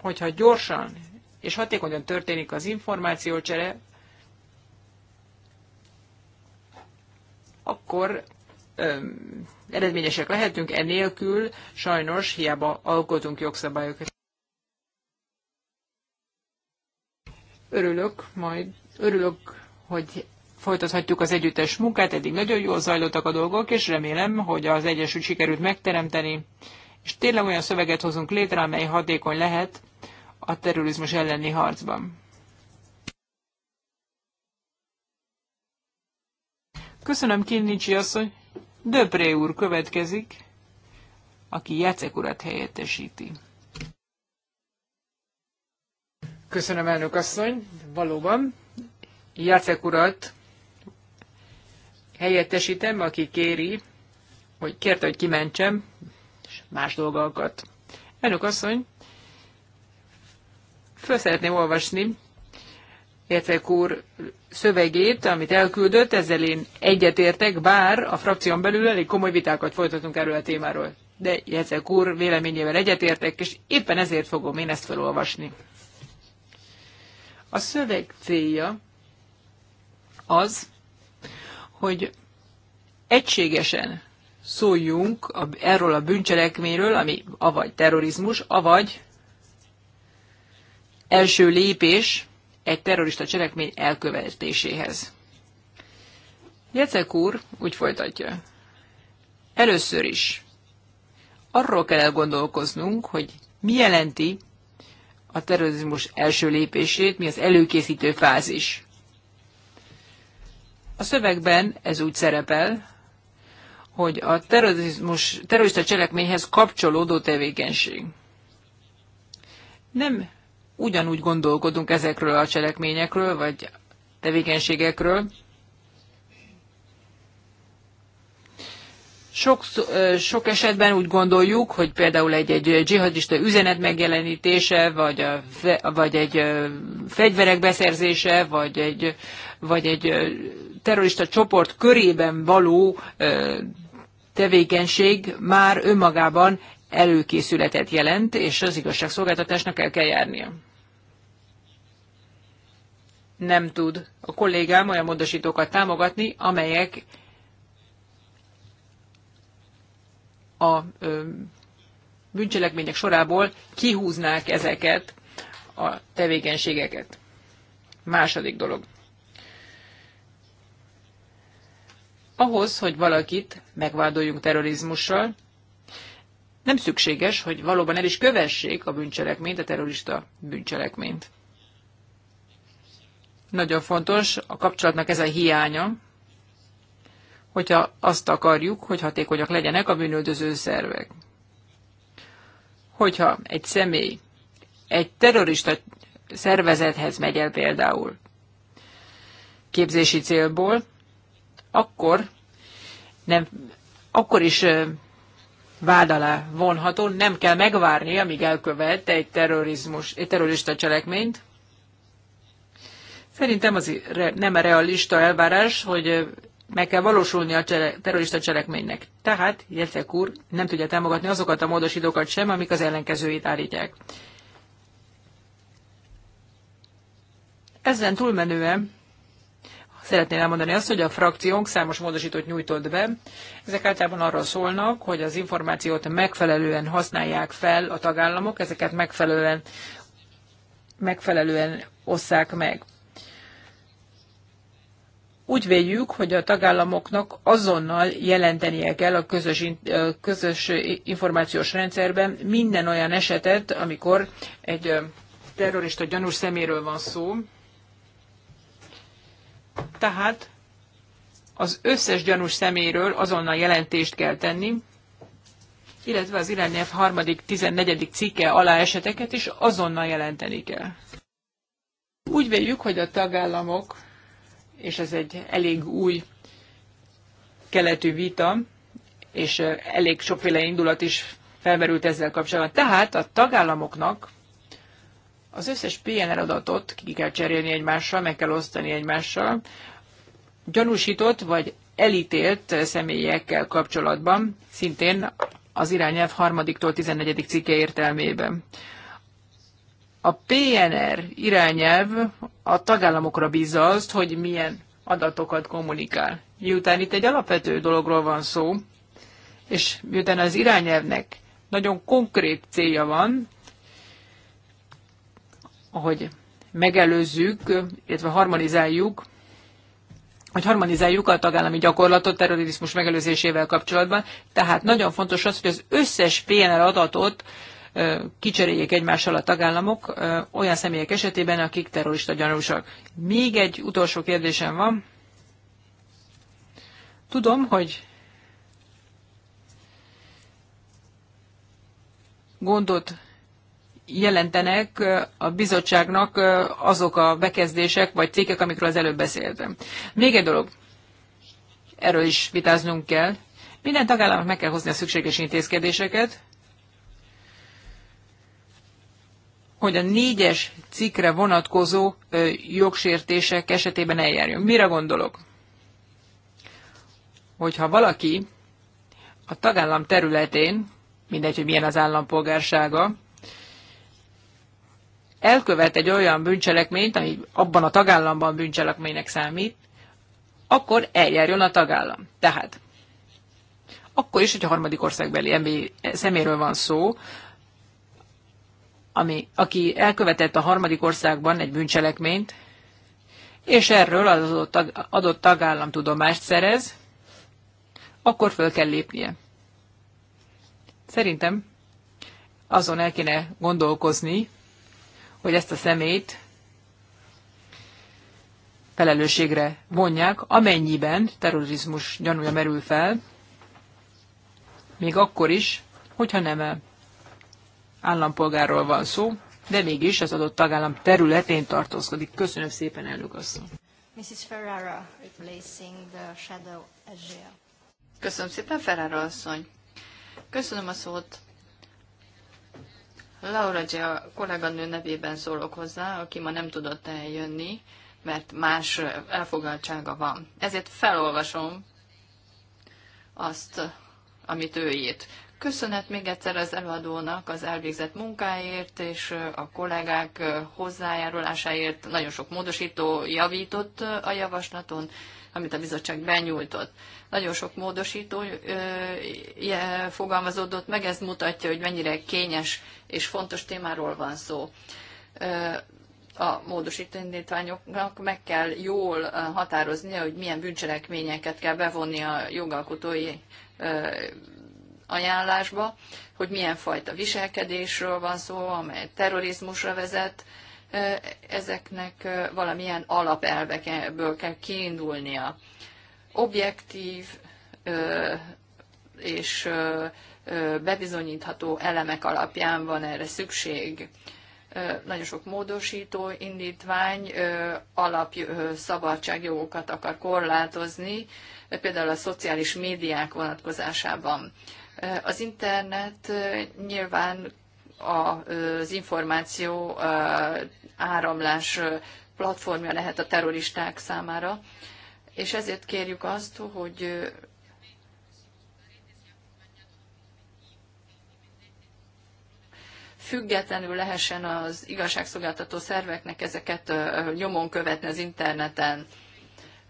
hogyha gyorsan és hatékonyan történik az információcsere, akkor öm, eredményesek lehetünk, enélkül sajnos hiába alkotunk jogszabályokat. Örülök majd, örülök, hogy folytathatjuk az együttes munkát, eddig nagyon jól zajlottak a dolgok, és remélem, hogy az Egyesült sikerült megteremteni, és tényleg olyan szöveget hozunk létre, amely hatékony lehet a terrorizmus elleni harcban. Köszönöm, Kinnicsi asszony. Döpré úr következik, aki Jacek urat helyettesíti. Köszönöm, elnök asszony. Valóban, Jacek urat helyettesítem, aki kéri, hogy kérte, hogy kimentsem, és más dolgokat. Elnök asszony, föl szeretném olvasni Jecek úr szövegét, amit elküldött, ezzel én egyetértek, bár a frakción belül elég komoly vitákat folytatunk erről a témáról. De Jecek úr véleményével egyetértek, és éppen ezért fogom én ezt felolvasni. A szöveg célja az, hogy egységesen szóljunk a, erről a bűncselekményről, ami avagy terrorizmus, avagy első lépés egy terrorista cselekmény elkövetéséhez. Jecek úr úgy folytatja. Először is arról kell elgondolkoznunk, hogy mi jelenti a terrorizmus első lépését, mi az előkészítő fázis. A szövegben ez úgy szerepel, hogy a terrorizmus, terrorista cselekményhez kapcsolódó tevékenység. Nem ugyanúgy gondolkodunk ezekről a cselekményekről, vagy tevékenységekről. Sok, sok esetben úgy gondoljuk, hogy például egy, egy dzsihadista üzenet megjelenítése, vagy, a, vagy egy fegyverek beszerzése, vagy egy, vagy egy terrorista csoport körében való tevékenység már önmagában előkészületet jelent, és az igazságszolgáltatásnak el kell járnia nem tud a kollégám olyan módosítókat támogatni, amelyek a bűncselekmények sorából kihúznák ezeket a tevékenységeket. Második dolog. Ahhoz, hogy valakit megvádoljunk terrorizmussal, nem szükséges, hogy valóban el is kövessék a bűncselekményt, a terrorista bűncselekményt. Nagyon fontos a kapcsolatnak ez a hiánya, hogyha azt akarjuk, hogy hatékonyak legyenek a bűnöldöző szervek. Hogyha egy személy egy terrorista szervezethez megy el például képzési célból, akkor, nem, akkor is vád alá vonható, nem kell megvárni, amíg elkövet egy, terrorizmus, egy terrorista cselekményt, Szerintem az nem a realista elvárás, hogy meg kell valósulni a csele, terrorista cselekménynek. Tehát Jelcek úr nem tudja támogatni azokat a módosítókat sem, amik az ellenkezőit állítják. Ezen túlmenően szeretném elmondani azt, hogy a frakciónk számos módosítót nyújtott be. Ezek általában arról szólnak, hogy az információt megfelelően használják fel a tagállamok, ezeket megfelelően, megfelelően osszák meg. Úgy véljük, hogy a tagállamoknak azonnal jelentenie kell a közös, közös információs rendszerben minden olyan esetet, amikor egy terrorista gyanús szeméről van szó. Tehát az összes gyanús szeméről azonnal jelentést kell tenni, illetve az irányelv harmadik, tizennegyedik cikke alá eseteket is azonnal jelenteni kell. Úgy véljük, hogy a tagállamok és ez egy elég új keletű vita, és elég sokféle indulat is felmerült ezzel kapcsolatban. Tehát a tagállamoknak az összes PNR adatot ki kell cserélni egymással, meg kell osztani egymással, gyanúsított vagy elítélt személyekkel kapcsolatban, szintén az irányelv harmadiktól 14. cikke értelmében. A PNR irányelv a tagállamokra bízza azt, hogy milyen adatokat kommunikál. Miután itt egy alapvető dologról van szó, és miután az irányelvnek nagyon konkrét célja van, hogy megelőzzük, illetve harmonizáljuk, hogy harmonizáljuk a tagállami gyakorlatot terrorizmus megelőzésével kapcsolatban. Tehát nagyon fontos az, hogy az összes PNR adatot kicseréljék egymással a tagállamok olyan személyek esetében, akik terrorista gyanúsak. Még egy utolsó kérdésem van. Tudom, hogy gondot jelentenek a bizottságnak azok a bekezdések vagy cégek, amikről az előbb beszéltem. Még egy dolog, erről is vitáznunk kell. Minden tagállamnak meg kell hozni a szükséges intézkedéseket, hogy a négyes cikkre vonatkozó jogsértések esetében eljárjon. Mire gondolok? Hogyha valaki a tagállam területén, mindegy, hogy milyen az állampolgársága, elkövet egy olyan bűncselekményt, ami abban a tagállamban bűncselekménynek számít, akkor eljárjon a tagállam. Tehát akkor is, hogy a harmadik országbeli személyről van szó, ami, aki elkövetett a harmadik országban egy bűncselekményt, és erről az adott, tag, adott tagállam tudomást szerez, akkor föl kell lépnie. Szerintem azon el kéne gondolkozni, hogy ezt a szemét felelősségre vonják, amennyiben terrorizmus gyanúja merül fel, még akkor is, hogyha nem állampolgárról van szó, de mégis az adott tagállam területén tartózkodik. Köszönöm szépen, elnök asszony. Mrs. Ferrara, replacing the shadow Azure. Köszönöm szépen, Ferrara asszony. Köszönöm a szót. Laura Gia kolléganő nevében szólok hozzá, aki ma nem tudott eljönni, mert más elfogadtsága van. Ezért felolvasom azt, amit ő írt. Köszönet még egyszer az előadónak az elvégzett munkáért és a kollégák hozzájárulásáért. Nagyon sok módosító javított a javaslaton, amit a bizottság benyújtott. Nagyon sok módosító fogalmazódott meg, ez mutatja, hogy mennyire kényes és fontos témáról van szó a módosító indítványoknak meg kell jól határozni, hogy milyen bűncselekményeket kell bevonni a jogalkotói ajánlásba, hogy milyen fajta viselkedésről van szó, amely terrorizmusra vezet, ezeknek valamilyen alapelvekből kell kiindulnia. Objektív és bebizonyítható elemek alapján van erre szükség. Nagyon sok módosító indítvány alap szabadságjogokat akar korlátozni, például a szociális médiák vonatkozásában. Az internet nyilván az információ áramlás platformja lehet a terroristák számára, és ezért kérjük azt, hogy függetlenül lehessen az igazságszolgáltató szerveknek ezeket nyomon követni az interneten.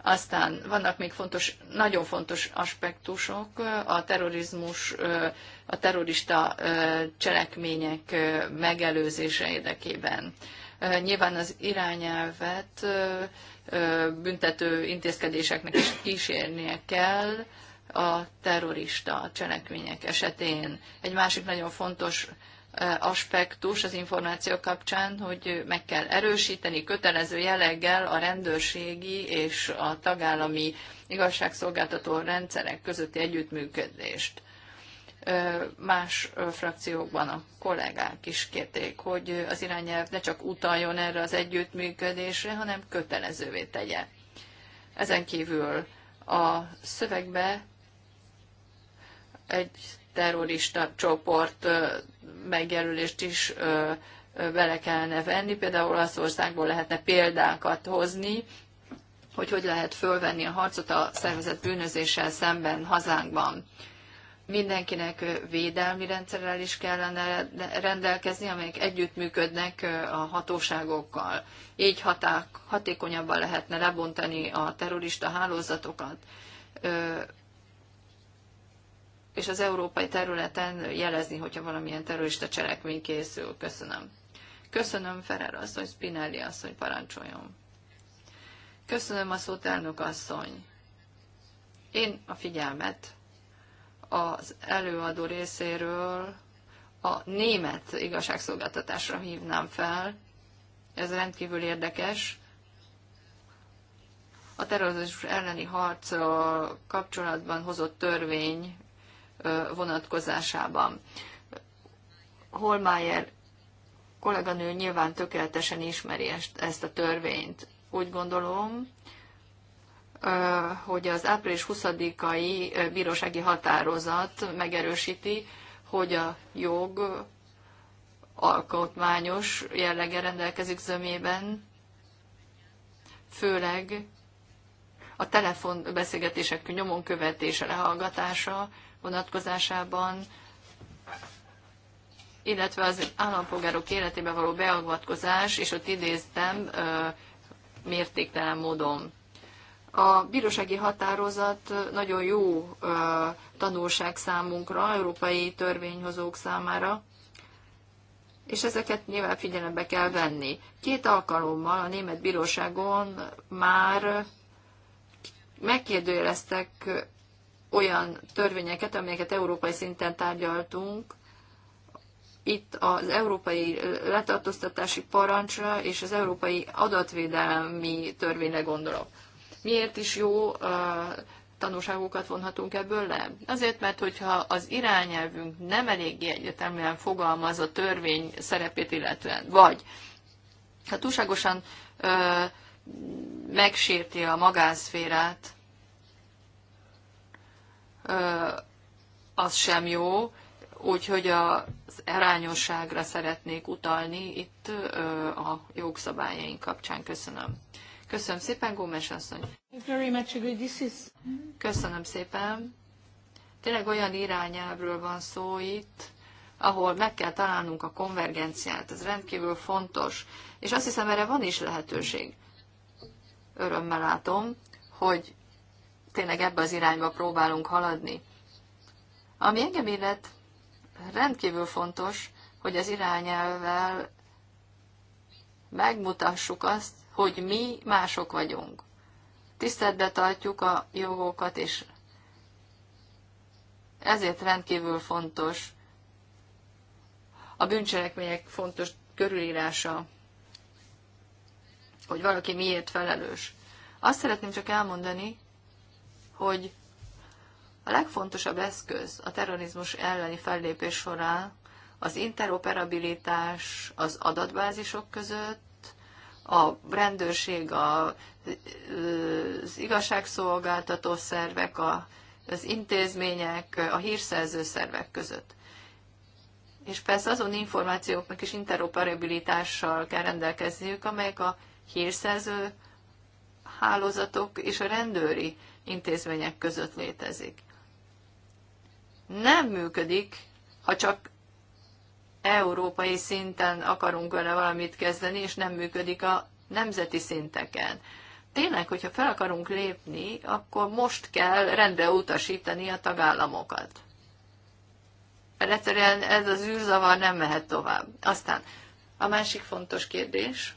Aztán vannak még fontos, nagyon fontos aspektusok, a terrorizmus, a terrorista cselekmények megelőzése érdekében. Nyilván az irányelvet büntető intézkedéseknek is kísérnie kell a terrorista cselekmények esetén. Egy másik nagyon fontos aspektus az információ kapcsán, hogy meg kell erősíteni kötelező jelleggel a rendőrségi és a tagállami igazságszolgáltató rendszerek közötti együttműködést. Más frakciókban a kollégák is kérték, hogy az irányelv ne csak utaljon erre az együttműködésre, hanem kötelezővé tegye. Ezen kívül a szövegbe egy terrorista csoport megjelölést is bele kellene venni. Például Olaszországból lehetne példákat hozni, hogy hogy lehet fölvenni a harcot a szervezet bűnözéssel szemben hazánkban. Mindenkinek védelmi rendszerrel is kellene rendelkezni, amelyek együttműködnek a hatóságokkal. Így haták, hatékonyabban lehetne lebontani a terrorista hálózatokat és az európai területen jelezni, hogyha valamilyen terrorista cselekmény készül. Köszönöm. Köszönöm Ferrer asszony, Spinelli asszony, parancsoljon. Köszönöm a szót, elnök asszony. Én a figyelmet az előadó részéről a német igazságszolgáltatásra hívnám fel. Ez rendkívül érdekes. A terrorizmus elleni harc kapcsolatban hozott törvény vonatkozásában. Holmeyer kolléganő nyilván tökéletesen ismeri ezt a törvényt. Úgy gondolom, hogy az április 20-ai bírósági határozat megerősíti, hogy a jog alkotmányos jellege rendelkezik zömében, főleg a telefonbeszélgetések nyomon követése, lehallgatása vonatkozásában, illetve az állampolgárok életébe való beavatkozás, és ott idéztem, mértéktelen módon. A bírósági határozat nagyon jó tanulság számunkra, európai törvényhozók számára, és ezeket nyilván figyelembe kell venni. Két alkalommal a német bíróságon már megkérdőjeleztek olyan törvényeket, amelyeket európai szinten tárgyaltunk, itt az európai letartóztatási parancsra és az európai adatvédelmi törvényre gondolok. Miért is jó tanulságokat vonhatunk ebből le? Azért, mert hogyha az irányelvünk nem eléggé egyetemben fogalmaz a törvény szerepét illetően, vagy ha túlságosan uh, megsérti a magánszférát, az sem jó, úgyhogy az arányosságra szeretnék utalni itt a jogszabályaink kapcsán. Köszönöm. Köszönöm szépen, Gómez asszony. Köszönöm szépen. Tényleg olyan irányelvről van szó itt, ahol meg kell találnunk a konvergenciát. Ez rendkívül fontos. És azt hiszem, erre van is lehetőség. Örömmel látom, hogy tényleg ebbe az irányba próbálunk haladni. Ami engem illet, rendkívül fontos, hogy az irányelvvel megmutassuk azt, hogy mi mások vagyunk. Tiszteletbe tartjuk a jogokat, és ezért rendkívül fontos a bűncselekmények fontos körülírása, hogy valaki miért felelős. Azt szeretném csak elmondani, hogy a legfontosabb eszköz a terrorizmus elleni fellépés során az interoperabilitás az adatbázisok között, a rendőrség, a, az igazságszolgáltató szervek, a, az intézmények, a hírszerző szervek között. És persze azon információknak is interoperabilitással kell rendelkezniük, amelyek a hírszerző hálózatok és a rendőri intézmények között létezik. Nem működik, ha csak európai szinten akarunk vele valamit kezdeni, és nem működik a nemzeti szinteken. Tényleg, hogyha fel akarunk lépni, akkor most kell rendbe utasítani a tagállamokat. Mert egyszerűen ez az űrzavar nem mehet tovább. Aztán a másik fontos kérdés,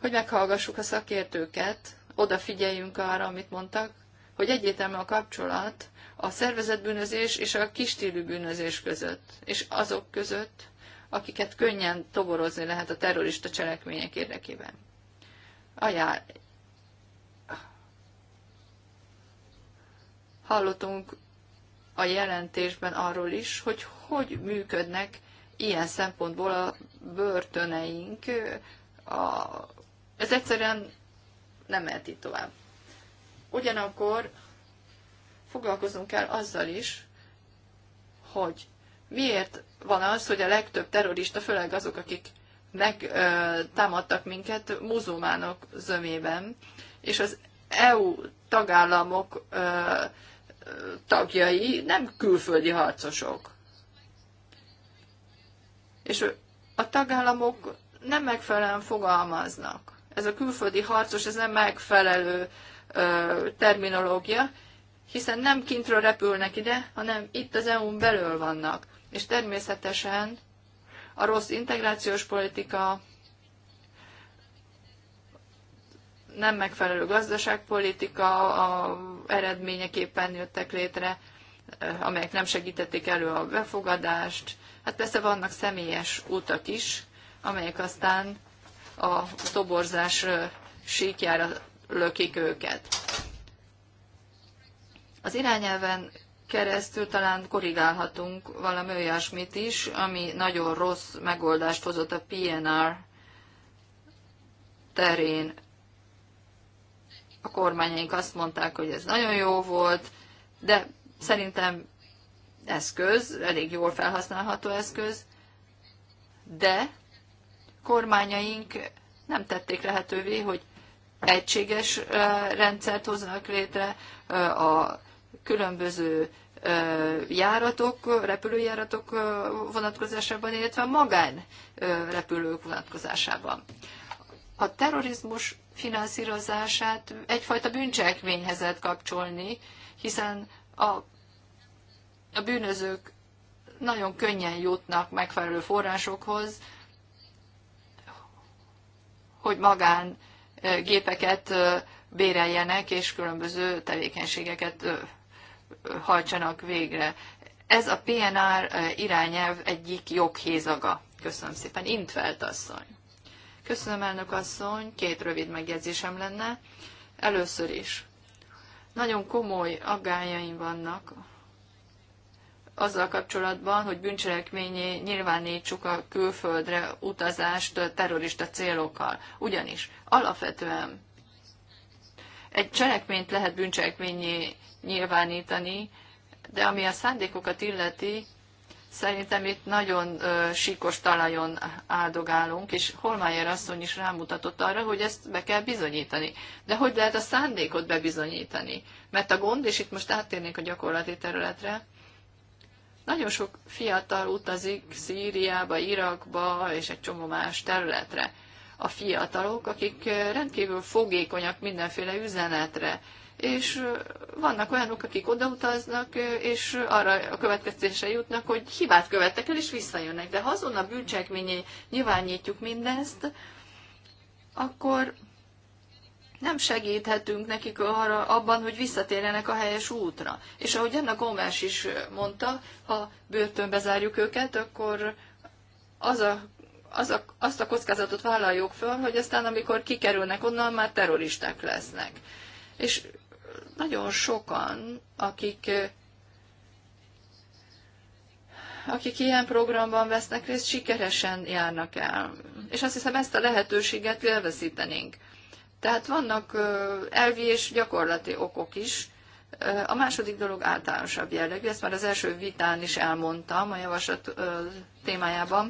hogy meghallgassuk a szakértőket, odafigyeljünk arra, amit mondtak, hogy egyértelmű a kapcsolat a szervezetbűnözés és a kistílű bűnözés között, és azok között, akiket könnyen toborozni lehet a terrorista cselekmények érdekében. Ajá, hallottunk a jelentésben arról is, hogy hogy működnek ilyen szempontból a börtöneink. A, ez egyszerűen nem mehet itt tovább. Ugyanakkor foglalkozunk kell azzal is, hogy miért van az, hogy a legtöbb terrorista, főleg azok, akik megtámadtak minket, muzulmánok zömében, és az EU tagállamok ö, tagjai nem külföldi harcosok. És a tagállamok nem megfelelően fogalmaznak ez a külföldi harcos, ez nem megfelelő ö, terminológia, hiszen nem kintről repülnek ide, hanem itt az EU-n belül vannak. És természetesen a rossz integrációs politika, nem megfelelő gazdaságpolitika a eredményeképpen jöttek létre, amelyek nem segítették elő a befogadást. Hát persze vannak személyes utak is, amelyek aztán a toborzás síkjára lökik őket. Az irányelven keresztül talán korrigálhatunk valami olyasmit is, ami nagyon rossz megoldást hozott a PNR terén. A kormányaink azt mondták, hogy ez nagyon jó volt, de szerintem eszköz, elég jól felhasználható eszköz, de kormányaink nem tették lehetővé, hogy egységes rendszert hoznak létre a különböző járatok, repülőjáratok vonatkozásában, illetve a magán repülők vonatkozásában. A terrorizmus finanszírozását egyfajta bűncselekményhez lehet kapcsolni, hiszen a, a bűnözők nagyon könnyen jutnak megfelelő forrásokhoz, hogy magán gépeket béreljenek és különböző tevékenységeket hajtsanak végre. Ez a PNR irányelv egyik joghézaga. Köszönöm szépen. Intvelt asszony. Köszönöm, elnök asszony. Két rövid megjegyzésem lenne. Először is. Nagyon komoly aggájaim vannak azzal kapcsolatban, hogy bűncselekményé nyilvánítsuk a külföldre utazást terrorista célokkal. Ugyanis alapvetően egy cselekményt lehet bűncselekményé nyilvánítani, de ami a szándékokat illeti, szerintem itt nagyon ö, síkos talajon áldogálunk, és Holmeyer asszony is rámutatott arra, hogy ezt be kell bizonyítani. De hogy lehet a szándékot bebizonyítani? Mert a gond, és itt most áttérnék a gyakorlati területre, nagyon sok fiatal utazik Szíriába, Irakba és egy csomó más területre. A fiatalok, akik rendkívül fogékonyak mindenféle üzenetre, és vannak olyanok, akik odautaznak, és arra a következtésre jutnak, hogy hibát követtek el, és visszajönnek. De ha a bűncselekményé nyilvánítjuk mindezt, akkor nem segíthetünk nekik arra, abban, hogy visszatérjenek a helyes útra. És ahogy Anna Gómez is mondta, ha börtönbe zárjuk őket, akkor az a, az a, azt a kockázatot vállaljuk föl, hogy aztán amikor kikerülnek onnan, már terroristák lesznek. És nagyon sokan, akik akik ilyen programban vesznek részt, sikeresen járnak el. És azt hiszem, ezt a lehetőséget elveszítenénk. Tehát vannak elvi és gyakorlati okok is. A második dolog általánosabb jellegű, ezt már az első vitán is elmondtam a javaslat témájában.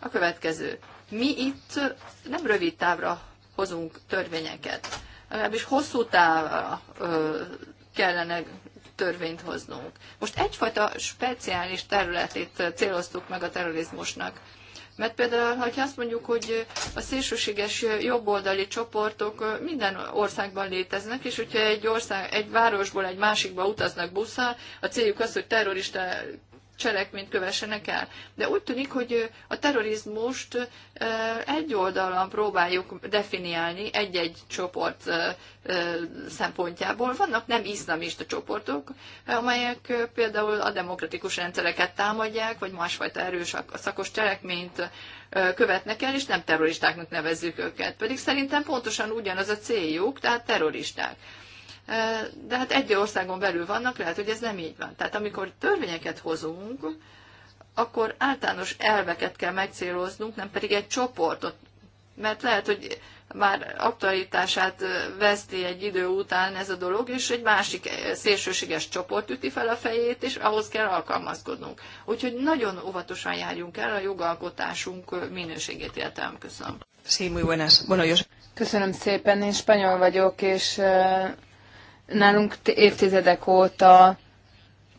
A következő. Mi itt nem rövid távra hozunk törvényeket, legalábbis hosszú távra kellene törvényt hoznunk. Most egyfajta speciális területét céloztuk meg a terrorizmusnak, mert például, ha azt mondjuk, hogy a szélsőséges jobboldali csoportok minden országban léteznek, és hogyha egy, ország, egy városból egy másikba utaznak busszal, a céljuk az, hogy terrorista cselekményt kövessenek el. De úgy tűnik, hogy a terrorizmust egy oldalon próbáljuk definiálni egy-egy csoport szempontjából. Vannak nem iszlamista csoportok, amelyek például a demokratikus rendszereket támadják, vagy másfajta erős szakos cselekményt követnek el, és nem terroristáknak nevezzük őket. Pedig szerintem pontosan ugyanaz a céljuk, tehát terroristák de hát egy országon belül vannak, lehet, hogy ez nem így van. Tehát amikor törvényeket hozunk, akkor általános elveket kell megcéloznunk, nem pedig egy csoportot. Mert lehet, hogy már aktualitását veszti egy idő után ez a dolog, és egy másik szélsőséges csoport üti fel a fejét, és ahhoz kell alkalmazkodnunk. Úgyhogy nagyon óvatosan járjunk el a jogalkotásunk minőségét értelem. Köszönöm. Sí, muy buenas. Bueno, yo... Köszönöm szépen, én spanyol vagyok, és Nálunk évtizedek óta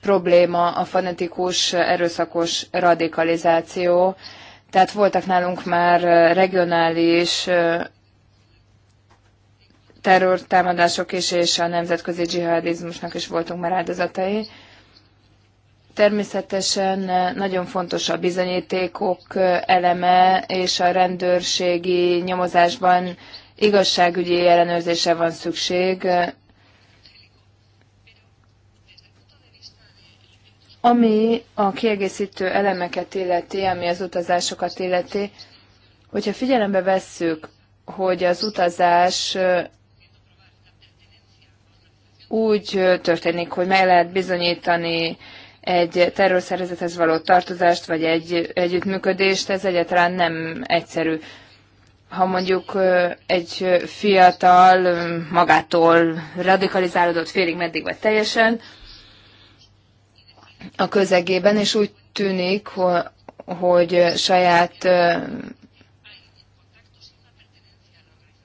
probléma a fanatikus, erőszakos radikalizáció. Tehát voltak nálunk már regionális terrortámadások is, és a nemzetközi dzsihadizmusnak is voltunk már áldozatai. Természetesen nagyon fontos a bizonyítékok eleme, és a rendőrségi nyomozásban igazságügyi ellenőrzése van szükség, Ami a kiegészítő elemeket illeti, ami az utazásokat illeti, hogyha figyelembe vesszük, hogy az utazás úgy történik, hogy meg lehet bizonyítani egy terrorszervezethez való tartozást, vagy egy együttműködést, ez egyáltalán nem egyszerű. Ha mondjuk egy fiatal magától radikalizálódott félig meddig, vagy teljesen, a közegében, és úgy tűnik, hogy saját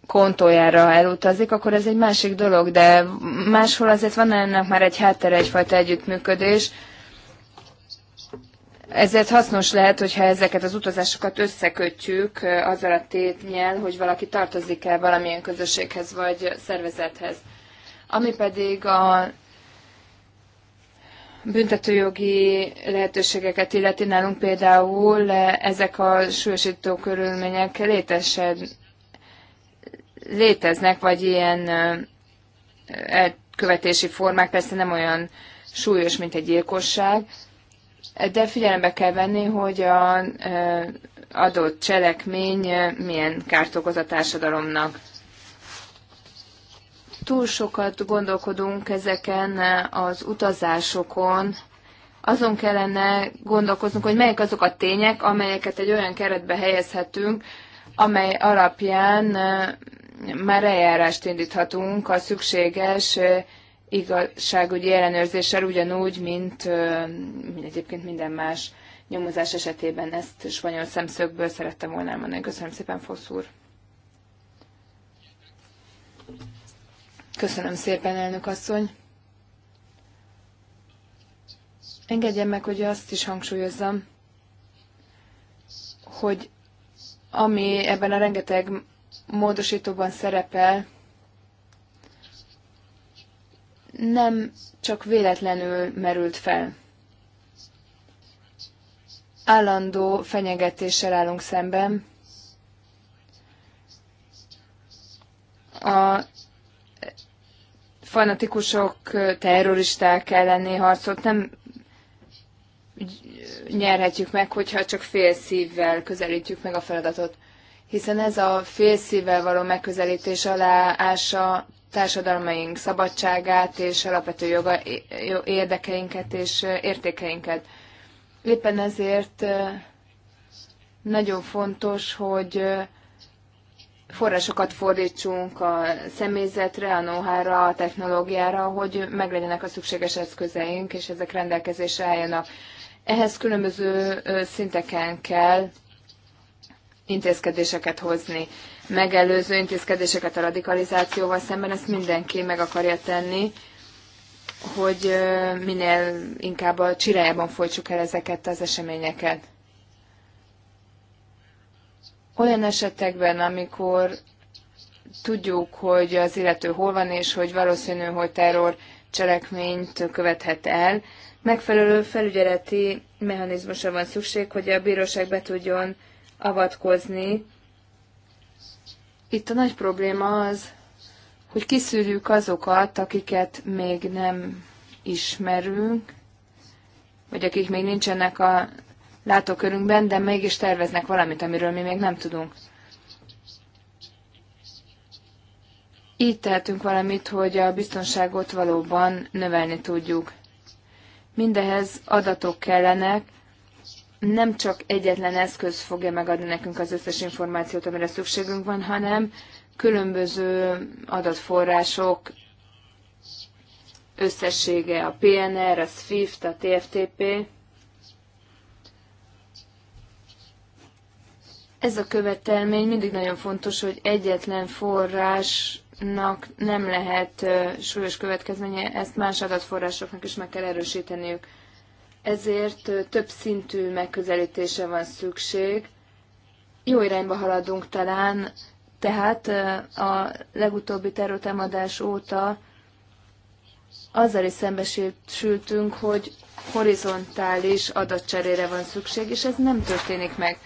kontójára elutazik, akkor ez egy másik dolog, de máshol azért van ennek már egy háttere, egyfajta együttműködés, ezért hasznos lehet, hogyha ezeket az utazásokat összekötjük azzal a tétnyel, hogy valaki tartozik e valamilyen közösséghez vagy szervezethez. Ami pedig a büntetőjogi lehetőségeket illeti nálunk például ezek a súlyosító körülmények létesed, léteznek, vagy ilyen követési formák, persze nem olyan súlyos, mint egy gyilkosság, de figyelembe kell venni, hogy a adott cselekmény milyen kárt okoz a társadalomnak túl sokat gondolkodunk ezeken az utazásokon, azon kellene gondolkoznunk, hogy melyek azok a tények, amelyeket egy olyan keretbe helyezhetünk, amely alapján már eljárást indíthatunk a szükséges igazságügyi ellenőrzéssel, ugyanúgy, mint, mint egyébként minden más nyomozás esetében. Ezt spanyol szemszögből szerettem volna elmondani. Köszönöm szépen, Fosz úr! Köszönöm szépen, elnök asszony. Engedjen meg, hogy azt is hangsúlyozzam, hogy ami ebben a rengeteg módosítóban szerepel, nem csak véletlenül merült fel. Állandó fenyegetéssel állunk szemben. A fanatikusok, terroristák elleni harcot nem nyerhetjük meg, hogyha csak fél szívvel közelítjük meg a feladatot. Hiszen ez a fél szívvel való megközelítés alá ássa társadalmaink szabadságát és alapvető joga, érdekeinket és értékeinket. Éppen ezért nagyon fontos, hogy forrásokat fordítsunk a személyzetre, a know a technológiára, hogy meglegyenek a szükséges eszközeink, és ezek rendelkezésre álljanak. Ehhez különböző szinteken kell intézkedéseket hozni. Megelőző intézkedéseket a radikalizációval szemben, ezt mindenki meg akarja tenni, hogy minél inkább a csirájában folytsuk el ezeket az eseményeket. Olyan esetekben, amikor tudjuk, hogy az illető hol van, és hogy valószínű, hogy terror cselekményt követhet el, megfelelő felügyeleti mechanizmusra van szükség, hogy a bíróság be tudjon avatkozni. Itt a nagy probléma az, hogy kiszűrjük azokat, akiket még nem ismerünk, vagy akik még nincsenek a látókörünkben, de mégis terveznek valamit, amiről mi még nem tudunk. Így tehetünk valamit, hogy a biztonságot valóban növelni tudjuk. Mindehez adatok kellenek, nem csak egyetlen eszköz fogja megadni nekünk az összes információt, amire szükségünk van, hanem különböző adatforrások összessége, a PNR, a SWIFT, a TFTP, Ez a követelmény mindig nagyon fontos, hogy egyetlen forrásnak nem lehet súlyos következménye, ezt más adatforrásoknak is meg kell erősíteniük. Ezért több szintű megközelítése van szükség. Jó irányba haladunk talán, tehát a legutóbbi terrortámadás óta azzal is szembesültünk, hogy horizontális adatcserére van szükség, és ez nem történik meg.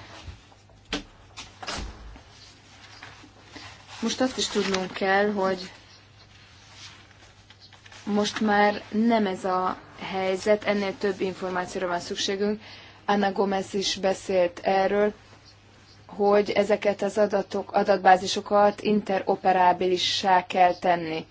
Most azt is tudnunk kell, hogy most már nem ez a helyzet, ennél több információra van szükségünk. Anna Gomez is beszélt erről, hogy ezeket az adatok, adatbázisokat interoperábilissá kell tenni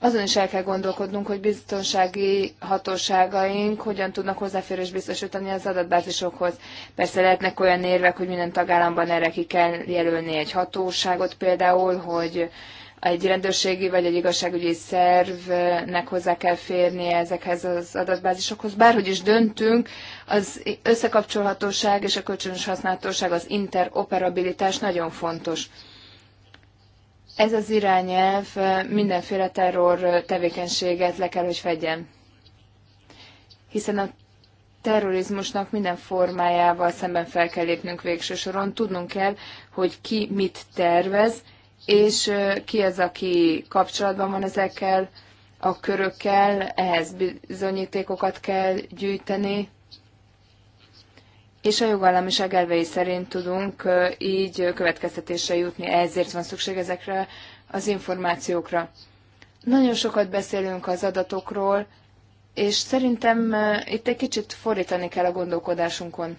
azon is el kell gondolkodnunk, hogy biztonsági hatóságaink hogyan tudnak hozzáférés biztosítani az adatbázisokhoz. Persze lehetnek olyan érvek, hogy minden tagállamban erre ki kell jelölni egy hatóságot például, hogy egy rendőrségi vagy egy igazságügyi szervnek hozzá kell férnie ezekhez az adatbázisokhoz. Bárhogy is döntünk, az összekapcsolhatóság és a kölcsönös használhatóság, az interoperabilitás nagyon fontos. Ez az irányelv mindenféle terror tevékenységet le kell, hogy fedjen. Hiszen a terrorizmusnak minden formájával szemben fel kell lépnünk végső soron. Tudnunk kell, hogy ki mit tervez, és ki az, aki kapcsolatban van ezekkel a körökkel, ehhez bizonyítékokat kell gyűjteni, és a jogállamiság elvei szerint tudunk így következtetésre jutni. Ezért van szükség ezekre az információkra. Nagyon sokat beszélünk az adatokról, és szerintem itt egy kicsit fordítani kell a gondolkodásunkon.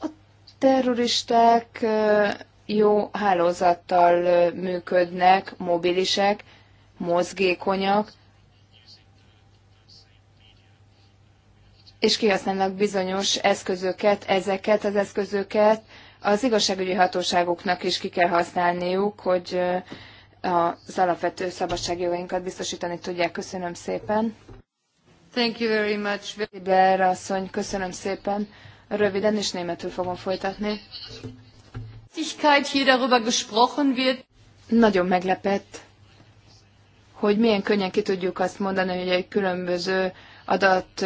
A terroristák jó hálózattal működnek, mobilisek, mozgékonyak, és kihasználnak bizonyos eszközöket, ezeket az eszközöket az igazságügyi hatóságoknak is ki kell használniuk, hogy az alapvető szabadságjogainkat biztosítani tudják. Köszönöm szépen. Thank you very much. Liber asszony, köszönöm szépen. Röviden és németül fogom folytatni. Nagyon meglepett, hogy milyen könnyen ki tudjuk azt mondani, hogy egy különböző adat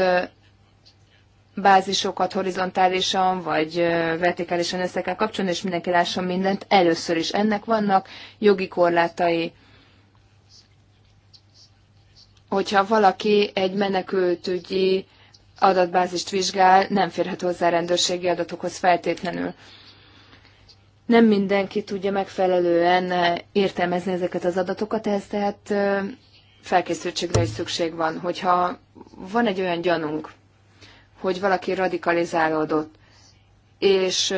bázisokat horizontálisan vagy vertikálisan össze kell kapcsolni, és mindenki lásson mindent először is. Ennek vannak jogi korlátai. Hogyha valaki egy menekültügyi adatbázist vizsgál, nem férhet hozzá rendőrségi adatokhoz feltétlenül. Nem mindenki tudja megfelelően értelmezni ezeket az adatokat, ez tehát felkészültségre is szükség van. Hogyha van egy olyan gyanunk, hogy valaki radikalizálódott, és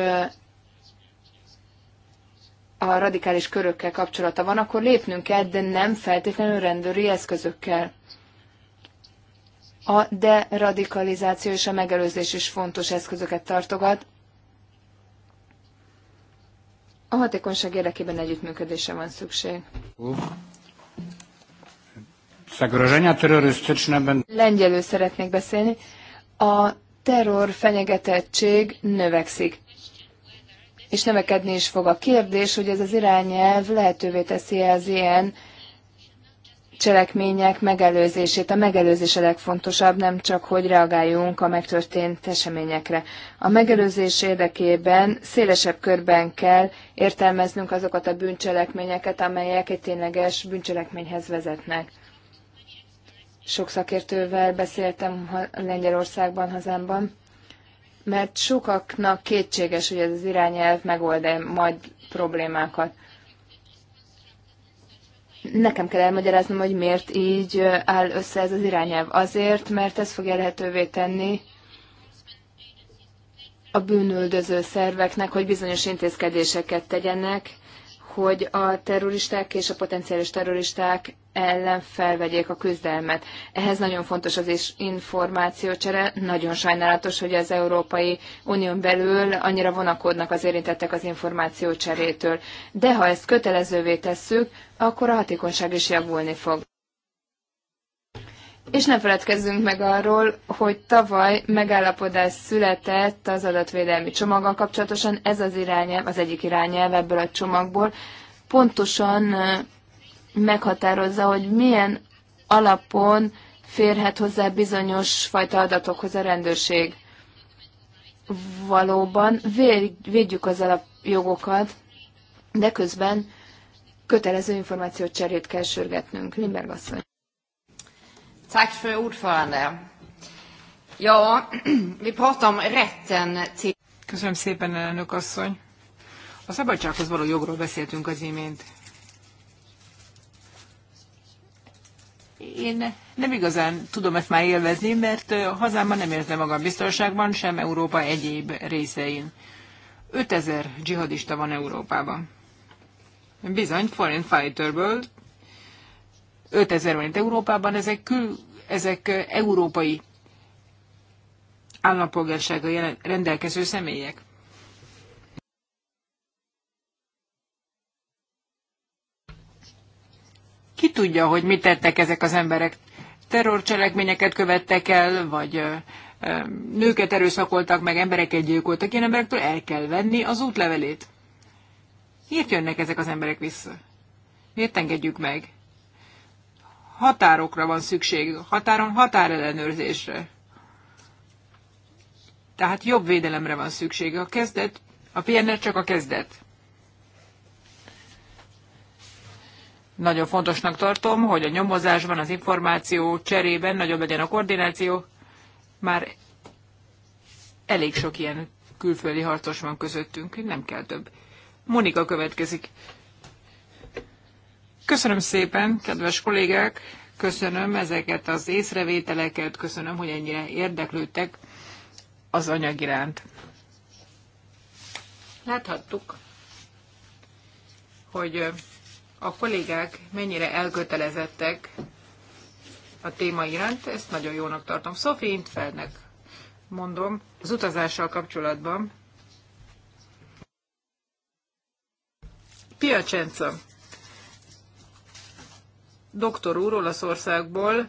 a radikális körökkel kapcsolata van, akkor lépnünk kell, de nem feltétlenül rendőri eszközökkel. A deradikalizáció és a megelőzés is fontos eszközöket tartogat. A hatékonyság érdekében együttműködése van szükség. Lengyelő szeretnék beszélni a terror fenyegetettség növekszik. És növekedni is fog a kérdés, hogy ez az irányelv lehetővé teszi -e az ilyen cselekmények megelőzését. A megelőzés a legfontosabb, nem csak, hogy reagáljunk a megtörtént eseményekre. A megelőzés érdekében szélesebb körben kell értelmeznünk azokat a bűncselekményeket, amelyek egy tényleges bűncselekményhez vezetnek sok szakértővel beszéltem Lengyelországban, hazámban, mert sokaknak kétséges, hogy ez az irányelv megold-e majd problémákat. Nekem kell elmagyaráznom, hogy miért így áll össze ez az irányelv. Azért, mert ez fogja lehetővé tenni a bűnüldöző szerveknek, hogy bizonyos intézkedéseket tegyenek, hogy a terroristák és a potenciális terroristák ellen felvegyék a küzdelmet. Ehhez nagyon fontos az is információcsere. Nagyon sajnálatos, hogy az Európai Unión belül annyira vonakodnak az érintettek az információcserétől. De ha ezt kötelezővé tesszük, akkor a hatékonyság is javulni fog. És ne feledkezzünk meg arról, hogy tavaly megállapodás született az adatvédelmi csomaggal kapcsolatosan, ez az irányelv, az egyik irányelv ebből a csomagból, pontosan meghatározza, hogy milyen alapon férhet hozzá bizonyos fajta adatokhoz a rendőrség. Valóban védjük az alapjogokat, de közben kötelező információt cserét kell sürgetnünk. Limberg asszony. Tack för ordförande. Ja, vi pratar om rätten till... Köszönöm szépen, elnök asszony. A szabadsághoz való jogról beszéltünk az imént. Én nem igazán tudom ezt már élvezni, mert hazámban nem érzem magam biztonságban, sem Európa egyéb részein. 5000 dzsihadista van Európában. Bizony, foreign fighterből 5000 forint Európában, ezek, kül, ezek európai állampolgársága rendelkező személyek. Ki tudja, hogy mit tettek ezek az emberek? Terrorcselekményeket követtek el, vagy nőket erőszakoltak meg, embereket gyilkoltak. Ilyen emberektől el kell venni az útlevelét. Miért jönnek ezek az emberek vissza? Miért engedjük meg? határokra van szükség, határon határellenőrzésre. Tehát jobb védelemre van szükség. A kezdet, a PNR csak a kezdet. Nagyon fontosnak tartom, hogy a nyomozásban, az információ cserében nagyobb legyen a koordináció. Már elég sok ilyen külföldi harcos van közöttünk, nem kell több. Monika következik. Köszönöm szépen, kedves kollégák, köszönöm ezeket az észrevételeket, köszönöm, hogy ennyire érdeklődtek az anyag iránt. Láthattuk, hogy a kollégák mennyire elkötelezettek a téma iránt, ezt nagyon jónak tartom. Sophie Intfeldnek mondom, az utazással kapcsolatban. Piacenza doktor úr Olaszországból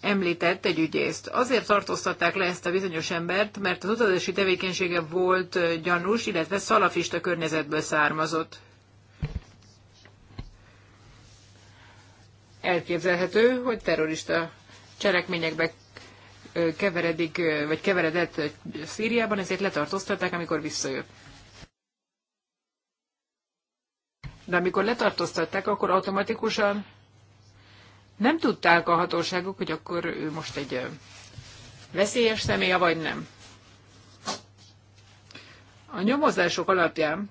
említett egy ügyészt. Azért tartóztatták le ezt a bizonyos embert, mert az utazási tevékenysége volt gyanús, illetve szalafista környezetből származott. Elképzelhető, hogy terrorista cselekményekbe keveredik, vagy keveredett Szíriában, ezért letartóztatták, amikor visszajött. de amikor letartóztatták, akkor automatikusan nem tudták a hatóságok, hogy akkor ő most egy veszélyes személy, vagy nem. A nyomozások alapján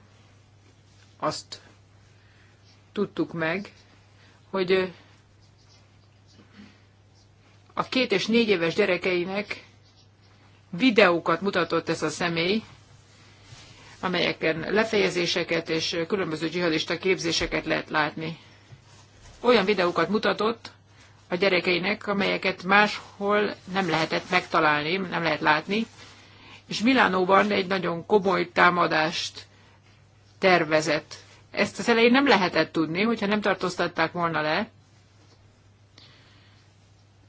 azt tudtuk meg, hogy a két és négy éves gyerekeinek videókat mutatott ez a személy, amelyeken lefejezéseket és különböző dzsihadista képzéseket lehet látni. Olyan videókat mutatott a gyerekeinek, amelyeket máshol nem lehetett megtalálni, nem lehet látni, és Milánóban egy nagyon komoly támadást tervezett. Ezt az elején nem lehetett tudni, hogyha nem tartóztatták volna le,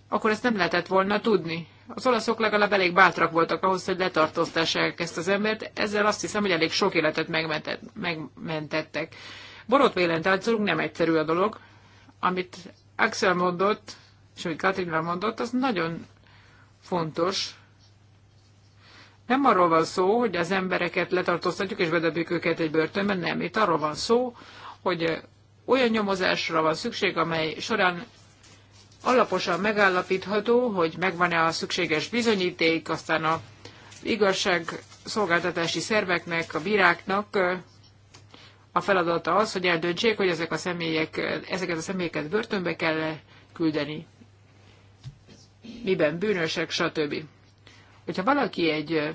akkor ezt nem lehetett volna tudni az olaszok legalább elég bátrak voltak ahhoz, hogy letartóztassák ezt az embert, ezzel azt hiszem, hogy elég sok életet megmentett, megmentettek. Borotvélen táncolunk, nem egyszerű a dolog. Amit Axel mondott, és amit Katrina mondott, az nagyon fontos. Nem arról van szó, hogy az embereket letartóztatjuk és bedobjuk őket egy börtönben, nem. Itt arról van szó, hogy olyan nyomozásra van szükség, amely során alaposan megállapítható, hogy megvan-e a szükséges bizonyíték, aztán a igazságszolgáltatási szerveknek, a bíráknak a feladata az, hogy eldöntsék, hogy ezek a személyek, ezeket a személyeket börtönbe kell -e küldeni, miben bűnösek, stb. Hogyha valaki egy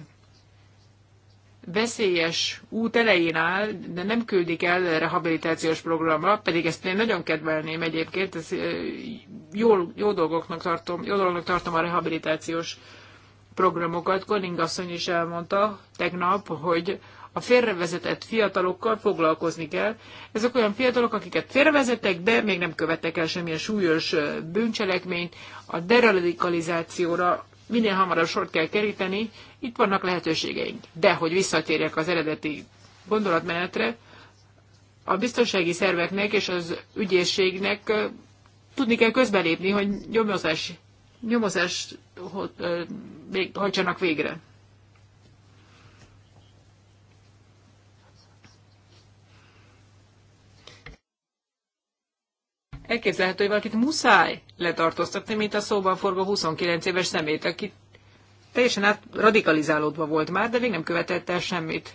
veszélyes út elején áll, de nem küldik el rehabilitációs programra, pedig ezt én nagyon kedvelném egyébként, ez jó, jó, dolgoknak tartom, jó dolgoknak tartom a rehabilitációs programokat. Koning asszony is elmondta tegnap, hogy a félrevezetett fiatalokkal foglalkozni kell. Ezek olyan fiatalok, akiket félrevezetek, de még nem követtek el semmilyen súlyos bűncselekményt. A deradikalizációra minél hamarabb sort kell keríteni, itt vannak lehetőségeink. De, hogy visszatérjek az eredeti gondolatmenetre, a biztonsági szerveknek és az ügyészségnek tudni kell közbelépni, hogy nyomozás, nyomozást hagyjanak végre. Elképzelhető, hogy valakit muszáj letartóztatni, mint a szóban forgó 29 éves szemét, akit teljesen át radikalizálódva volt már, de még nem követett el semmit.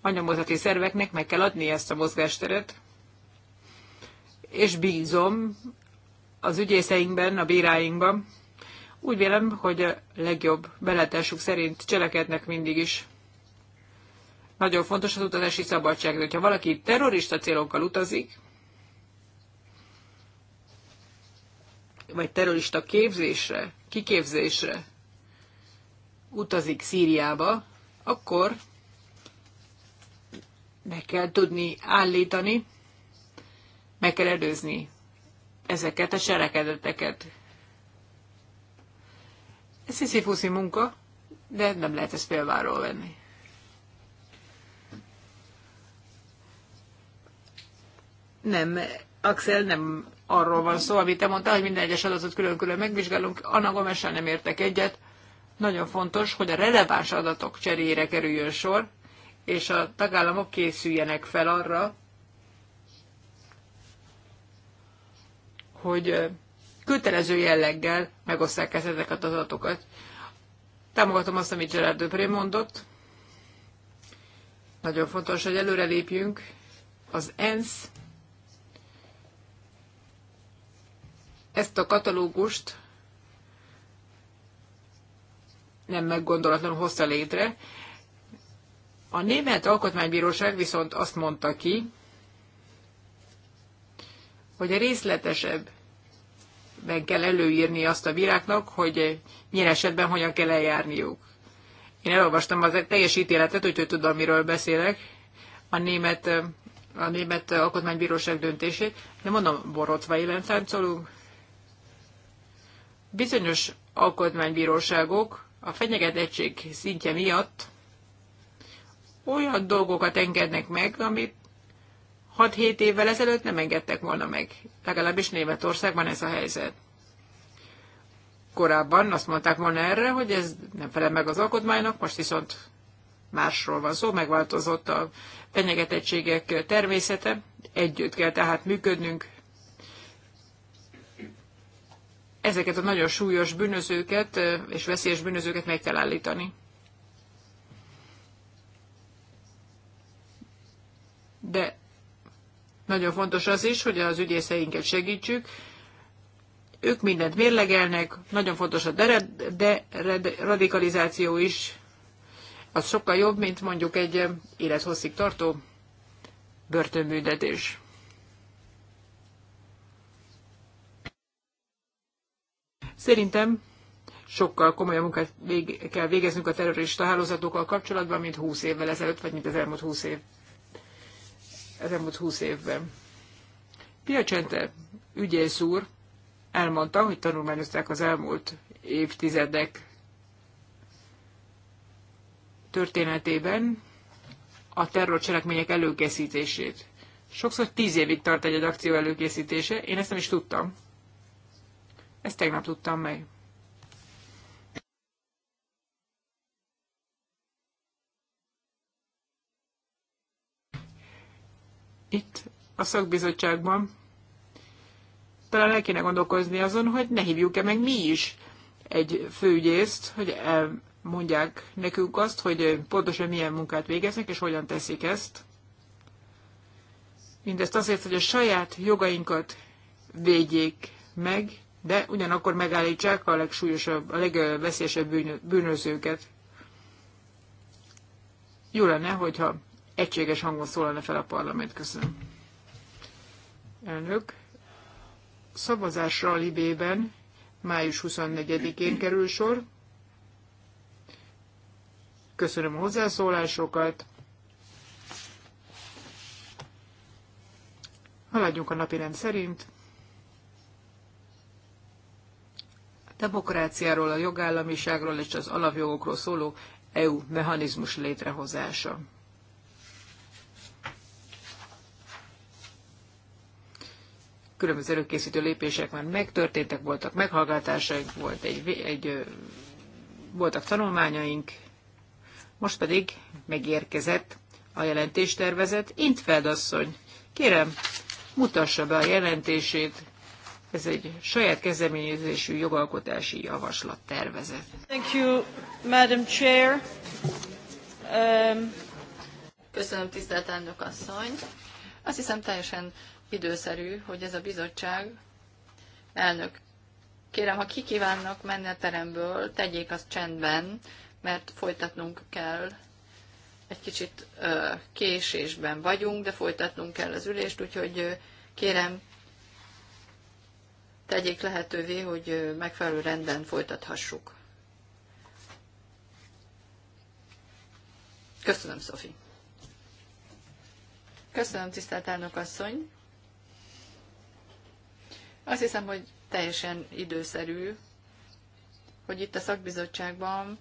Anyamozati szerveknek meg kell adni ezt a mozgásteret, és bízom az ügyészeinkben, a bíráinkban. Úgy vélem, hogy a legjobb beletelsük szerint cselekednek mindig is. Nagyon fontos az utazási szabadság. De hogyha valaki terrorista célokkal utazik, vagy terrorista képzésre, kiképzésre utazik Szíriába, akkor meg kell tudni állítani, meg kell előzni ezeket a serekedeteket. Ez sziszifuszi munka, de nem lehet ezt félváról venni. Nem, Axel, nem arról van szó, amit te mondtál, hogy minden egyes adatot külön-külön megvizsgálunk. Anna Gomessel nem értek egyet. Nagyon fontos, hogy a releváns adatok cseréjére kerüljön sor, és a tagállamok készüljenek fel arra, hogy kötelező jelleggel megosztják ezeket az adatokat. Támogatom azt, amit Gerard Döpré mondott. Nagyon fontos, hogy előrelépjünk. Az ENSZ ezt a katalógust nem meggondolatlanul hozta létre. A Német Alkotmánybíróság viszont azt mondta ki, hogy a részletesebb meg kell előírni azt a bíráknak, hogy milyen esetben hogyan kell eljárniuk. Én elolvastam az teljes ítéletet, úgyhogy tudom, miről beszélek, a német, a német alkotmánybíróság döntését, de mondom, borotva élen táncolunk. Bizonyos alkotmánybíróságok a fenyegetettség szintje miatt olyan dolgokat engednek meg, amit 6-7 évvel ezelőtt nem engedtek volna meg. Legalábbis Németországban ez a helyzet. Korábban azt mondták volna erre, hogy ez nem felel meg az alkotmánynak, most viszont másról van szó, megváltozott a fenyegetettségek természete, együtt kell tehát működnünk, ezeket a nagyon súlyos bűnözőket és veszélyes bűnözőket meg kell állítani. De nagyon fontos az is, hogy az ügyészeinket segítsük. Ők mindent mérlegelnek, nagyon fontos a deradikalizáció de, de, is. Az sokkal jobb, mint mondjuk egy élethosszig tartó börtönbüntetés. Szerintem sokkal komolyabb munkát vég- kell végeznünk a terrorista hálózatokkal kapcsolatban, mint 20 évvel ezelőtt, vagy mint az elmúlt 20 év. Az elmúlt 20 évben. Piacente ügyész úr elmondta, hogy tanulmányozták az elmúlt évtizedek történetében a terrorcselekmények előkészítését. Sokszor tíz évig tart egy akció előkészítése, én ezt nem is tudtam. Ezt tegnap tudtam meg. Itt a szakbizottságban talán el kéne gondolkozni azon, hogy ne hívjuk-e meg mi is egy főügyészt, hogy mondják nekünk azt, hogy pontosan milyen munkát végeznek, és hogyan teszik ezt. Mindezt azért, hogy a saját jogainkat védjék meg, de ugyanakkor megállítsák a legsúlyosabb, a legveszélyesebb bűnözőket. Jó lenne, hogyha egységes hangon szólalna fel a parlament. Köszönöm. Elnök, szavazásra a Libében május 24-én kerül sor. Köszönöm a hozzászólásokat. Haladjunk a napirend szerint. demokráciáról, a jogállamiságról és az alapjogokról szóló EU mechanizmus létrehozása. Különböző előkészítő lépések már megtörténtek, voltak meghallgatásaink, volt egy, egy, voltak tanulmányaink, most pedig megérkezett a jelentéstervezet. Intfeld asszony, kérem, mutassa be a jelentését, ez egy saját kezdeményezésű jogalkotási javaslat tervezet. Thank you, Madam Chair. Um... Köszönöm, tisztelt elnök asszony. Azt hiszem teljesen időszerű, hogy ez a bizottság elnök. Kérem, ha kikívánnak menni a teremből, tegyék azt csendben, mert folytatnunk kell. Egy kicsit ö, késésben vagyunk, de folytatnunk kell az ülést, úgyhogy ö, kérem, tegyék lehetővé, hogy megfelelő rendben folytathassuk. Köszönöm, Szofi. Köszönöm, tisztelt elnök asszony. Azt hiszem, hogy teljesen időszerű, hogy itt a szakbizottságban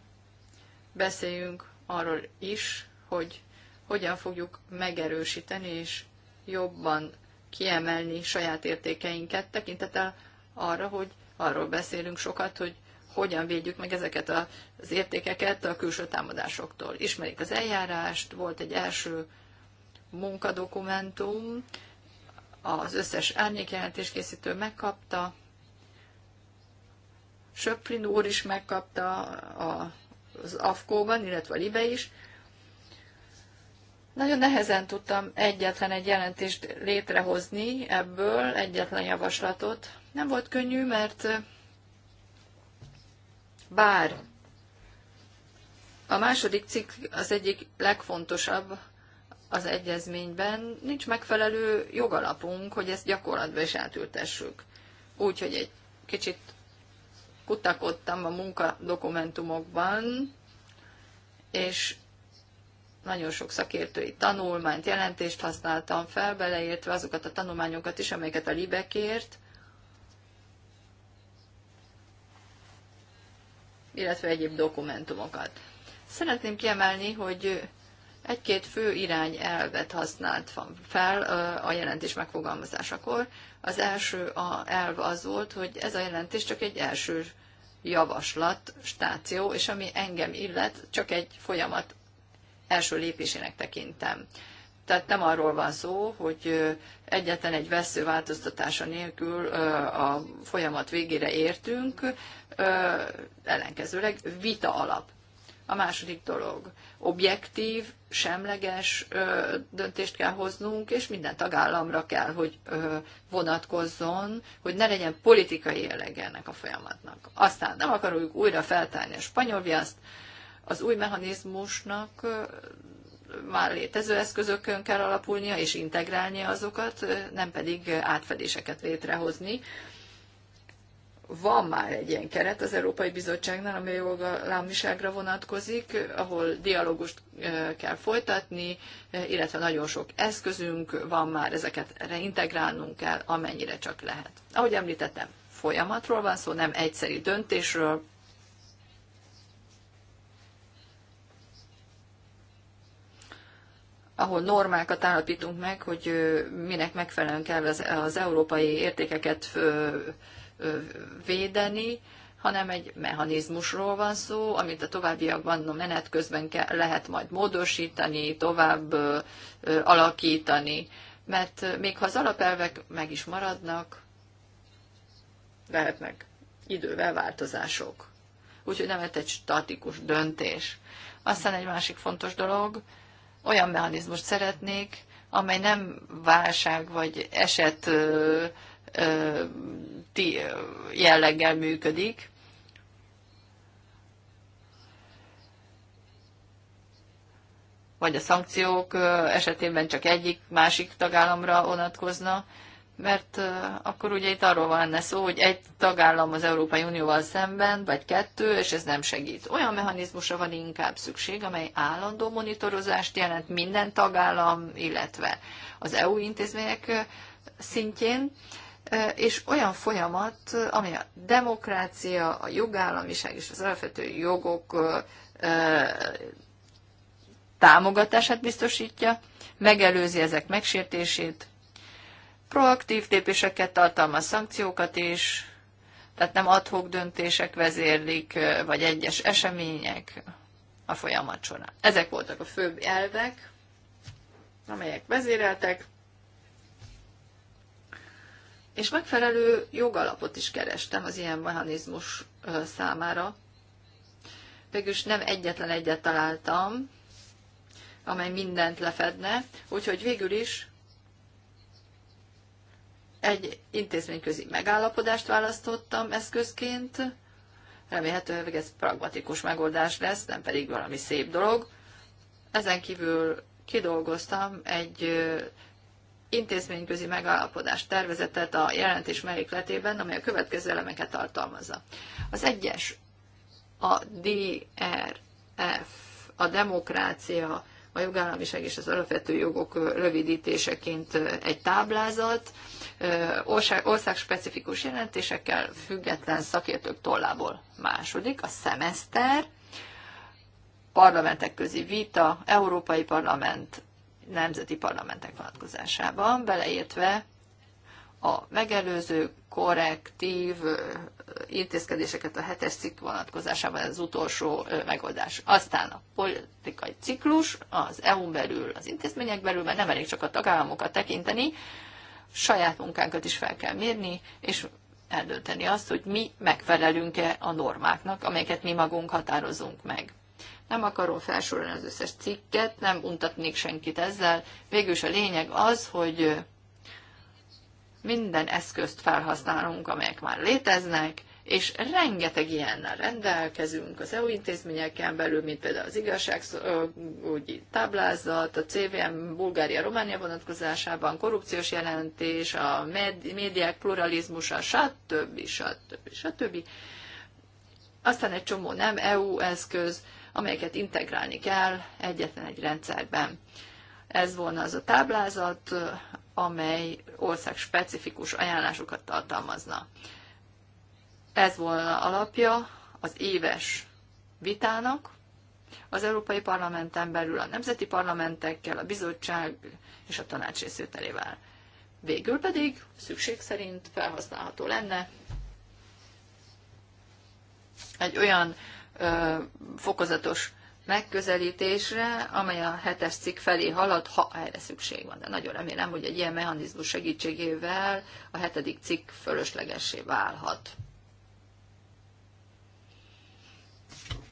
beszéljünk arról is, hogy hogyan fogjuk megerősíteni és jobban kiemelni saját értékeinket tekintettel arra, hogy arról beszélünk sokat, hogy hogyan védjük meg ezeket az értékeket a külső támadásoktól. Ismerik az eljárást, volt egy első munkadokumentum, az összes árnyékjelentés készítő megkapta, Söprin úr is megkapta az AFKO-ban, illetve a Libe is. Nagyon nehezen tudtam egyetlen egy jelentést létrehozni ebből, egyetlen javaslatot, nem volt könnyű, mert bár a második cikk az egyik legfontosabb az egyezményben, nincs megfelelő jogalapunk, hogy ezt gyakorlatba is átültessük. Úgyhogy egy kicsit kutakodtam a munkadokumentumokban, és nagyon sok szakértői tanulmányt, jelentést használtam fel, beleértve azokat a tanulmányokat is, amelyeket a Libekért, illetve egyéb dokumentumokat. Szeretném kiemelni, hogy egy-két fő irány elvet használt fel a jelentés megfogalmazásakor. Az első a elv az volt, hogy ez a jelentés csak egy első javaslat, stáció, és ami engem illet, csak egy folyamat első lépésének tekintem. Tehát nem arról van szó, hogy egyetlen egy vesző változtatása nélkül a folyamat végére értünk, ellenkezőleg vita alap. A második dolog, objektív, semleges ö, döntést kell hoznunk, és minden tagállamra kell, hogy ö, vonatkozzon, hogy ne legyen politikai jellege ennek a folyamatnak. Aztán nem akarjuk újra feltárni a spanyol viaszt, az új mechanizmusnak ö, már létező eszközökön kell alapulnia és integrálnia azokat, nem pedig átfedéseket létrehozni. Ö, van már egy ilyen keret az Európai Bizottságnál, ami a jogalámiságra vonatkozik, ahol dialógust kell folytatni, illetve nagyon sok eszközünk van már, ezeket integrálnunk kell, amennyire csak lehet. Ahogy említettem, folyamatról van szó, nem egyszerű döntésről. ahol normákat állapítunk meg, hogy minek megfelelően kell az, az európai értékeket védeni, hanem egy mechanizmusról van szó, amit a továbbiakban a menet közben lehet majd módosítani, tovább alakítani, mert még ha az alapelvek meg is maradnak, lehetnek idővel változások. Úgyhogy nem egy statikus döntés. Aztán egy másik fontos dolog, olyan mechanizmust szeretnék, amely nem válság vagy eset jelleggel működik. Vagy a szankciók esetében csak egyik másik tagállamra vonatkozna, mert akkor ugye itt arról van lenne szó, hogy egy tagállam az Európai Unióval szemben, vagy kettő, és ez nem segít. Olyan mechanizmusra van inkább szükség, amely állandó monitorozást jelent minden tagállam, illetve az EU intézmények szintjén, és olyan folyamat, ami a demokrácia, a jogállamiság és az alapvető jogok támogatását biztosítja, megelőzi ezek megsértését, proaktív lépéseket tartalmaz szankciókat is, tehát nem adhok döntések vezérlik, vagy egyes események a folyamat során. Ezek voltak a főbb elvek, amelyek vezéreltek és megfelelő jogalapot is kerestem az ilyen mechanizmus számára. Végülis nem egyetlen egyet találtam, amely mindent lefedne, úgyhogy végül is egy intézményközi megállapodást választottam eszközként, remélhetőleg ez pragmatikus megoldás lesz, nem pedig valami szép dolog. Ezen kívül kidolgoztam egy intézményközi megállapodás tervezetet a jelentés mellékletében, amely a következő elemeket tartalmazza. Az egyes, a DRF, a demokrácia, a jogállamiság és az alapvető jogok rövidítéseként egy táblázat, országspecifikus jelentésekkel független szakértők tollából második, a szemeszter, parlamentek közi vita, Európai Parlament, nemzeti parlamentek vonatkozásában, beleértve a megelőző, korrektív intézkedéseket a hetes cikk vonatkozásában ez az utolsó megoldás. Aztán a politikai ciklus az EU-n belül, az intézmények belül, mert nem elég csak a tagállamokat tekinteni, saját munkánkat is fel kell mérni, és eldönteni azt, hogy mi megfelelünk-e a normáknak, amelyeket mi magunk határozunk meg. Nem akarom felsorolni az összes cikket, nem untatnék senkit ezzel. Végülis a lényeg az, hogy minden eszközt felhasználunk, amelyek már léteznek, és rengeteg ilyennel rendelkezünk az EU intézményeken belül, mint például az igazságügyi táblázat, a CVM Bulgária-Románia vonatkozásában, korrupciós jelentés, a médiák pluralizmusa, stb. stb. stb. stb. Aztán egy csomó nem EU eszköz, amelyeket integrálni kell egyetlen egy rendszerben. Ez volna az a táblázat, amely ország specifikus ajánlásokat tartalmazna. Ez volna alapja az éves vitának, az Európai Parlamenten belül a nemzeti parlamentekkel, a bizottság és a tanács részvételével. Végül pedig szükség szerint felhasználható lenne egy olyan fokozatos megközelítésre, amely a hetes cikk felé halad, ha erre szükség van. De nagyon remélem, hogy egy ilyen mechanizmus segítségével a hetedik cikk fölöslegessé válhat.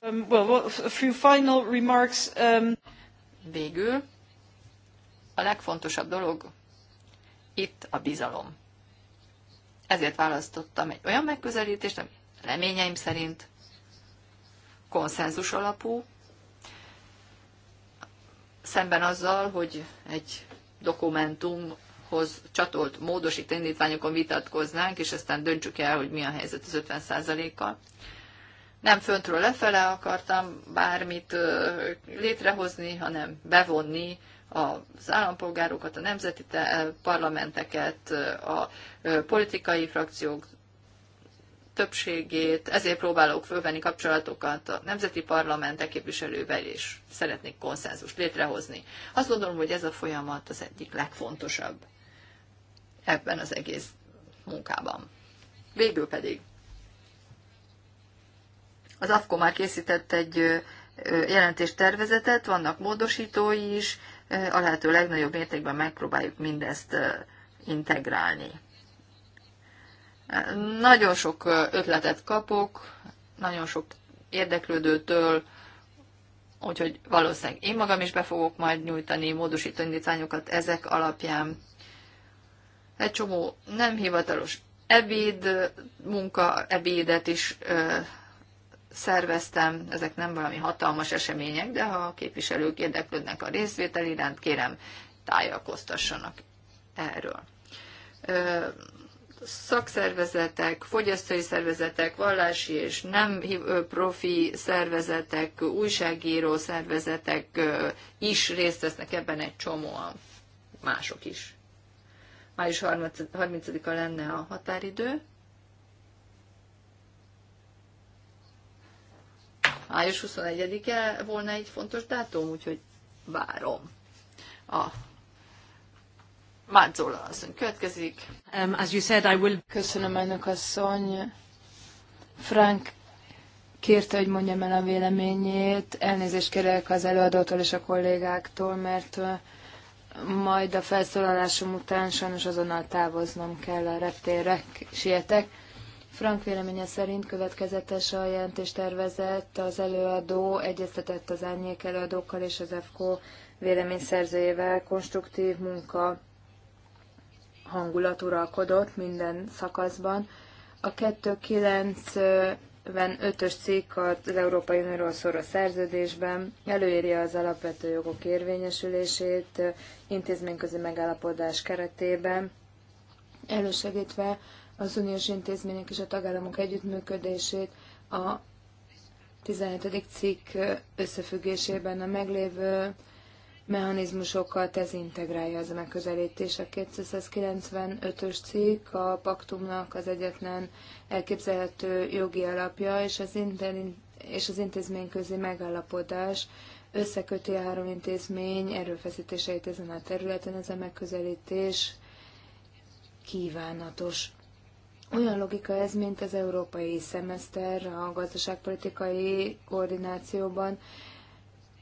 Um, well, a few final remarks. Um... Végül a legfontosabb dolog itt a bizalom. Ezért választottam egy olyan megközelítést, ami reményeim szerint konszenzus alapú, szemben azzal, hogy egy dokumentumhoz csatolt módosít indítványokon vitatkoznánk, és aztán döntsük el, hogy mi a helyzet az 50%-kal. Nem föntről lefele akartam bármit létrehozni, hanem bevonni az állampolgárokat, a nemzeti parlamenteket, a politikai frakciók többségét, ezért próbálok fölvenni kapcsolatokat a nemzeti parlamentek képviselővel, és szeretnék konszenzust létrehozni. Azt gondolom, hogy ez a folyamat az egyik legfontosabb ebben az egész munkában. Végül pedig az AFKO már készített egy jelentéstervezetet, vannak módosítói is, a lehető legnagyobb mértékben megpróbáljuk mindezt integrálni. Nagyon sok ötletet kapok, nagyon sok érdeklődőtől, úgyhogy valószínűleg én magam is be fogok majd nyújtani módosító indítványokat ezek alapján. Egy csomó nem hivatalos ebéd, munka ebédet is ö, szerveztem. Ezek nem valami hatalmas események, de ha a képviselők érdeklődnek a részvétel iránt, kérem tájékoztassanak erről. Ö, szakszervezetek, fogyasztói szervezetek, vallási és nem profi szervezetek, újságíró szervezetek is részt vesznek ebben egy csomóan, mások is. Május 30-a lenne a határidő. Május 21-e volna egy fontos dátum, úgyhogy várom a Mátzola asszony következik. Um, as you said, I will... Köszönöm, elnök asszony. Frank kérte, hogy mondjam el a véleményét. Elnézést kérek az előadótól és a kollégáktól, mert uh, majd a felszólalásom után sajnos azonnal távoznom kell a reptérre, sietek. Frank véleménye szerint következetes a jelentés tervezett, az előadó egyeztetett az árnyék előadókkal és az EFKO véleményszerzőjével konstruktív munka hangulat uralkodott minden szakaszban. A 295-ös cikk az Európai Unióról szóló szerződésben előírja az alapvető jogok érvényesülését intézményközi megállapodás keretében, elősegítve az uniós intézmények és a tagállamok együttműködését a 17. cikk összefüggésében a meglévő mechanizmusokat, ez integrálja ez a megközelítés. A 295-ös cikk a paktumnak az egyetlen elképzelhető jogi alapja, és az, interin- és az intézményközi megállapodás összeköti a három intézmény erőfeszítéseit ezen a területen, ez a megközelítés kívánatos. Olyan logika ez, mint az európai szemeszter a gazdaságpolitikai koordinációban,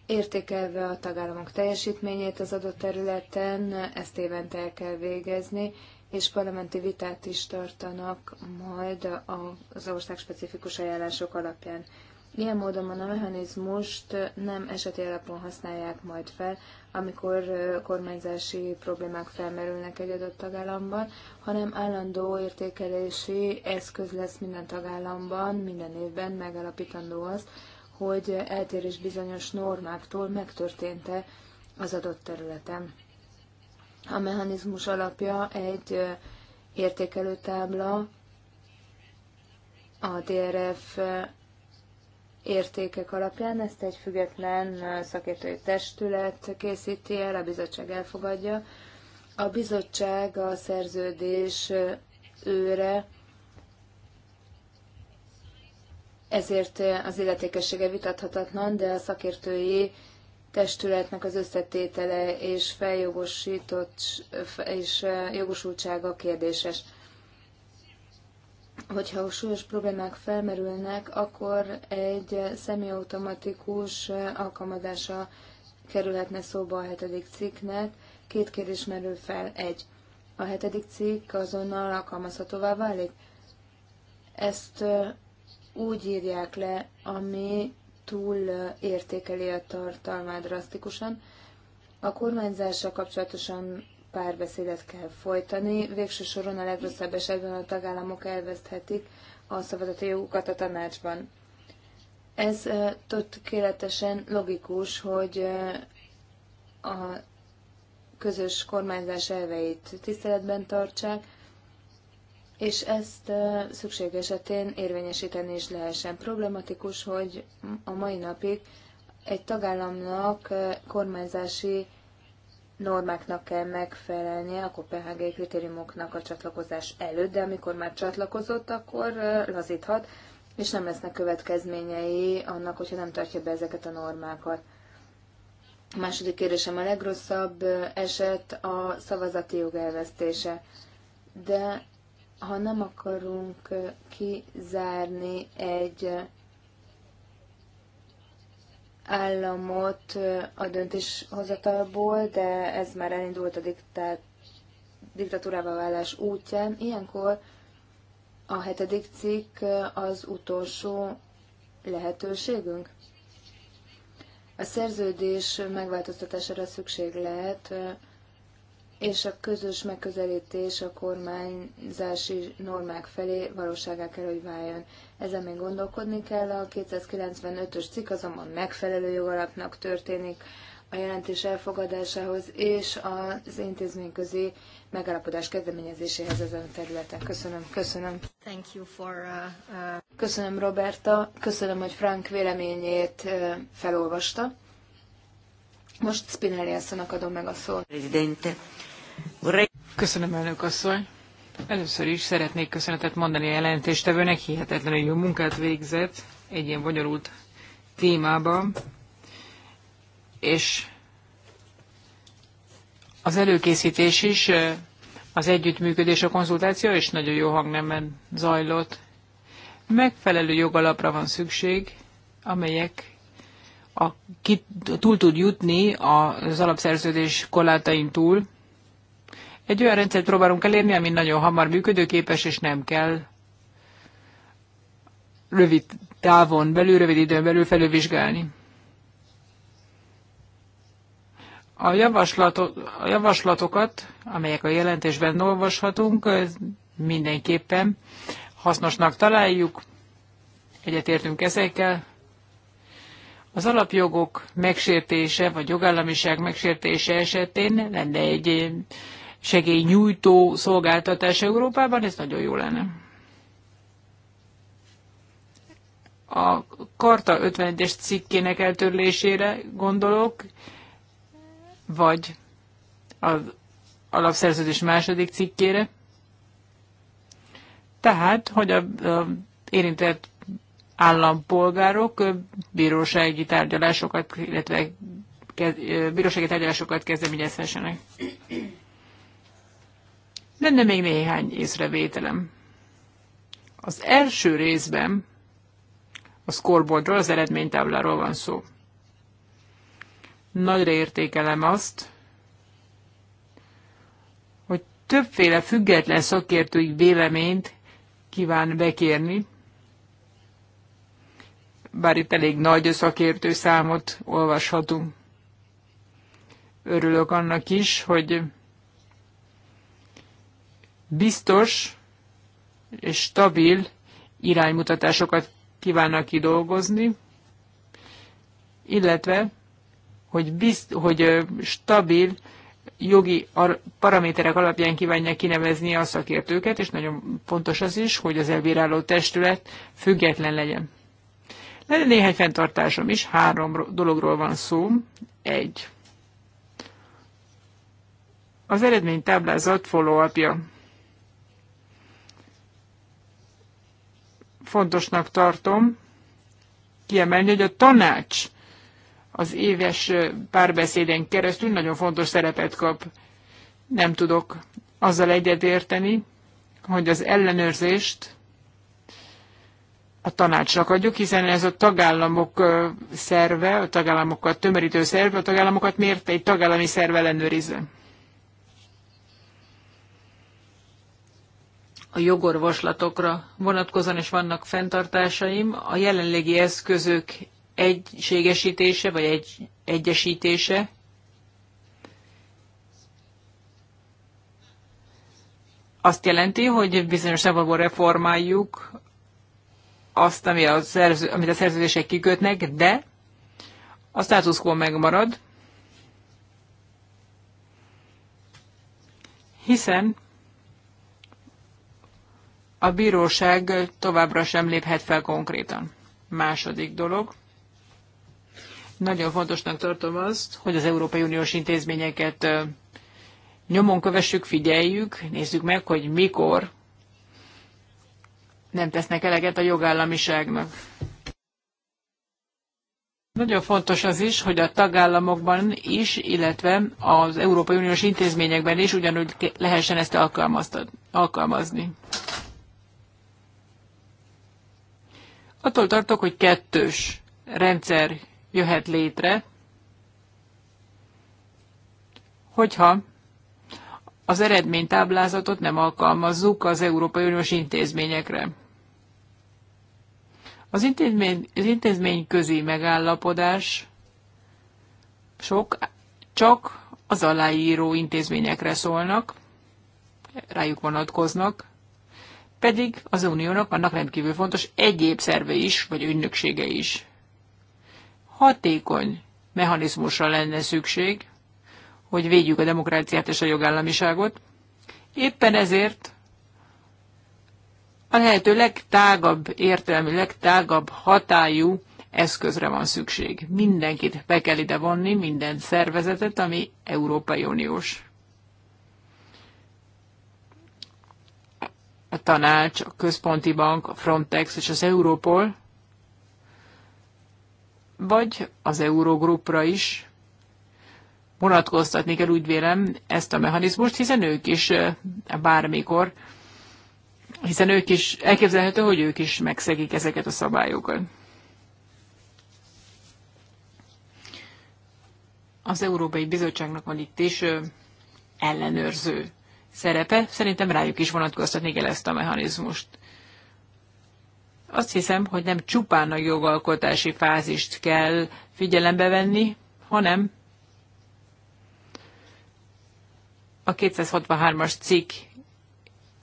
értékelve a tagállamok teljesítményét az adott területen, ezt évente el kell végezni, és parlamenti vitát is tartanak majd az ország specifikus ajánlások alapján. Ilyen módon a mechanizmust nem eseti alapon használják majd fel, amikor kormányzási problémák felmerülnek egy adott tagállamban, hanem állandó értékelési eszköz lesz minden tagállamban, minden évben megalapítandó az, hogy eltérés bizonyos normáktól megtörtént-e az adott területen. A mechanizmus alapja egy értékelő tábla. a DRF értékek alapján ezt egy független szakértői testület készíti el, a bizottság elfogadja. A bizottság a szerződés őre ezért az illetékessége vitathatatlan, de a szakértői testületnek az összetétele és feljogosított és jogosultsága kérdéses. Hogyha súlyos problémák felmerülnek, akkor egy szemiautomatikus alkalmazása kerülhetne szóba a hetedik cikknek. Két kérdés merül fel. Egy. A hetedik cikk azonnal alkalmazhatóvá válik? Ezt úgy írják le, ami túl értékeli a tartalmát drasztikusan. A kormányzással kapcsolatosan párbeszédet kell folytani. Végső soron a legrosszabb esetben a tagállamok elveszthetik a szavazati jogukat a tanácsban. Ez tökéletesen logikus, hogy a közös kormányzás elveit tiszteletben tartsák, és ezt szükség esetén érvényesíteni is lehessen. Problematikus, hogy a mai napig egy tagállamnak kormányzási normáknak kell megfelelnie a kopenhágai kritériumoknak a csatlakozás előtt, de amikor már csatlakozott, akkor lazíthat, és nem lesznek következményei annak, hogyha nem tartja be ezeket a normákat. A második kérdésem a legrosszabb eset a szavazati jog elvesztése. De ha nem akarunk kizárni egy államot a döntéshozatalból, de ez már elindult a diktát, diktatúrává válás útján. Ilyenkor a hetedik cikk az utolsó lehetőségünk. A szerződés megváltoztatására szükség lehet, és a közös megközelítés a kormányzási normák felé valóságá kell, hogy váljon. Ezen még gondolkodni kell, a 295-ös cikk azonban megfelelő jogalapnak történik a jelentés elfogadásához és az intézményközi megállapodás kezdeményezéséhez ezen a területen. Köszönöm, köszönöm. Thank you for, uh, uh... Köszönöm, Roberta. Köszönöm, hogy Frank véleményét uh, felolvasta. Most Spinelli adom meg a szót. Presidente. Köszönöm, elnök asszony. Először is szeretnék köszönetet mondani a jelentéstevőnek, hihetetlenül jó munkát végzett egy ilyen bonyolult témában, és az előkészítés is, az együttműködés, a konzultáció is nagyon jó hangnemben zajlott. Megfelelő jogalapra van szükség, amelyek a, ki túl tud jutni az alapszerződés korlátain túl, egy olyan rendszert próbálunk elérni, ami nagyon hamar működőképes, és nem kell rövid távon belül, rövid időn belül felülvizsgálni. A, a javaslatokat, amelyek a jelentésben olvashatunk, mindenképpen hasznosnak találjuk, egyetértünk ezekkel. Az alapjogok megsértése, vagy jogállamiság megsértése esetén lenne egy segélynyújtó szolgáltatás Európában, ez nagyon jó lenne. A Karta 51-es cikkének eltörlésére gondolok, vagy az alapszerződés második cikkére. Tehát, hogy a, a érintett állampolgárok bírósági tárgyalásokat, illetve bírósági tárgyalásokat kezdeményezhessenek. Lenne még néhány észrevételem. Az első részben a scoreboardról, az eredménytábláról van szó. Nagyra értékelem azt, hogy többféle független szakértői véleményt kíván bekérni, bár itt elég nagy szakértő számot olvashatunk. Örülök annak is, hogy biztos és stabil iránymutatásokat kívánnak kidolgozni, illetve hogy, bizt, hogy stabil jogi paraméterek alapján kívánják kinevezni a szakértőket, és nagyon fontos az is, hogy az elbíráló testület független legyen. Lenne néhány fenntartásom is, három dologról van szó. Egy. Az eredmény táblázat follow -upja. fontosnak tartom kiemelni, hogy a tanács az éves párbeszéden keresztül nagyon fontos szerepet kap. Nem tudok azzal egyetérteni, hogy az ellenőrzést a tanácsnak adjuk, hiszen ez a tagállamok szerve, a tagállamokat tömörítő szerve, a tagállamokat miért egy tagállami szerve ellenőrizze? a jogorvoslatokra vonatkozóan is vannak fenntartásaim. A jelenlegi eszközök egységesítése vagy egy, egyesítése azt jelenti, hogy bizonyos szempontból reformáljuk azt, ami a szerző, amit a szerződések kikötnek, de a status quo megmarad, hiszen a bíróság továbbra sem léphet fel konkrétan. Második dolog. Nagyon fontosnak tartom azt, hogy az Európai Uniós intézményeket nyomon kövessük, figyeljük, nézzük meg, hogy mikor nem tesznek eleget a jogállamiságnak. Nagyon fontos az is, hogy a tagállamokban is, illetve az Európai Uniós intézményekben is ugyanúgy lehessen ezt alkalmazni. Attól tartok, hogy kettős rendszer jöhet létre, hogyha az eredménytáblázatot nem alkalmazzuk az Európai Uniós intézményekre. Az intézmény, az intézmény közi megállapodás sok csak az aláíró intézményekre szólnak, rájuk vonatkoznak, pedig az uniónak vannak rendkívül fontos egyéb szerve is, vagy ügynöksége is. Hatékony mechanizmusra lenne szükség, hogy védjük a demokráciát és a jogállamiságot. Éppen ezért a lehető legtágabb értelmi, legtágabb hatályú eszközre van szükség. Mindenkit be kell ide vonni, minden szervezetet, ami Európai Uniós. a tanács, a központi bank, a Frontex és az Europol, vagy az Eurogrupra is vonatkoztatni kell, úgy vélem, ezt a mechanizmust, hiszen ők is eh, bármikor, hiszen ők is elképzelhető, hogy ők is megszegik ezeket a szabályokat. Az Európai Bizottságnak van itt is eh, ellenőrző szerepe. Szerintem rájuk is vonatkoztatni kell ezt a mechanizmust. Azt hiszem, hogy nem csupán a jogalkotási fázist kell figyelembe venni, hanem a 263-as cikk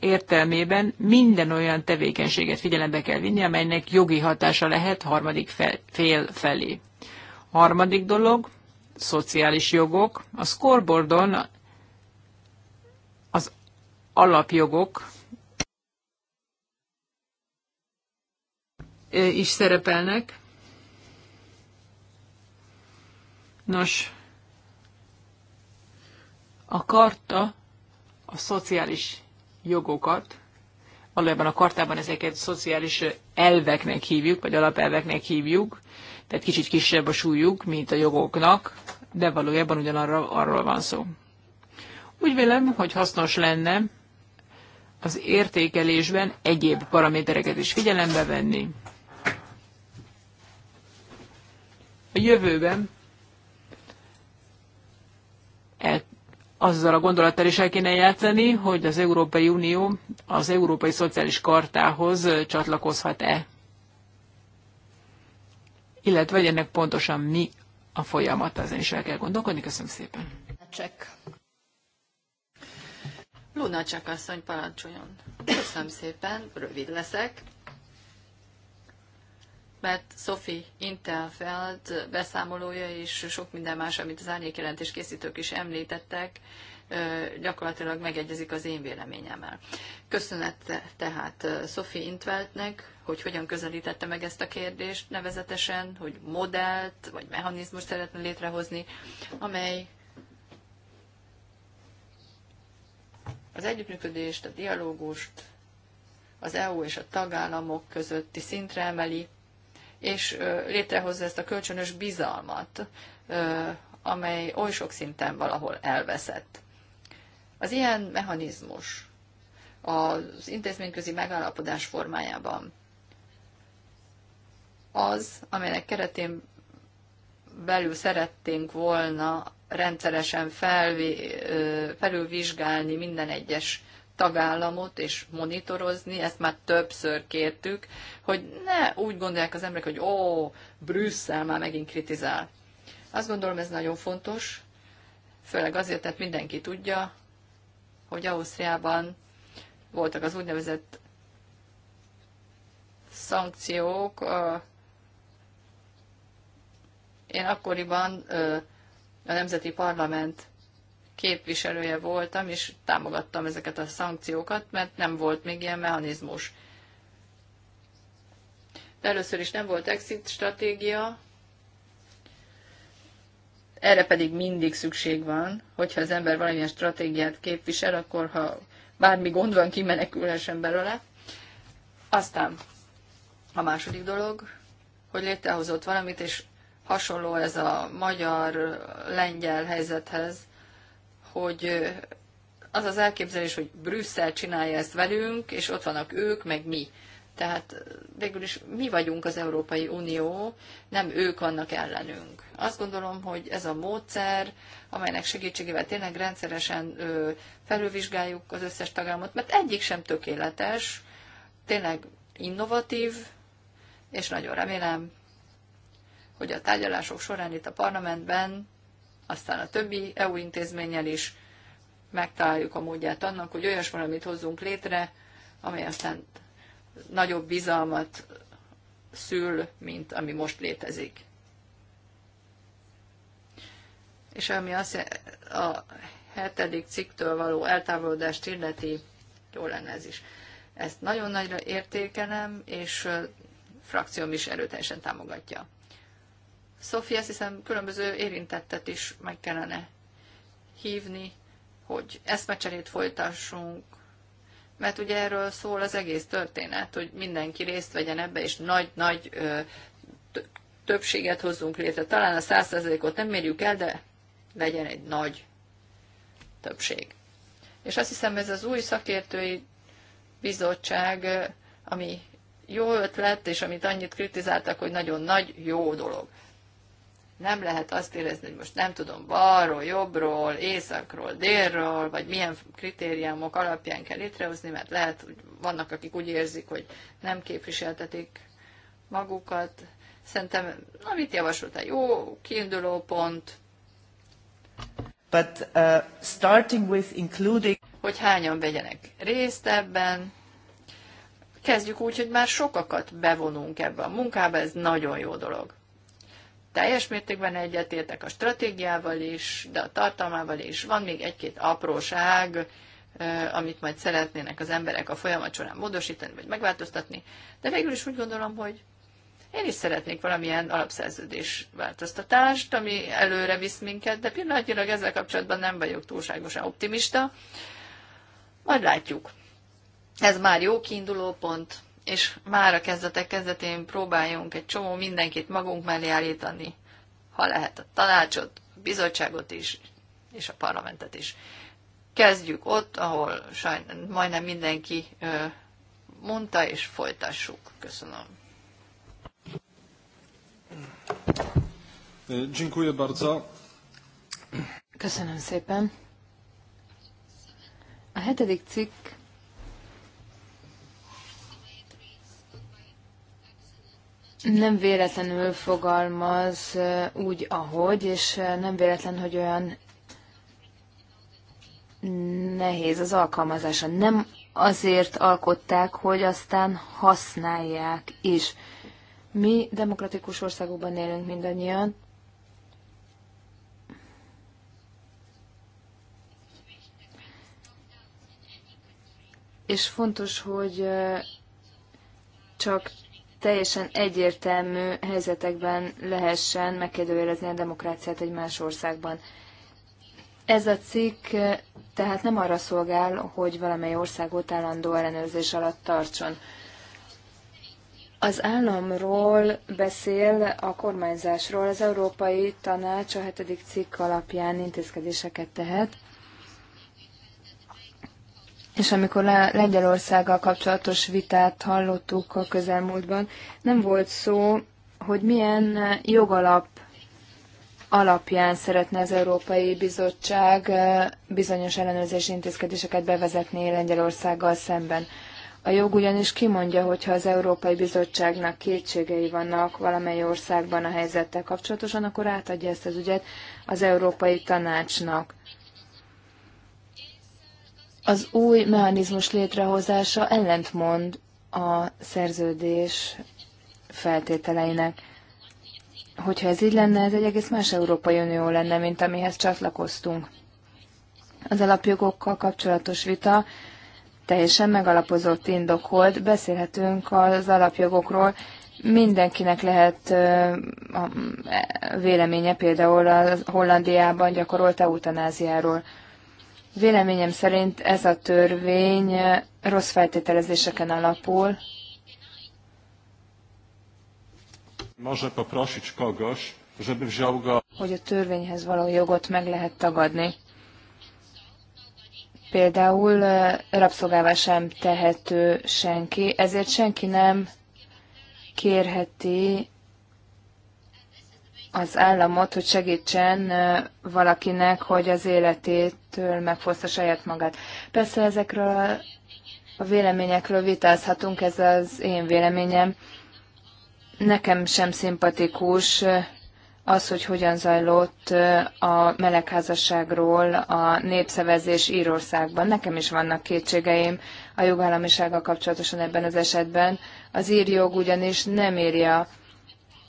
értelmében minden olyan tevékenységet figyelembe kell vinni, amelynek jogi hatása lehet harmadik fel, fél felé. Harmadik dolog, szociális jogok. A scoreboardon alapjogok eh, is szerepelnek. Nos, a karta a szociális jogokat, valójában a kartában ezeket szociális elveknek hívjuk, vagy alapelveknek hívjuk, tehát kicsit kisebb a súlyuk, mint a jogoknak, de valójában ugyanarra arról van szó. Úgy vélem, hogy hasznos lenne az értékelésben egyéb paramétereket is figyelembe venni. A jövőben e, azzal a gondolattal is el kéne játszani, hogy az Európai Unió az Európai Szociális Kartához csatlakozhat-e. Illetve, hogy ennek pontosan mi a folyamat, ezen is el kell gondolkodni. Köszönöm szépen. Luna csak asszony parancsoljon. Köszönöm szépen, rövid leszek. Mert Sophie Intelfeld beszámolója és sok minden más, amit az árnyékjelentés készítők is említettek, gyakorlatilag megegyezik az én véleményemmel. Köszönet tehát Sophie Intveltnek, hogy hogyan közelítette meg ezt a kérdést nevezetesen, hogy modellt vagy mechanizmust szeretne létrehozni, amely az együttműködést, a dialógust az EU és a tagállamok közötti szintre emeli, és létrehozza ezt a kölcsönös bizalmat, amely oly sok szinten valahol elveszett. Az ilyen mechanizmus az intézményközi megállapodás formájában az, amelynek keretén belül szerettünk volna rendszeresen felvi, felülvizsgálni minden egyes tagállamot és monitorozni, ezt már többször kértük, hogy ne úgy gondolják az emberek, hogy ó, Brüsszel már megint kritizál. Azt gondolom ez nagyon fontos, főleg azért, mert mindenki tudja, hogy Ausztriában voltak az úgynevezett szankciók. Én akkoriban a Nemzeti Parlament képviselője voltam, és támogattam ezeket a szankciókat, mert nem volt még ilyen mechanizmus. De először is nem volt exit stratégia, erre pedig mindig szükség van, hogyha az ember valamilyen stratégiát képvisel, akkor ha bármi gond van, kimenekülhessen belőle. Aztán a második dolog, hogy létrehozott valamit, és hasonló ez a magyar-lengyel helyzethez, hogy az az elképzelés, hogy Brüsszel csinálja ezt velünk, és ott vannak ők, meg mi. Tehát végül is mi vagyunk az Európai Unió, nem ők vannak ellenünk. Azt gondolom, hogy ez a módszer, amelynek segítségével tényleg rendszeresen felülvizsgáljuk az összes tagállamot, mert egyik sem tökéletes, tényleg innovatív, és nagyon remélem, hogy a tárgyalások során itt a parlamentben, aztán a többi EU intézménnyel is megtaláljuk a módját annak, hogy olyas valamit hozzunk létre, amely aztán nagyobb bizalmat szül, mint ami most létezik. És ami azt a hetedik cikktől való eltávolodást illeti, jó lenne ez is. Ezt nagyon nagyra értékelem, és frakcióm is erőteljesen támogatja. Szofi, azt hiszem különböző érintettet is meg kellene hívni, hogy eszmecserét folytassunk, mert ugye erről szól az egész történet, hogy mindenki részt vegyen ebbe, és nagy-nagy többséget hozzunk létre. Talán a százszerzelékot nem mérjük el, de legyen egy nagy többség. És azt hiszem, ez az új szakértői bizottság, ami jó ötlet, és amit annyit kritizáltak, hogy nagyon nagy, jó dolog nem lehet azt érezni, hogy most nem tudom, balról, jobbról, északról, délről, vagy milyen kritériumok alapján kell létrehozni, mert lehet, hogy vannak, akik úgy érzik, hogy nem képviseltetik magukat. Szerintem, mit javasoltál, jó kiinduló pont. But uh, starting with including... Hogy hányan vegyenek részt ebben, kezdjük úgy, hogy már sokakat bevonunk ebbe a munkába, ez nagyon jó dolog teljes mértékben egyetértek a stratégiával is, de a tartalmával is. Van még egy-két apróság, amit majd szeretnének az emberek a folyamat során módosítani vagy megváltoztatni, de végül is úgy gondolom, hogy én is szeretnék valamilyen alapszerződés változtatást, ami előre visz minket, de pillanatnyilag ezzel kapcsolatban nem vagyok túlságosan optimista. Majd látjuk. Ez már jó kiinduló pont, és már a kezdetek kezdetén próbáljunk egy csomó mindenkit magunk mellé állítani, ha lehet a tanácsot, a bizottságot is, és a parlamentet is. Kezdjük ott, ahol sajn- majdnem mindenki ö, mondta, és folytassuk. Köszönöm. E, dziękuję bardzo. Köszönöm szépen. A hetedik cikk nem véletlenül fogalmaz úgy, ahogy, és nem véletlen, hogy olyan nehéz az alkalmazása. Nem azért alkották, hogy aztán használják is. Mi demokratikus országokban élünk mindannyian, és fontos, hogy csak teljesen egyértelmű helyzetekben lehessen megkérdőjelezni a demokráciát egy más országban. Ez a cikk eh, tehát nem arra szolgál, hogy valamely országot állandó ellenőrzés alatt tartson. Az államról beszél a kormányzásról. Az Európai Tanács a hetedik cikk alapján intézkedéseket tehet. És amikor a Lengyelországgal kapcsolatos vitát hallottuk a közelmúltban, nem volt szó, hogy milyen jogalap alapján szeretne az Európai Bizottság eh, bizonyos ellenőrzési intézkedéseket bevezetni Lengyelországgal szemben. A jog ugyanis kimondja, hogyha az Európai Bizottságnak kétségei vannak valamely országban a helyzettel kapcsolatosan, akkor átadja ezt az ügyet az Európai Tanácsnak az új mechanizmus létrehozása ellentmond a szerződés feltételeinek. Hogyha ez így lenne, ez egy egész más Európai Unió lenne, mint amihez csatlakoztunk. Az alapjogokkal kapcsolatos vita teljesen megalapozott indokolt, beszélhetünk az alapjogokról, mindenkinek lehet a véleménye például a Hollandiában gyakorolt eutanáziáról. Véleményem szerint ez a törvény rossz feltételezéseken alapul. Hogy a törvényhez való jogot meg lehet tagadni. Például rabszolgává sem tehető senki, ezért senki nem kérheti az államot, hogy segítsen valakinek, hogy az életétől megfoszta saját magát. Persze ezekről a véleményekről vitázhatunk, ez az én véleményem. Nekem sem szimpatikus az, hogy hogyan zajlott a melegházasságról a népszevezés Írországban. Nekem is vannak kétségeim a jogállamisággal kapcsolatosan ebben az esetben. Az írjog ugyanis nem írja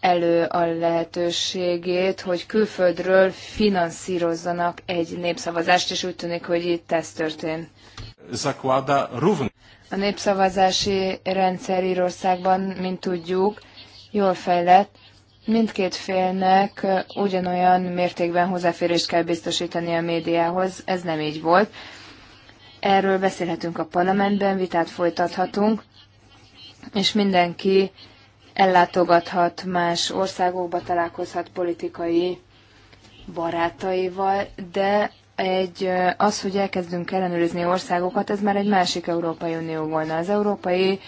elő a lehetőségét, hogy külföldről finanszírozzanak egy népszavazást, és úgy tűnik, hogy itt ez történt. A népszavazási rendszer Írországban, mint tudjuk, jól fejlett, mindkét félnek ugyanolyan mértékben hozzáférést kell biztosítani a médiához, ez nem így volt. Erről beszélhetünk a parlamentben, vitát folytathatunk, és mindenki ellátogathat más országokba, találkozhat politikai barátaival, de egy, az, hogy elkezdünk ellenőrizni országokat, ez már egy másik Európai Unió volna. Az Európai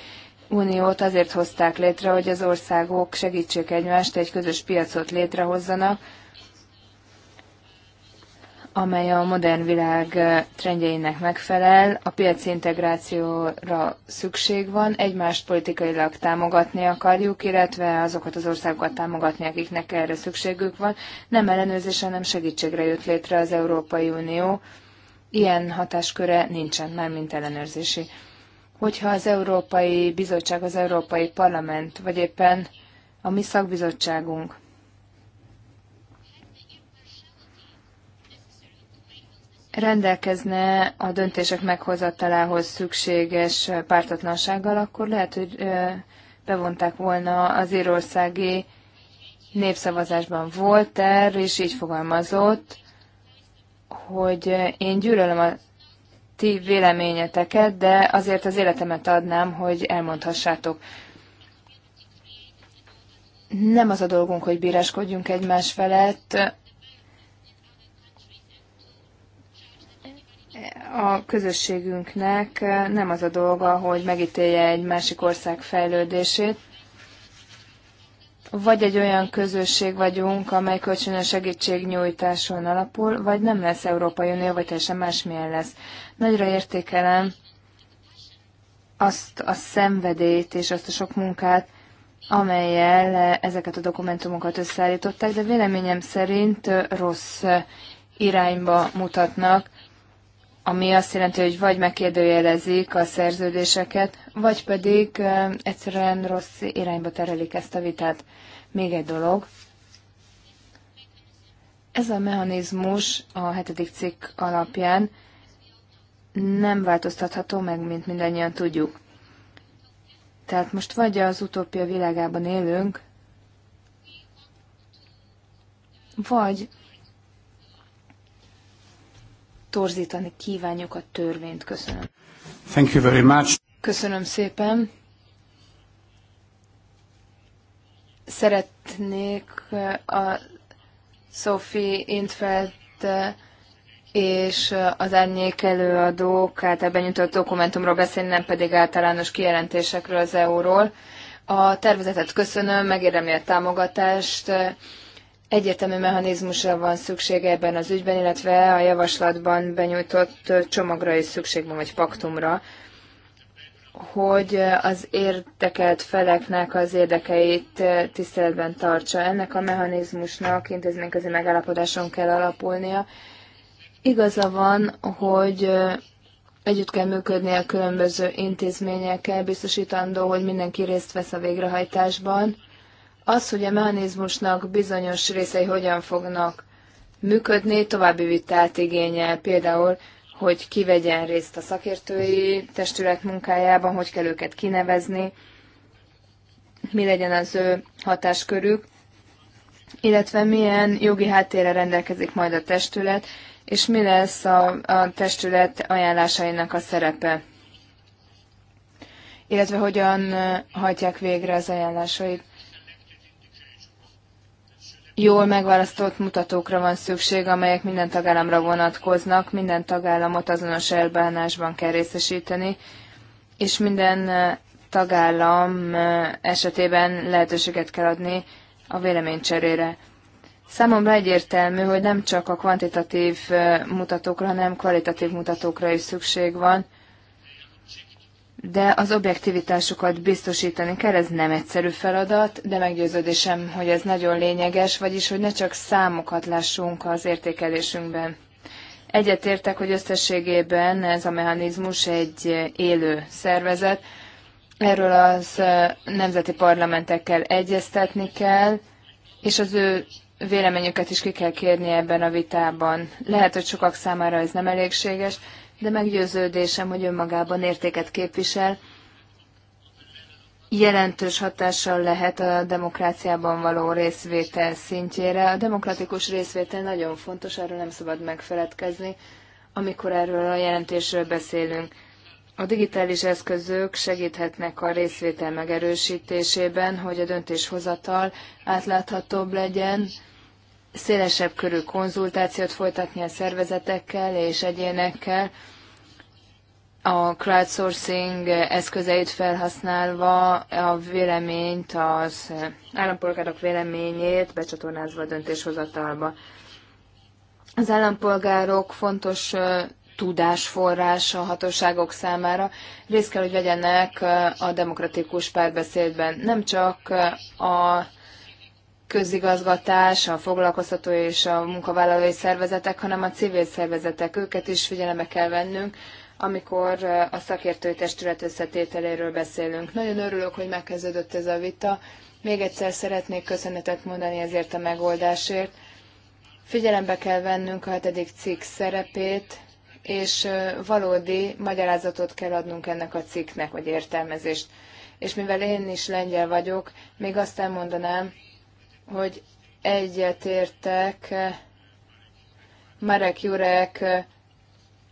Uniót azért hozták létre, hogy az országok segítsék egymást, egy közös piacot létrehozzanak, amely a modern világ trendjeinek megfelel, a piaci integrációra szükség van, egymást politikailag támogatni akarjuk, illetve azokat az országokat támogatni, akiknek erre szükségük van. Nem ellenőrzés, hanem segítségre jött létre az Európai Unió. Ilyen hatásköre nincsen, már mint ellenőrzési. Hogyha az Európai Bizottság, az Európai Parlament, vagy éppen a mi szakbizottságunk rendelkezne a döntések meghozatalához szükséges pártatlansággal, akkor lehet, hogy bevonták volna az írországi népszavazásban Volter, és így fogalmazott, hogy én gyűlölöm a ti véleményeteket, de azért az életemet adnám, hogy elmondhassátok. Nem az a dolgunk, hogy bíráskodjunk egymás felett, a közösségünknek nem az a dolga, hogy megítélje egy másik ország fejlődését, vagy egy olyan közösség vagyunk, amely kölcsönös segítségnyújtáson alapul, vagy nem lesz Európai Unió, vagy teljesen másmilyen lesz. Nagyra értékelem azt a szenvedélyt és azt a sok munkát, amelyel ezeket a dokumentumokat összeállították, de véleményem szerint rossz irányba mutatnak ami azt jelenti, hogy vagy megkérdőjelezik a szerződéseket, vagy pedig egyszerűen rossz irányba terelik ezt a vitát. Még egy dolog. Ez a mechanizmus a hetedik cikk alapján nem változtatható meg, mint mindannyian tudjuk. Tehát most vagy az utópia világában élünk, vagy torzítani kívánjuk a törvényt. Köszönöm. Thank you very much. Köszönöm szépen. Szeretnék uh, a Sophie Intfeld uh, és uh, az árnyék előadók által benyújtott dokumentumról beszélni, nem pedig általános kijelentésekről az EU-ról. A tervezetet köszönöm, megérdemli a támogatást, Egyértelmű mechanizmusra van szüksége ebben az ügyben, illetve a javaslatban benyújtott csomagra is szükség van, vagy paktumra, hogy az érdekelt feleknek az érdekeit tiszteletben tartsa. Ennek a mechanizmusnak intézményközi megállapodáson kell alapulnia. Igaza van, hogy együtt kell működni a különböző intézményekkel, biztosítandó, hogy mindenki részt vesz a végrehajtásban az, hogy a mechanizmusnak bizonyos részei hogyan fognak működni, további vitát igényel például, hogy ki vegyen részt a szakértői testület munkájában, hogy kell őket kinevezni, mi legyen az ő hatáskörük, illetve milyen jogi háttérre rendelkezik majd a testület, és mi lesz a, a testület ajánlásainak a szerepe, illetve hogyan eh, hajtják végre az ajánlásait jól megválasztott mutatókra van szükség, amelyek minden tagállamra vonatkoznak, minden tagállamot azonos elbánásban kell részesíteni, és minden eh, tagállam eh, esetében lehetőséget kell adni a véleménycserére. Számomra egyértelmű, hogy nem csak a kvantitatív eh, mutatókra, hanem kvalitatív mutatókra is szükség van, de az objektivitásukat biztosítani kell, ez nem egyszerű feladat, de meggyőződésem, hogy ez nagyon lényeges, vagyis hogy ne csak számokat lássunk az értékelésünkben. Egyetértek, hogy összességében ez a mechanizmus egy élő szervezet, erről az nemzeti parlamentekkel egyeztetni kell, és az ő véleményüket is ki kell kérni ebben a vitában. Lehet, hogy sokak számára ez nem elégséges, de meggyőződésem, hogy önmagában értéket képvisel, jelentős hatással lehet a demokráciában való részvétel szintjére. A demokratikus részvétel nagyon fontos, erről nem szabad megfeledkezni, amikor erről a jelentésről beszélünk. A digitális eszközök segíthetnek a részvétel megerősítésében, hogy a döntéshozatal átláthatóbb legyen, szélesebb körű konzultációt folytatni a szervezetekkel és egyénekkel, a crowdsourcing eszközeit felhasználva a véleményt, az állampolgárok véleményét becsatornázva a döntéshozatalba. Az állampolgárok fontos tudásforrás a hatóságok számára részt kell, hogy vegyenek a demokratikus párbeszédben. Nem csak a közigazgatás, a foglalkoztató és a munkavállalói szervezetek, hanem a civil szervezetek. Őket is figyelembe kell vennünk, amikor a szakértői testület összetételéről beszélünk. Nagyon örülök, hogy megkezdődött ez a vita. Még egyszer szeretnék köszönetet mondani ezért a megoldásért. Figyelembe kell vennünk a hetedik cikk szerepét, és valódi magyarázatot kell adnunk ennek a cikknek, vagy értelmezést. És mivel én is lengyel vagyok, még azt elmondanám, hogy egyetértek Marek Jurek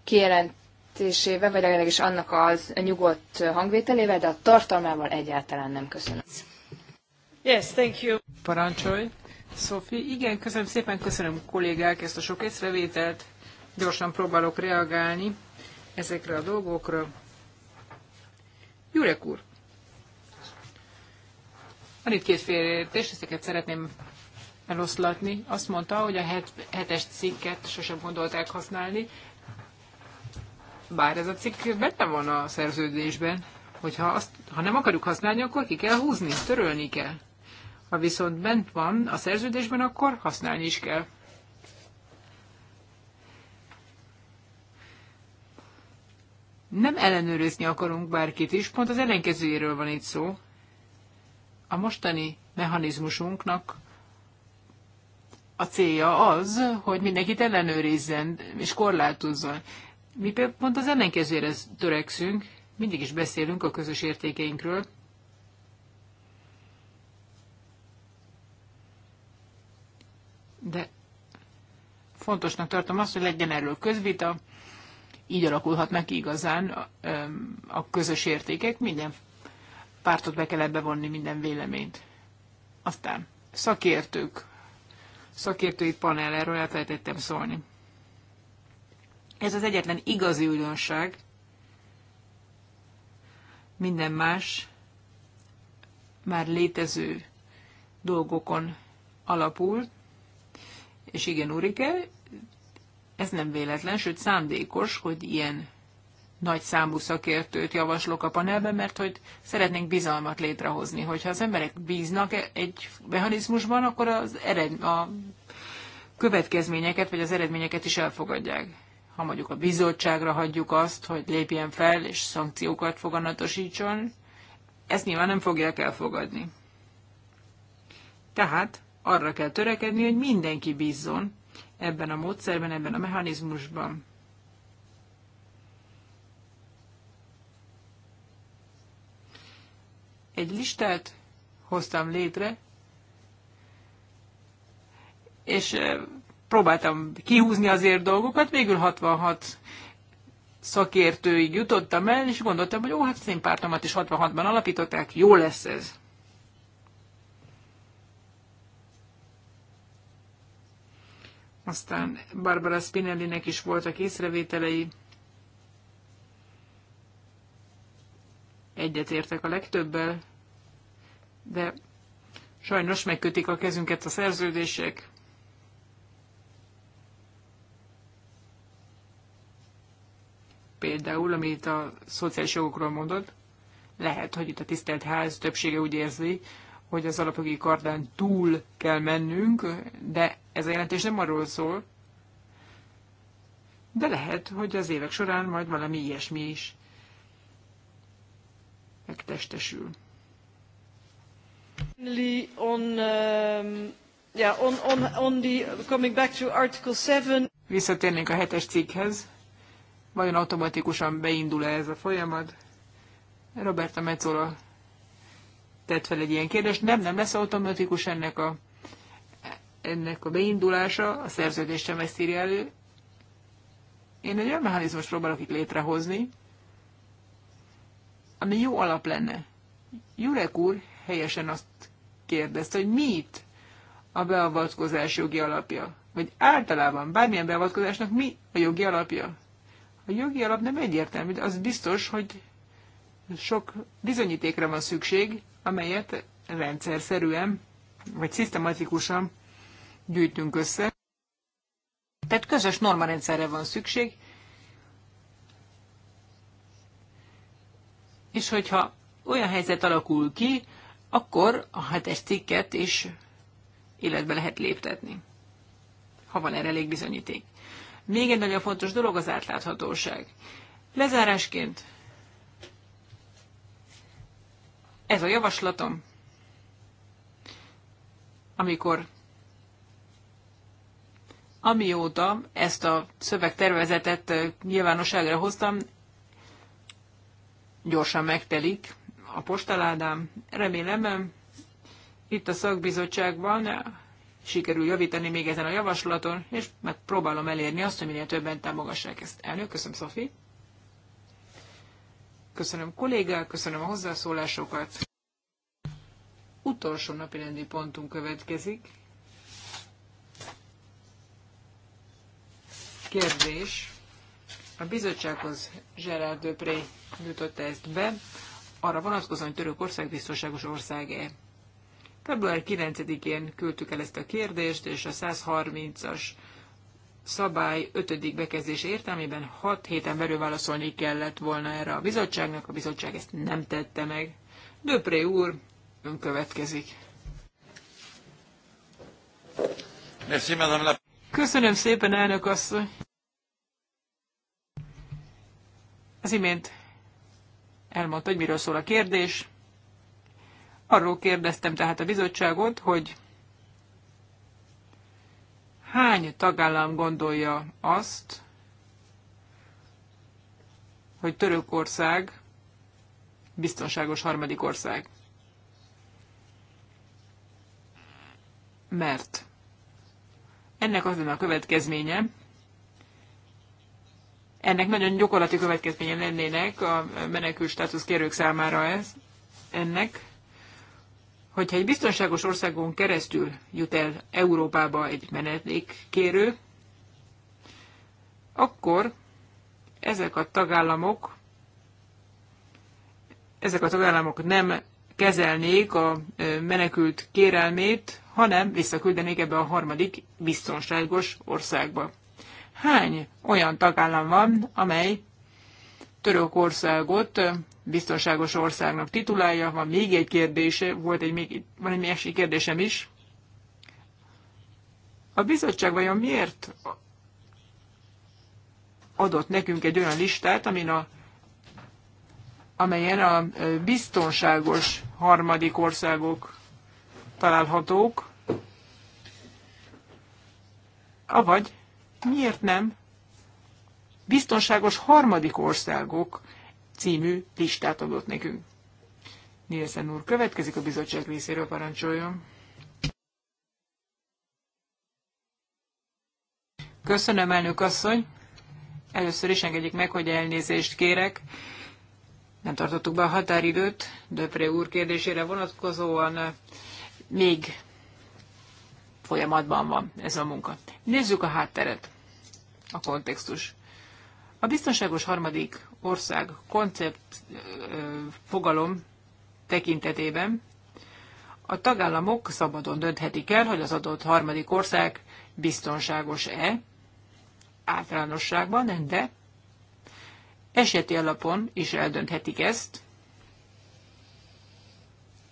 kijelent megértésével, vagy legalábbis annak az nyugodt hangvételével, de a tartalmával egyáltalán nem köszönöm. Yes, thank you. Parancsolj. Szofi, igen, köszönöm szépen, köszönöm kollégák ezt a sok észrevételt. Gyorsan próbálok reagálni ezekre a dolgokra. Jurek úr, van itt két félértés, ezeket szeretném eloszlatni. Azt mondta, hogy a het, hetes cikket sosem gondolták használni bár ez a cikk benne van a szerződésben, hogyha azt, ha nem akarjuk használni, akkor ki kell húzni, törölni kell. Ha viszont bent van a szerződésben, akkor használni is kell. Nem ellenőrizni akarunk bárkit is, pont az ellenkezőjéről van itt szó. A mostani mechanizmusunknak a célja az, hogy mindenkit ellenőrizzen és korlátozzon. Mi pont az ellenkezőre törekszünk, mindig is beszélünk a közös értékeinkről, de fontosnak tartom azt, hogy legyen erről közvita, így alakulhatnak igazán a, közös értékek, minden pártot be kell ebbe vonni, minden véleményt. Aztán szakértők, szakértői panel, erről elfelejtettem szólni. Ez az egyetlen igazi újdonság. Minden más már létező dolgokon alapul. És igen, Urike, ez nem véletlen, sőt szándékos, hogy ilyen nagy számú szakértőt javaslok a panelben, mert hogy szeretnénk bizalmat létrehozni. Hogyha az emberek bíznak egy mechanizmusban, akkor az ered, a következményeket vagy az eredményeket is elfogadják ha mondjuk a bizottságra hagyjuk azt, hogy lépjen fel és szankciókat foganatosítson, ezt nyilván nem fogják elfogadni. Tehát arra kell törekedni, hogy mindenki bízzon ebben a módszerben, ebben a mechanizmusban. Egy listát hoztam létre, és eh, próbáltam kihúzni azért dolgokat, végül 66 szakértőig jutottam el, és gondoltam, hogy ó, hát az én pártomat is 66-ban alapították, jó lesz ez. Aztán Barbara nek is voltak észrevételei. Egyetértek a legtöbbel, de sajnos megkötik a kezünket a szerződések, például, amit a szociális jogokról mondott, lehet, hogy itt a tisztelt ház többsége úgy érzi, hogy az alapjogi kardán túl kell mennünk, de ez a jelentés nem arról szól, de lehet, hogy az évek során majd valami ilyesmi is megtestesül. On, um, yeah, on, on, on the, coming back to Article 7. Visszatérnénk a hetes cikkhez. Vajon automatikusan beindul-e ez a folyamat? Roberta Metzola tett fel egy ilyen kérdést. Nem, nem lesz automatikus ennek a, ennek a beindulása, a szerződés sem ezt írja elő. Én egy olyan mechanizmus próbálok itt létrehozni, ami jó alap lenne. Jurek úr helyesen azt kérdezte, hogy mit a beavatkozás jogi alapja? Vagy általában bármilyen beavatkozásnak mi a jogi alapja? A jogi alap nem egyértelmű, de az biztos, hogy sok bizonyítékra van szükség, amelyet rendszerszerűen vagy szisztematikusan gyűjtünk össze. Tehát közös normarendszerre van szükség, és hogyha olyan helyzet alakul ki, akkor a hetes cikket is életbe lehet léptetni, ha van erre elég bizonyíték. Még egy nagyon fontos dolog az átláthatóság. Lezárásként ez a javaslatom, amikor amióta ezt a szövegtervezetet nyilvánosságra hoztam, gyorsan megtelik a postaládám. Remélem, itt a szakbizottságban sikerül javítani még ezen a javaslaton, és megpróbálom elérni azt, hogy minél többen támogassák ezt. Elnök, köszönöm, Szofi. Köszönöm kollégák, köszönöm a hozzászólásokat. Utolsó napi rendi pontunk következik. Kérdés. A bizottsághoz Gerard Döpré nyújtotta ezt be, arra vonatkozóan, hogy Törökország biztonságos ország-e. Február 9-én küldtük el ezt a kérdést, és a 130-as szabály 5. bekezdés értelmében 6 héten belül válaszolni kellett volna erre a bizottságnak, a bizottság ezt nem tette meg. Döpré úr, ön következik. Köszönöm szépen, elnök asszony! Az imént elmondta, hogy miről szól a kérdés. Arról kérdeztem tehát a bizottságot, hogy hány tagállam gondolja azt, hogy Törökország biztonságos harmadik ország. Mert ennek az lenne a következménye, ennek nagyon gyakorlati következménye lennének a menekül státusz kérők számára ez, ennek, hogyha egy biztonságos országon keresztül jut el Európába egy menedékkérő, akkor ezek a tagállamok ezek a tagállamok nem kezelnék a menekült kérelmét, hanem visszaküldenék ebbe a harmadik biztonságos országba. Hány olyan tagállam van, amely Törökországot biztonságos országnak titulálja. Van még egy kérdése, volt egy, még, van egy másik kérdésem is. A bizottság vajon miért adott nekünk egy olyan listát, amin a, amelyen a biztonságos harmadik országok találhatók, avagy miért nem biztonságos harmadik országok című listát adott nekünk. Nielsen úr, következik a bizottság részéről parancsoljon. Köszönöm, elnök asszony. Először is engedjék meg, hogy elnézést kérek. Nem tartottuk be a határidőt. Döpré úr kérdésére vonatkozóan még folyamatban van ez a munka. Nézzük a hátteret, a kontextus. A biztonságos harmadik ország koncept fogalom tekintetében a tagállamok szabadon dönthetik el, hogy az adott harmadik ország biztonságos-e általánosságban, de eseti alapon is eldönthetik ezt.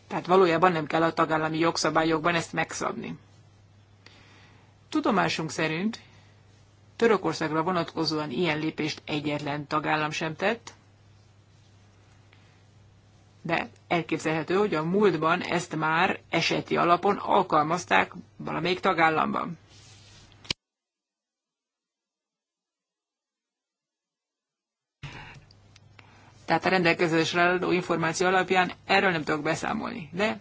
Tehát valójában nem kell a tagállami jogszabályokban ezt megszabni. Tudomásunk szerint Törökországra vonatkozóan ilyen lépést egyetlen tagállam sem tett, de elképzelhető, hogy a múltban ezt már eseti alapon alkalmazták valamelyik tagállamban. Tehát a rendelkezésre álló információ alapján erről nem tudok beszámolni. De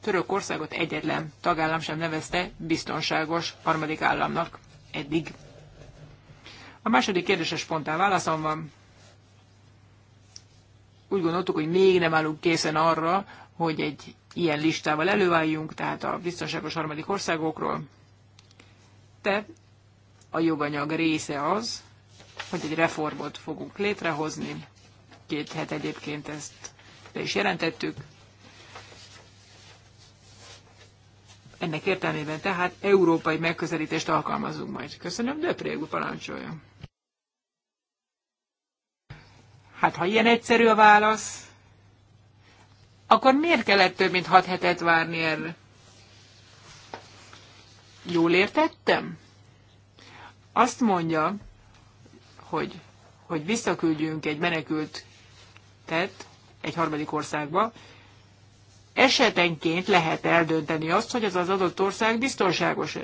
Törökországot egyetlen tagállam sem nevezte biztonságos harmadik államnak eddig. A második kérdéses spontán válaszom van. Úgy gondoltuk, hogy még nem állunk készen arra, hogy egy ilyen listával előálljunk, tehát a biztonságos harmadik országokról. De a joganyag része az, hogy egy reformot fogunk létrehozni. Két het egyébként ezt be is jelentettük. Ennek értelmében tehát európai megközelítést alkalmazunk majd. Köszönöm, Döpré úr parancsolja. Hát ha ilyen egyszerű a válasz, akkor miért kellett több mint hat hetet várni erre? Jól értettem? Azt mondja, hogy, hogy visszaküldjünk egy menekült tett egy harmadik országba, esetenként lehet eldönteni azt, hogy az az adott ország biztonságos -e.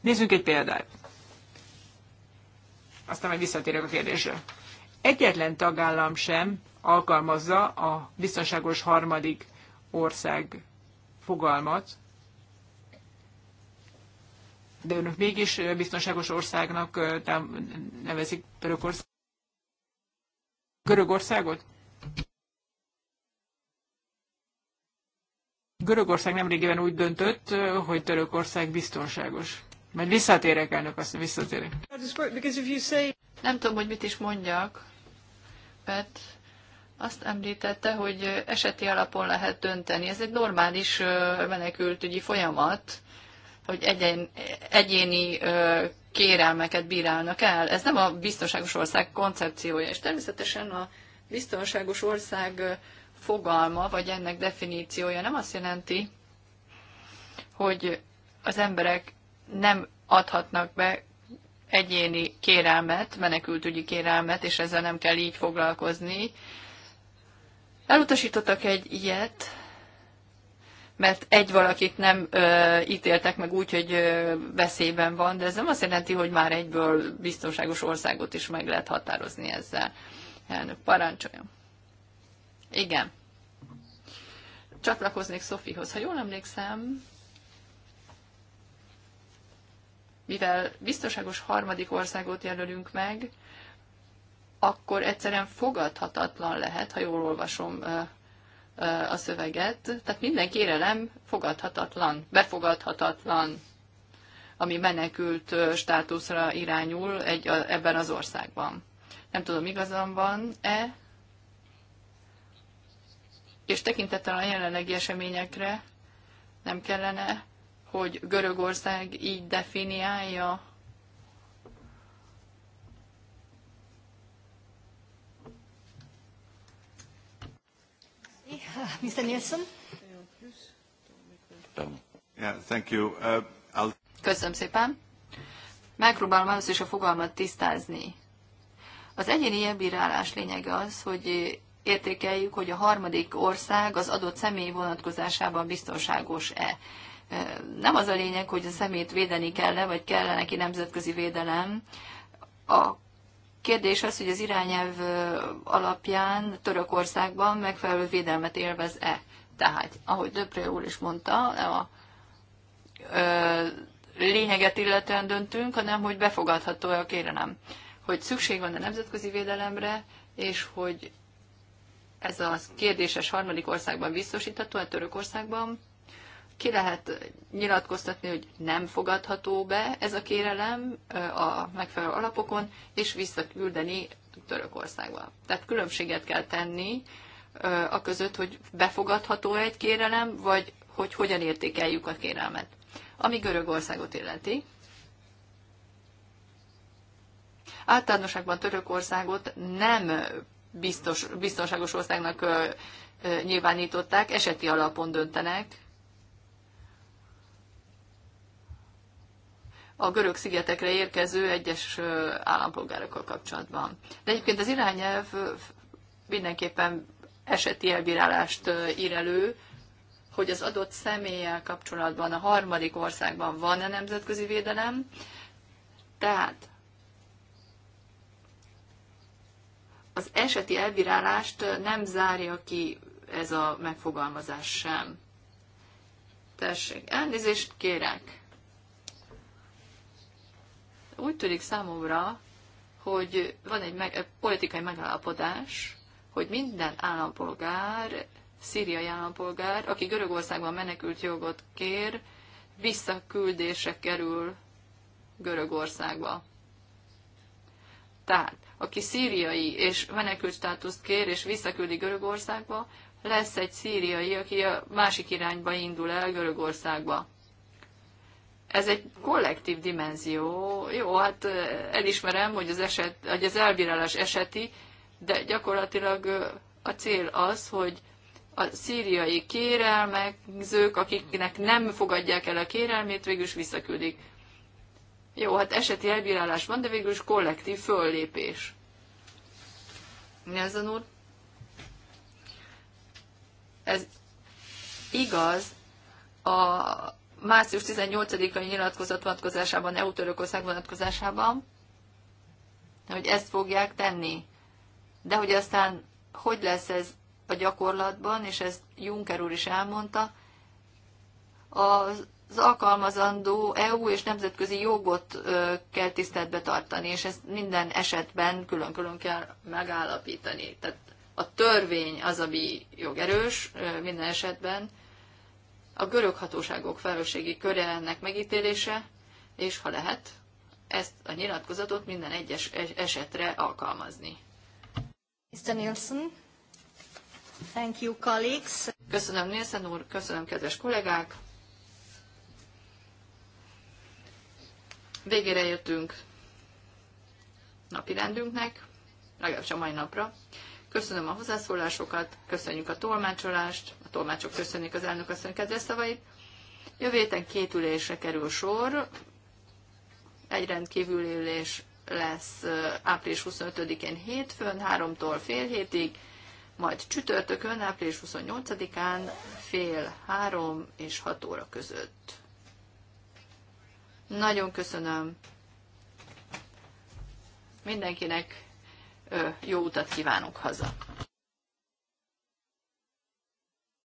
Nézzünk egy példát. Aztán majd visszatérek a kérdésre egyetlen tagállam sem alkalmazza a biztonságos harmadik ország fogalmat, de önök mégis biztonságos országnak nevezik Görögországot? Görögország nemrégiben úgy döntött, hogy Törökország biztonságos. Majd visszatérek, elnök azt, visszatérek. Nem tudom, hogy mit is mondjak. Pet azt említette, hogy eseti alapon lehet dönteni. Ez egy normális menekültügyi folyamat, hogy egyen, egyéni kérelmeket bírálnak el. Ez nem a biztonságos ország koncepciója, és természetesen a biztonságos ország fogalma, vagy ennek definíciója nem azt jelenti, hogy az emberek nem adhatnak be egyéni kérelmet, menekültügyi kérelmet, és ezzel nem kell így foglalkozni. Elutasítottak egy ilyet, mert egy valakit nem ö, ítéltek meg úgy, hogy ö, veszélyben van, de ez nem azt jelenti, hogy már egyből biztonságos országot is meg lehet határozni ezzel. Elnök, parancsoljon. Igen. Csatlakoznék Szofihoz. Ha jól emlékszem, mivel biztonságos harmadik országot jelölünk meg, akkor egyszerűen fogadhatatlan lehet, ha jól olvasom a szöveget. Tehát minden kérelem fogadhatatlan, befogadhatatlan, ami menekült státuszra irányul egy, ebben az országban. Nem tudom, igazam van-e, és tekintettel a jelenlegi eseményekre nem kellene hogy Görögország így definiálja Nielsen? Uh, Köszönöm szépen. Megpróbálom először is a fogalmat tisztázni. Az egyéni elbírálás lényege az, hogy értékeljük, hogy a harmadik ország az adott személy vonatkozásában biztonságos-e. Nem az a lényeg, hogy a szemét védeni kell-e, vagy kell-e neki nemzetközi védelem. A kérdés az, hogy az irányelv alapján Törökországban megfelelő védelmet élvez-e. Tehát, ahogy Döpré úr is mondta, nem a ö, lényeget illetően döntünk, hanem hogy befogadható-e a kérelem. Hogy szükség van a nemzetközi védelemre, és hogy ez a kérdéses harmadik országban biztosítható, a Törökországban, ki lehet nyilatkoztatni, hogy nem fogadható be ez a kérelem a megfelelő alapokon, és visszaküldeni Törökországba. Tehát különbséget kell tenni a között, hogy befogadható egy kérelem, vagy hogy hogyan értékeljük a kérelmet. Ami Görögországot illeti, általánosságban Törökországot nem biztos, biztonságos országnak nyilvánították, eseti alapon döntenek, a görög szigetekre érkező egyes állampolgárokkal kapcsolatban. De egyébként az irányelv mindenképpen eseti elbírálást ír elő, hogy az adott személlyel kapcsolatban a harmadik országban van-e nemzetközi védelem. Tehát az eseti elbírálást nem zárja ki ez a megfogalmazás sem. Tessék, elnézést kérek úgy tűnik számomra, hogy van egy meg, politikai megállapodás, hogy minden állampolgár, szíriai állampolgár, aki Görögországban menekült jogot kér, visszaküldése kerül Görögországba. Tehát, aki szíriai és menekült státuszt kér és visszaküldi Görögországba, lesz egy szíriai, aki a másik irányba indul el Görögországba ez egy kollektív dimenzió. Jó, hát elismerem, hogy az, eset, hogy az elbírálás eseti, de gyakorlatilag a cél az, hogy a szíriai kérelmezők, akiknek nem fogadják el a kérelmét, végül is visszaküldik. Jó, hát eseti elbírálás van, de végül is kollektív föllépés. Nelson úr? Ez igaz a március 18-ai nyilatkozat vonatkozásában, EU-Törökország vonatkozásában, hogy ezt fogják tenni. De hogy aztán hogy lesz ez a gyakorlatban, és ezt Juncker úr is elmondta, az alkalmazandó EU és nemzetközi jogot kell tiszteletbe tartani, és ezt minden esetben külön-külön kell megállapítani. Tehát a törvény az, ami jogerős minden esetben, a görög hatóságok felelősségi köre ennek megítélése, és ha lehet, ezt a nyilatkozatot minden egyes esetre alkalmazni. Mr. Nielsen, thank you, colleagues. Köszönöm, Nielsen úr, köszönöm, kedves kollégák. Végére jöttünk napirendünknek, legalábbis a mai napra. Köszönöm a hozzászólásokat, köszönjük a tolmácsolást, a tolmácsok köszönik az elnök asszony kedves szavait. Jövő héten két ülésre kerül sor, egy rendkívüli ülés lesz április 25-én hétfőn, 3-tól fél hétig, majd csütörtökön, április 28-án fél 3 és 6 óra között. Nagyon köszönöm mindenkinek jó utat kívánunk haza!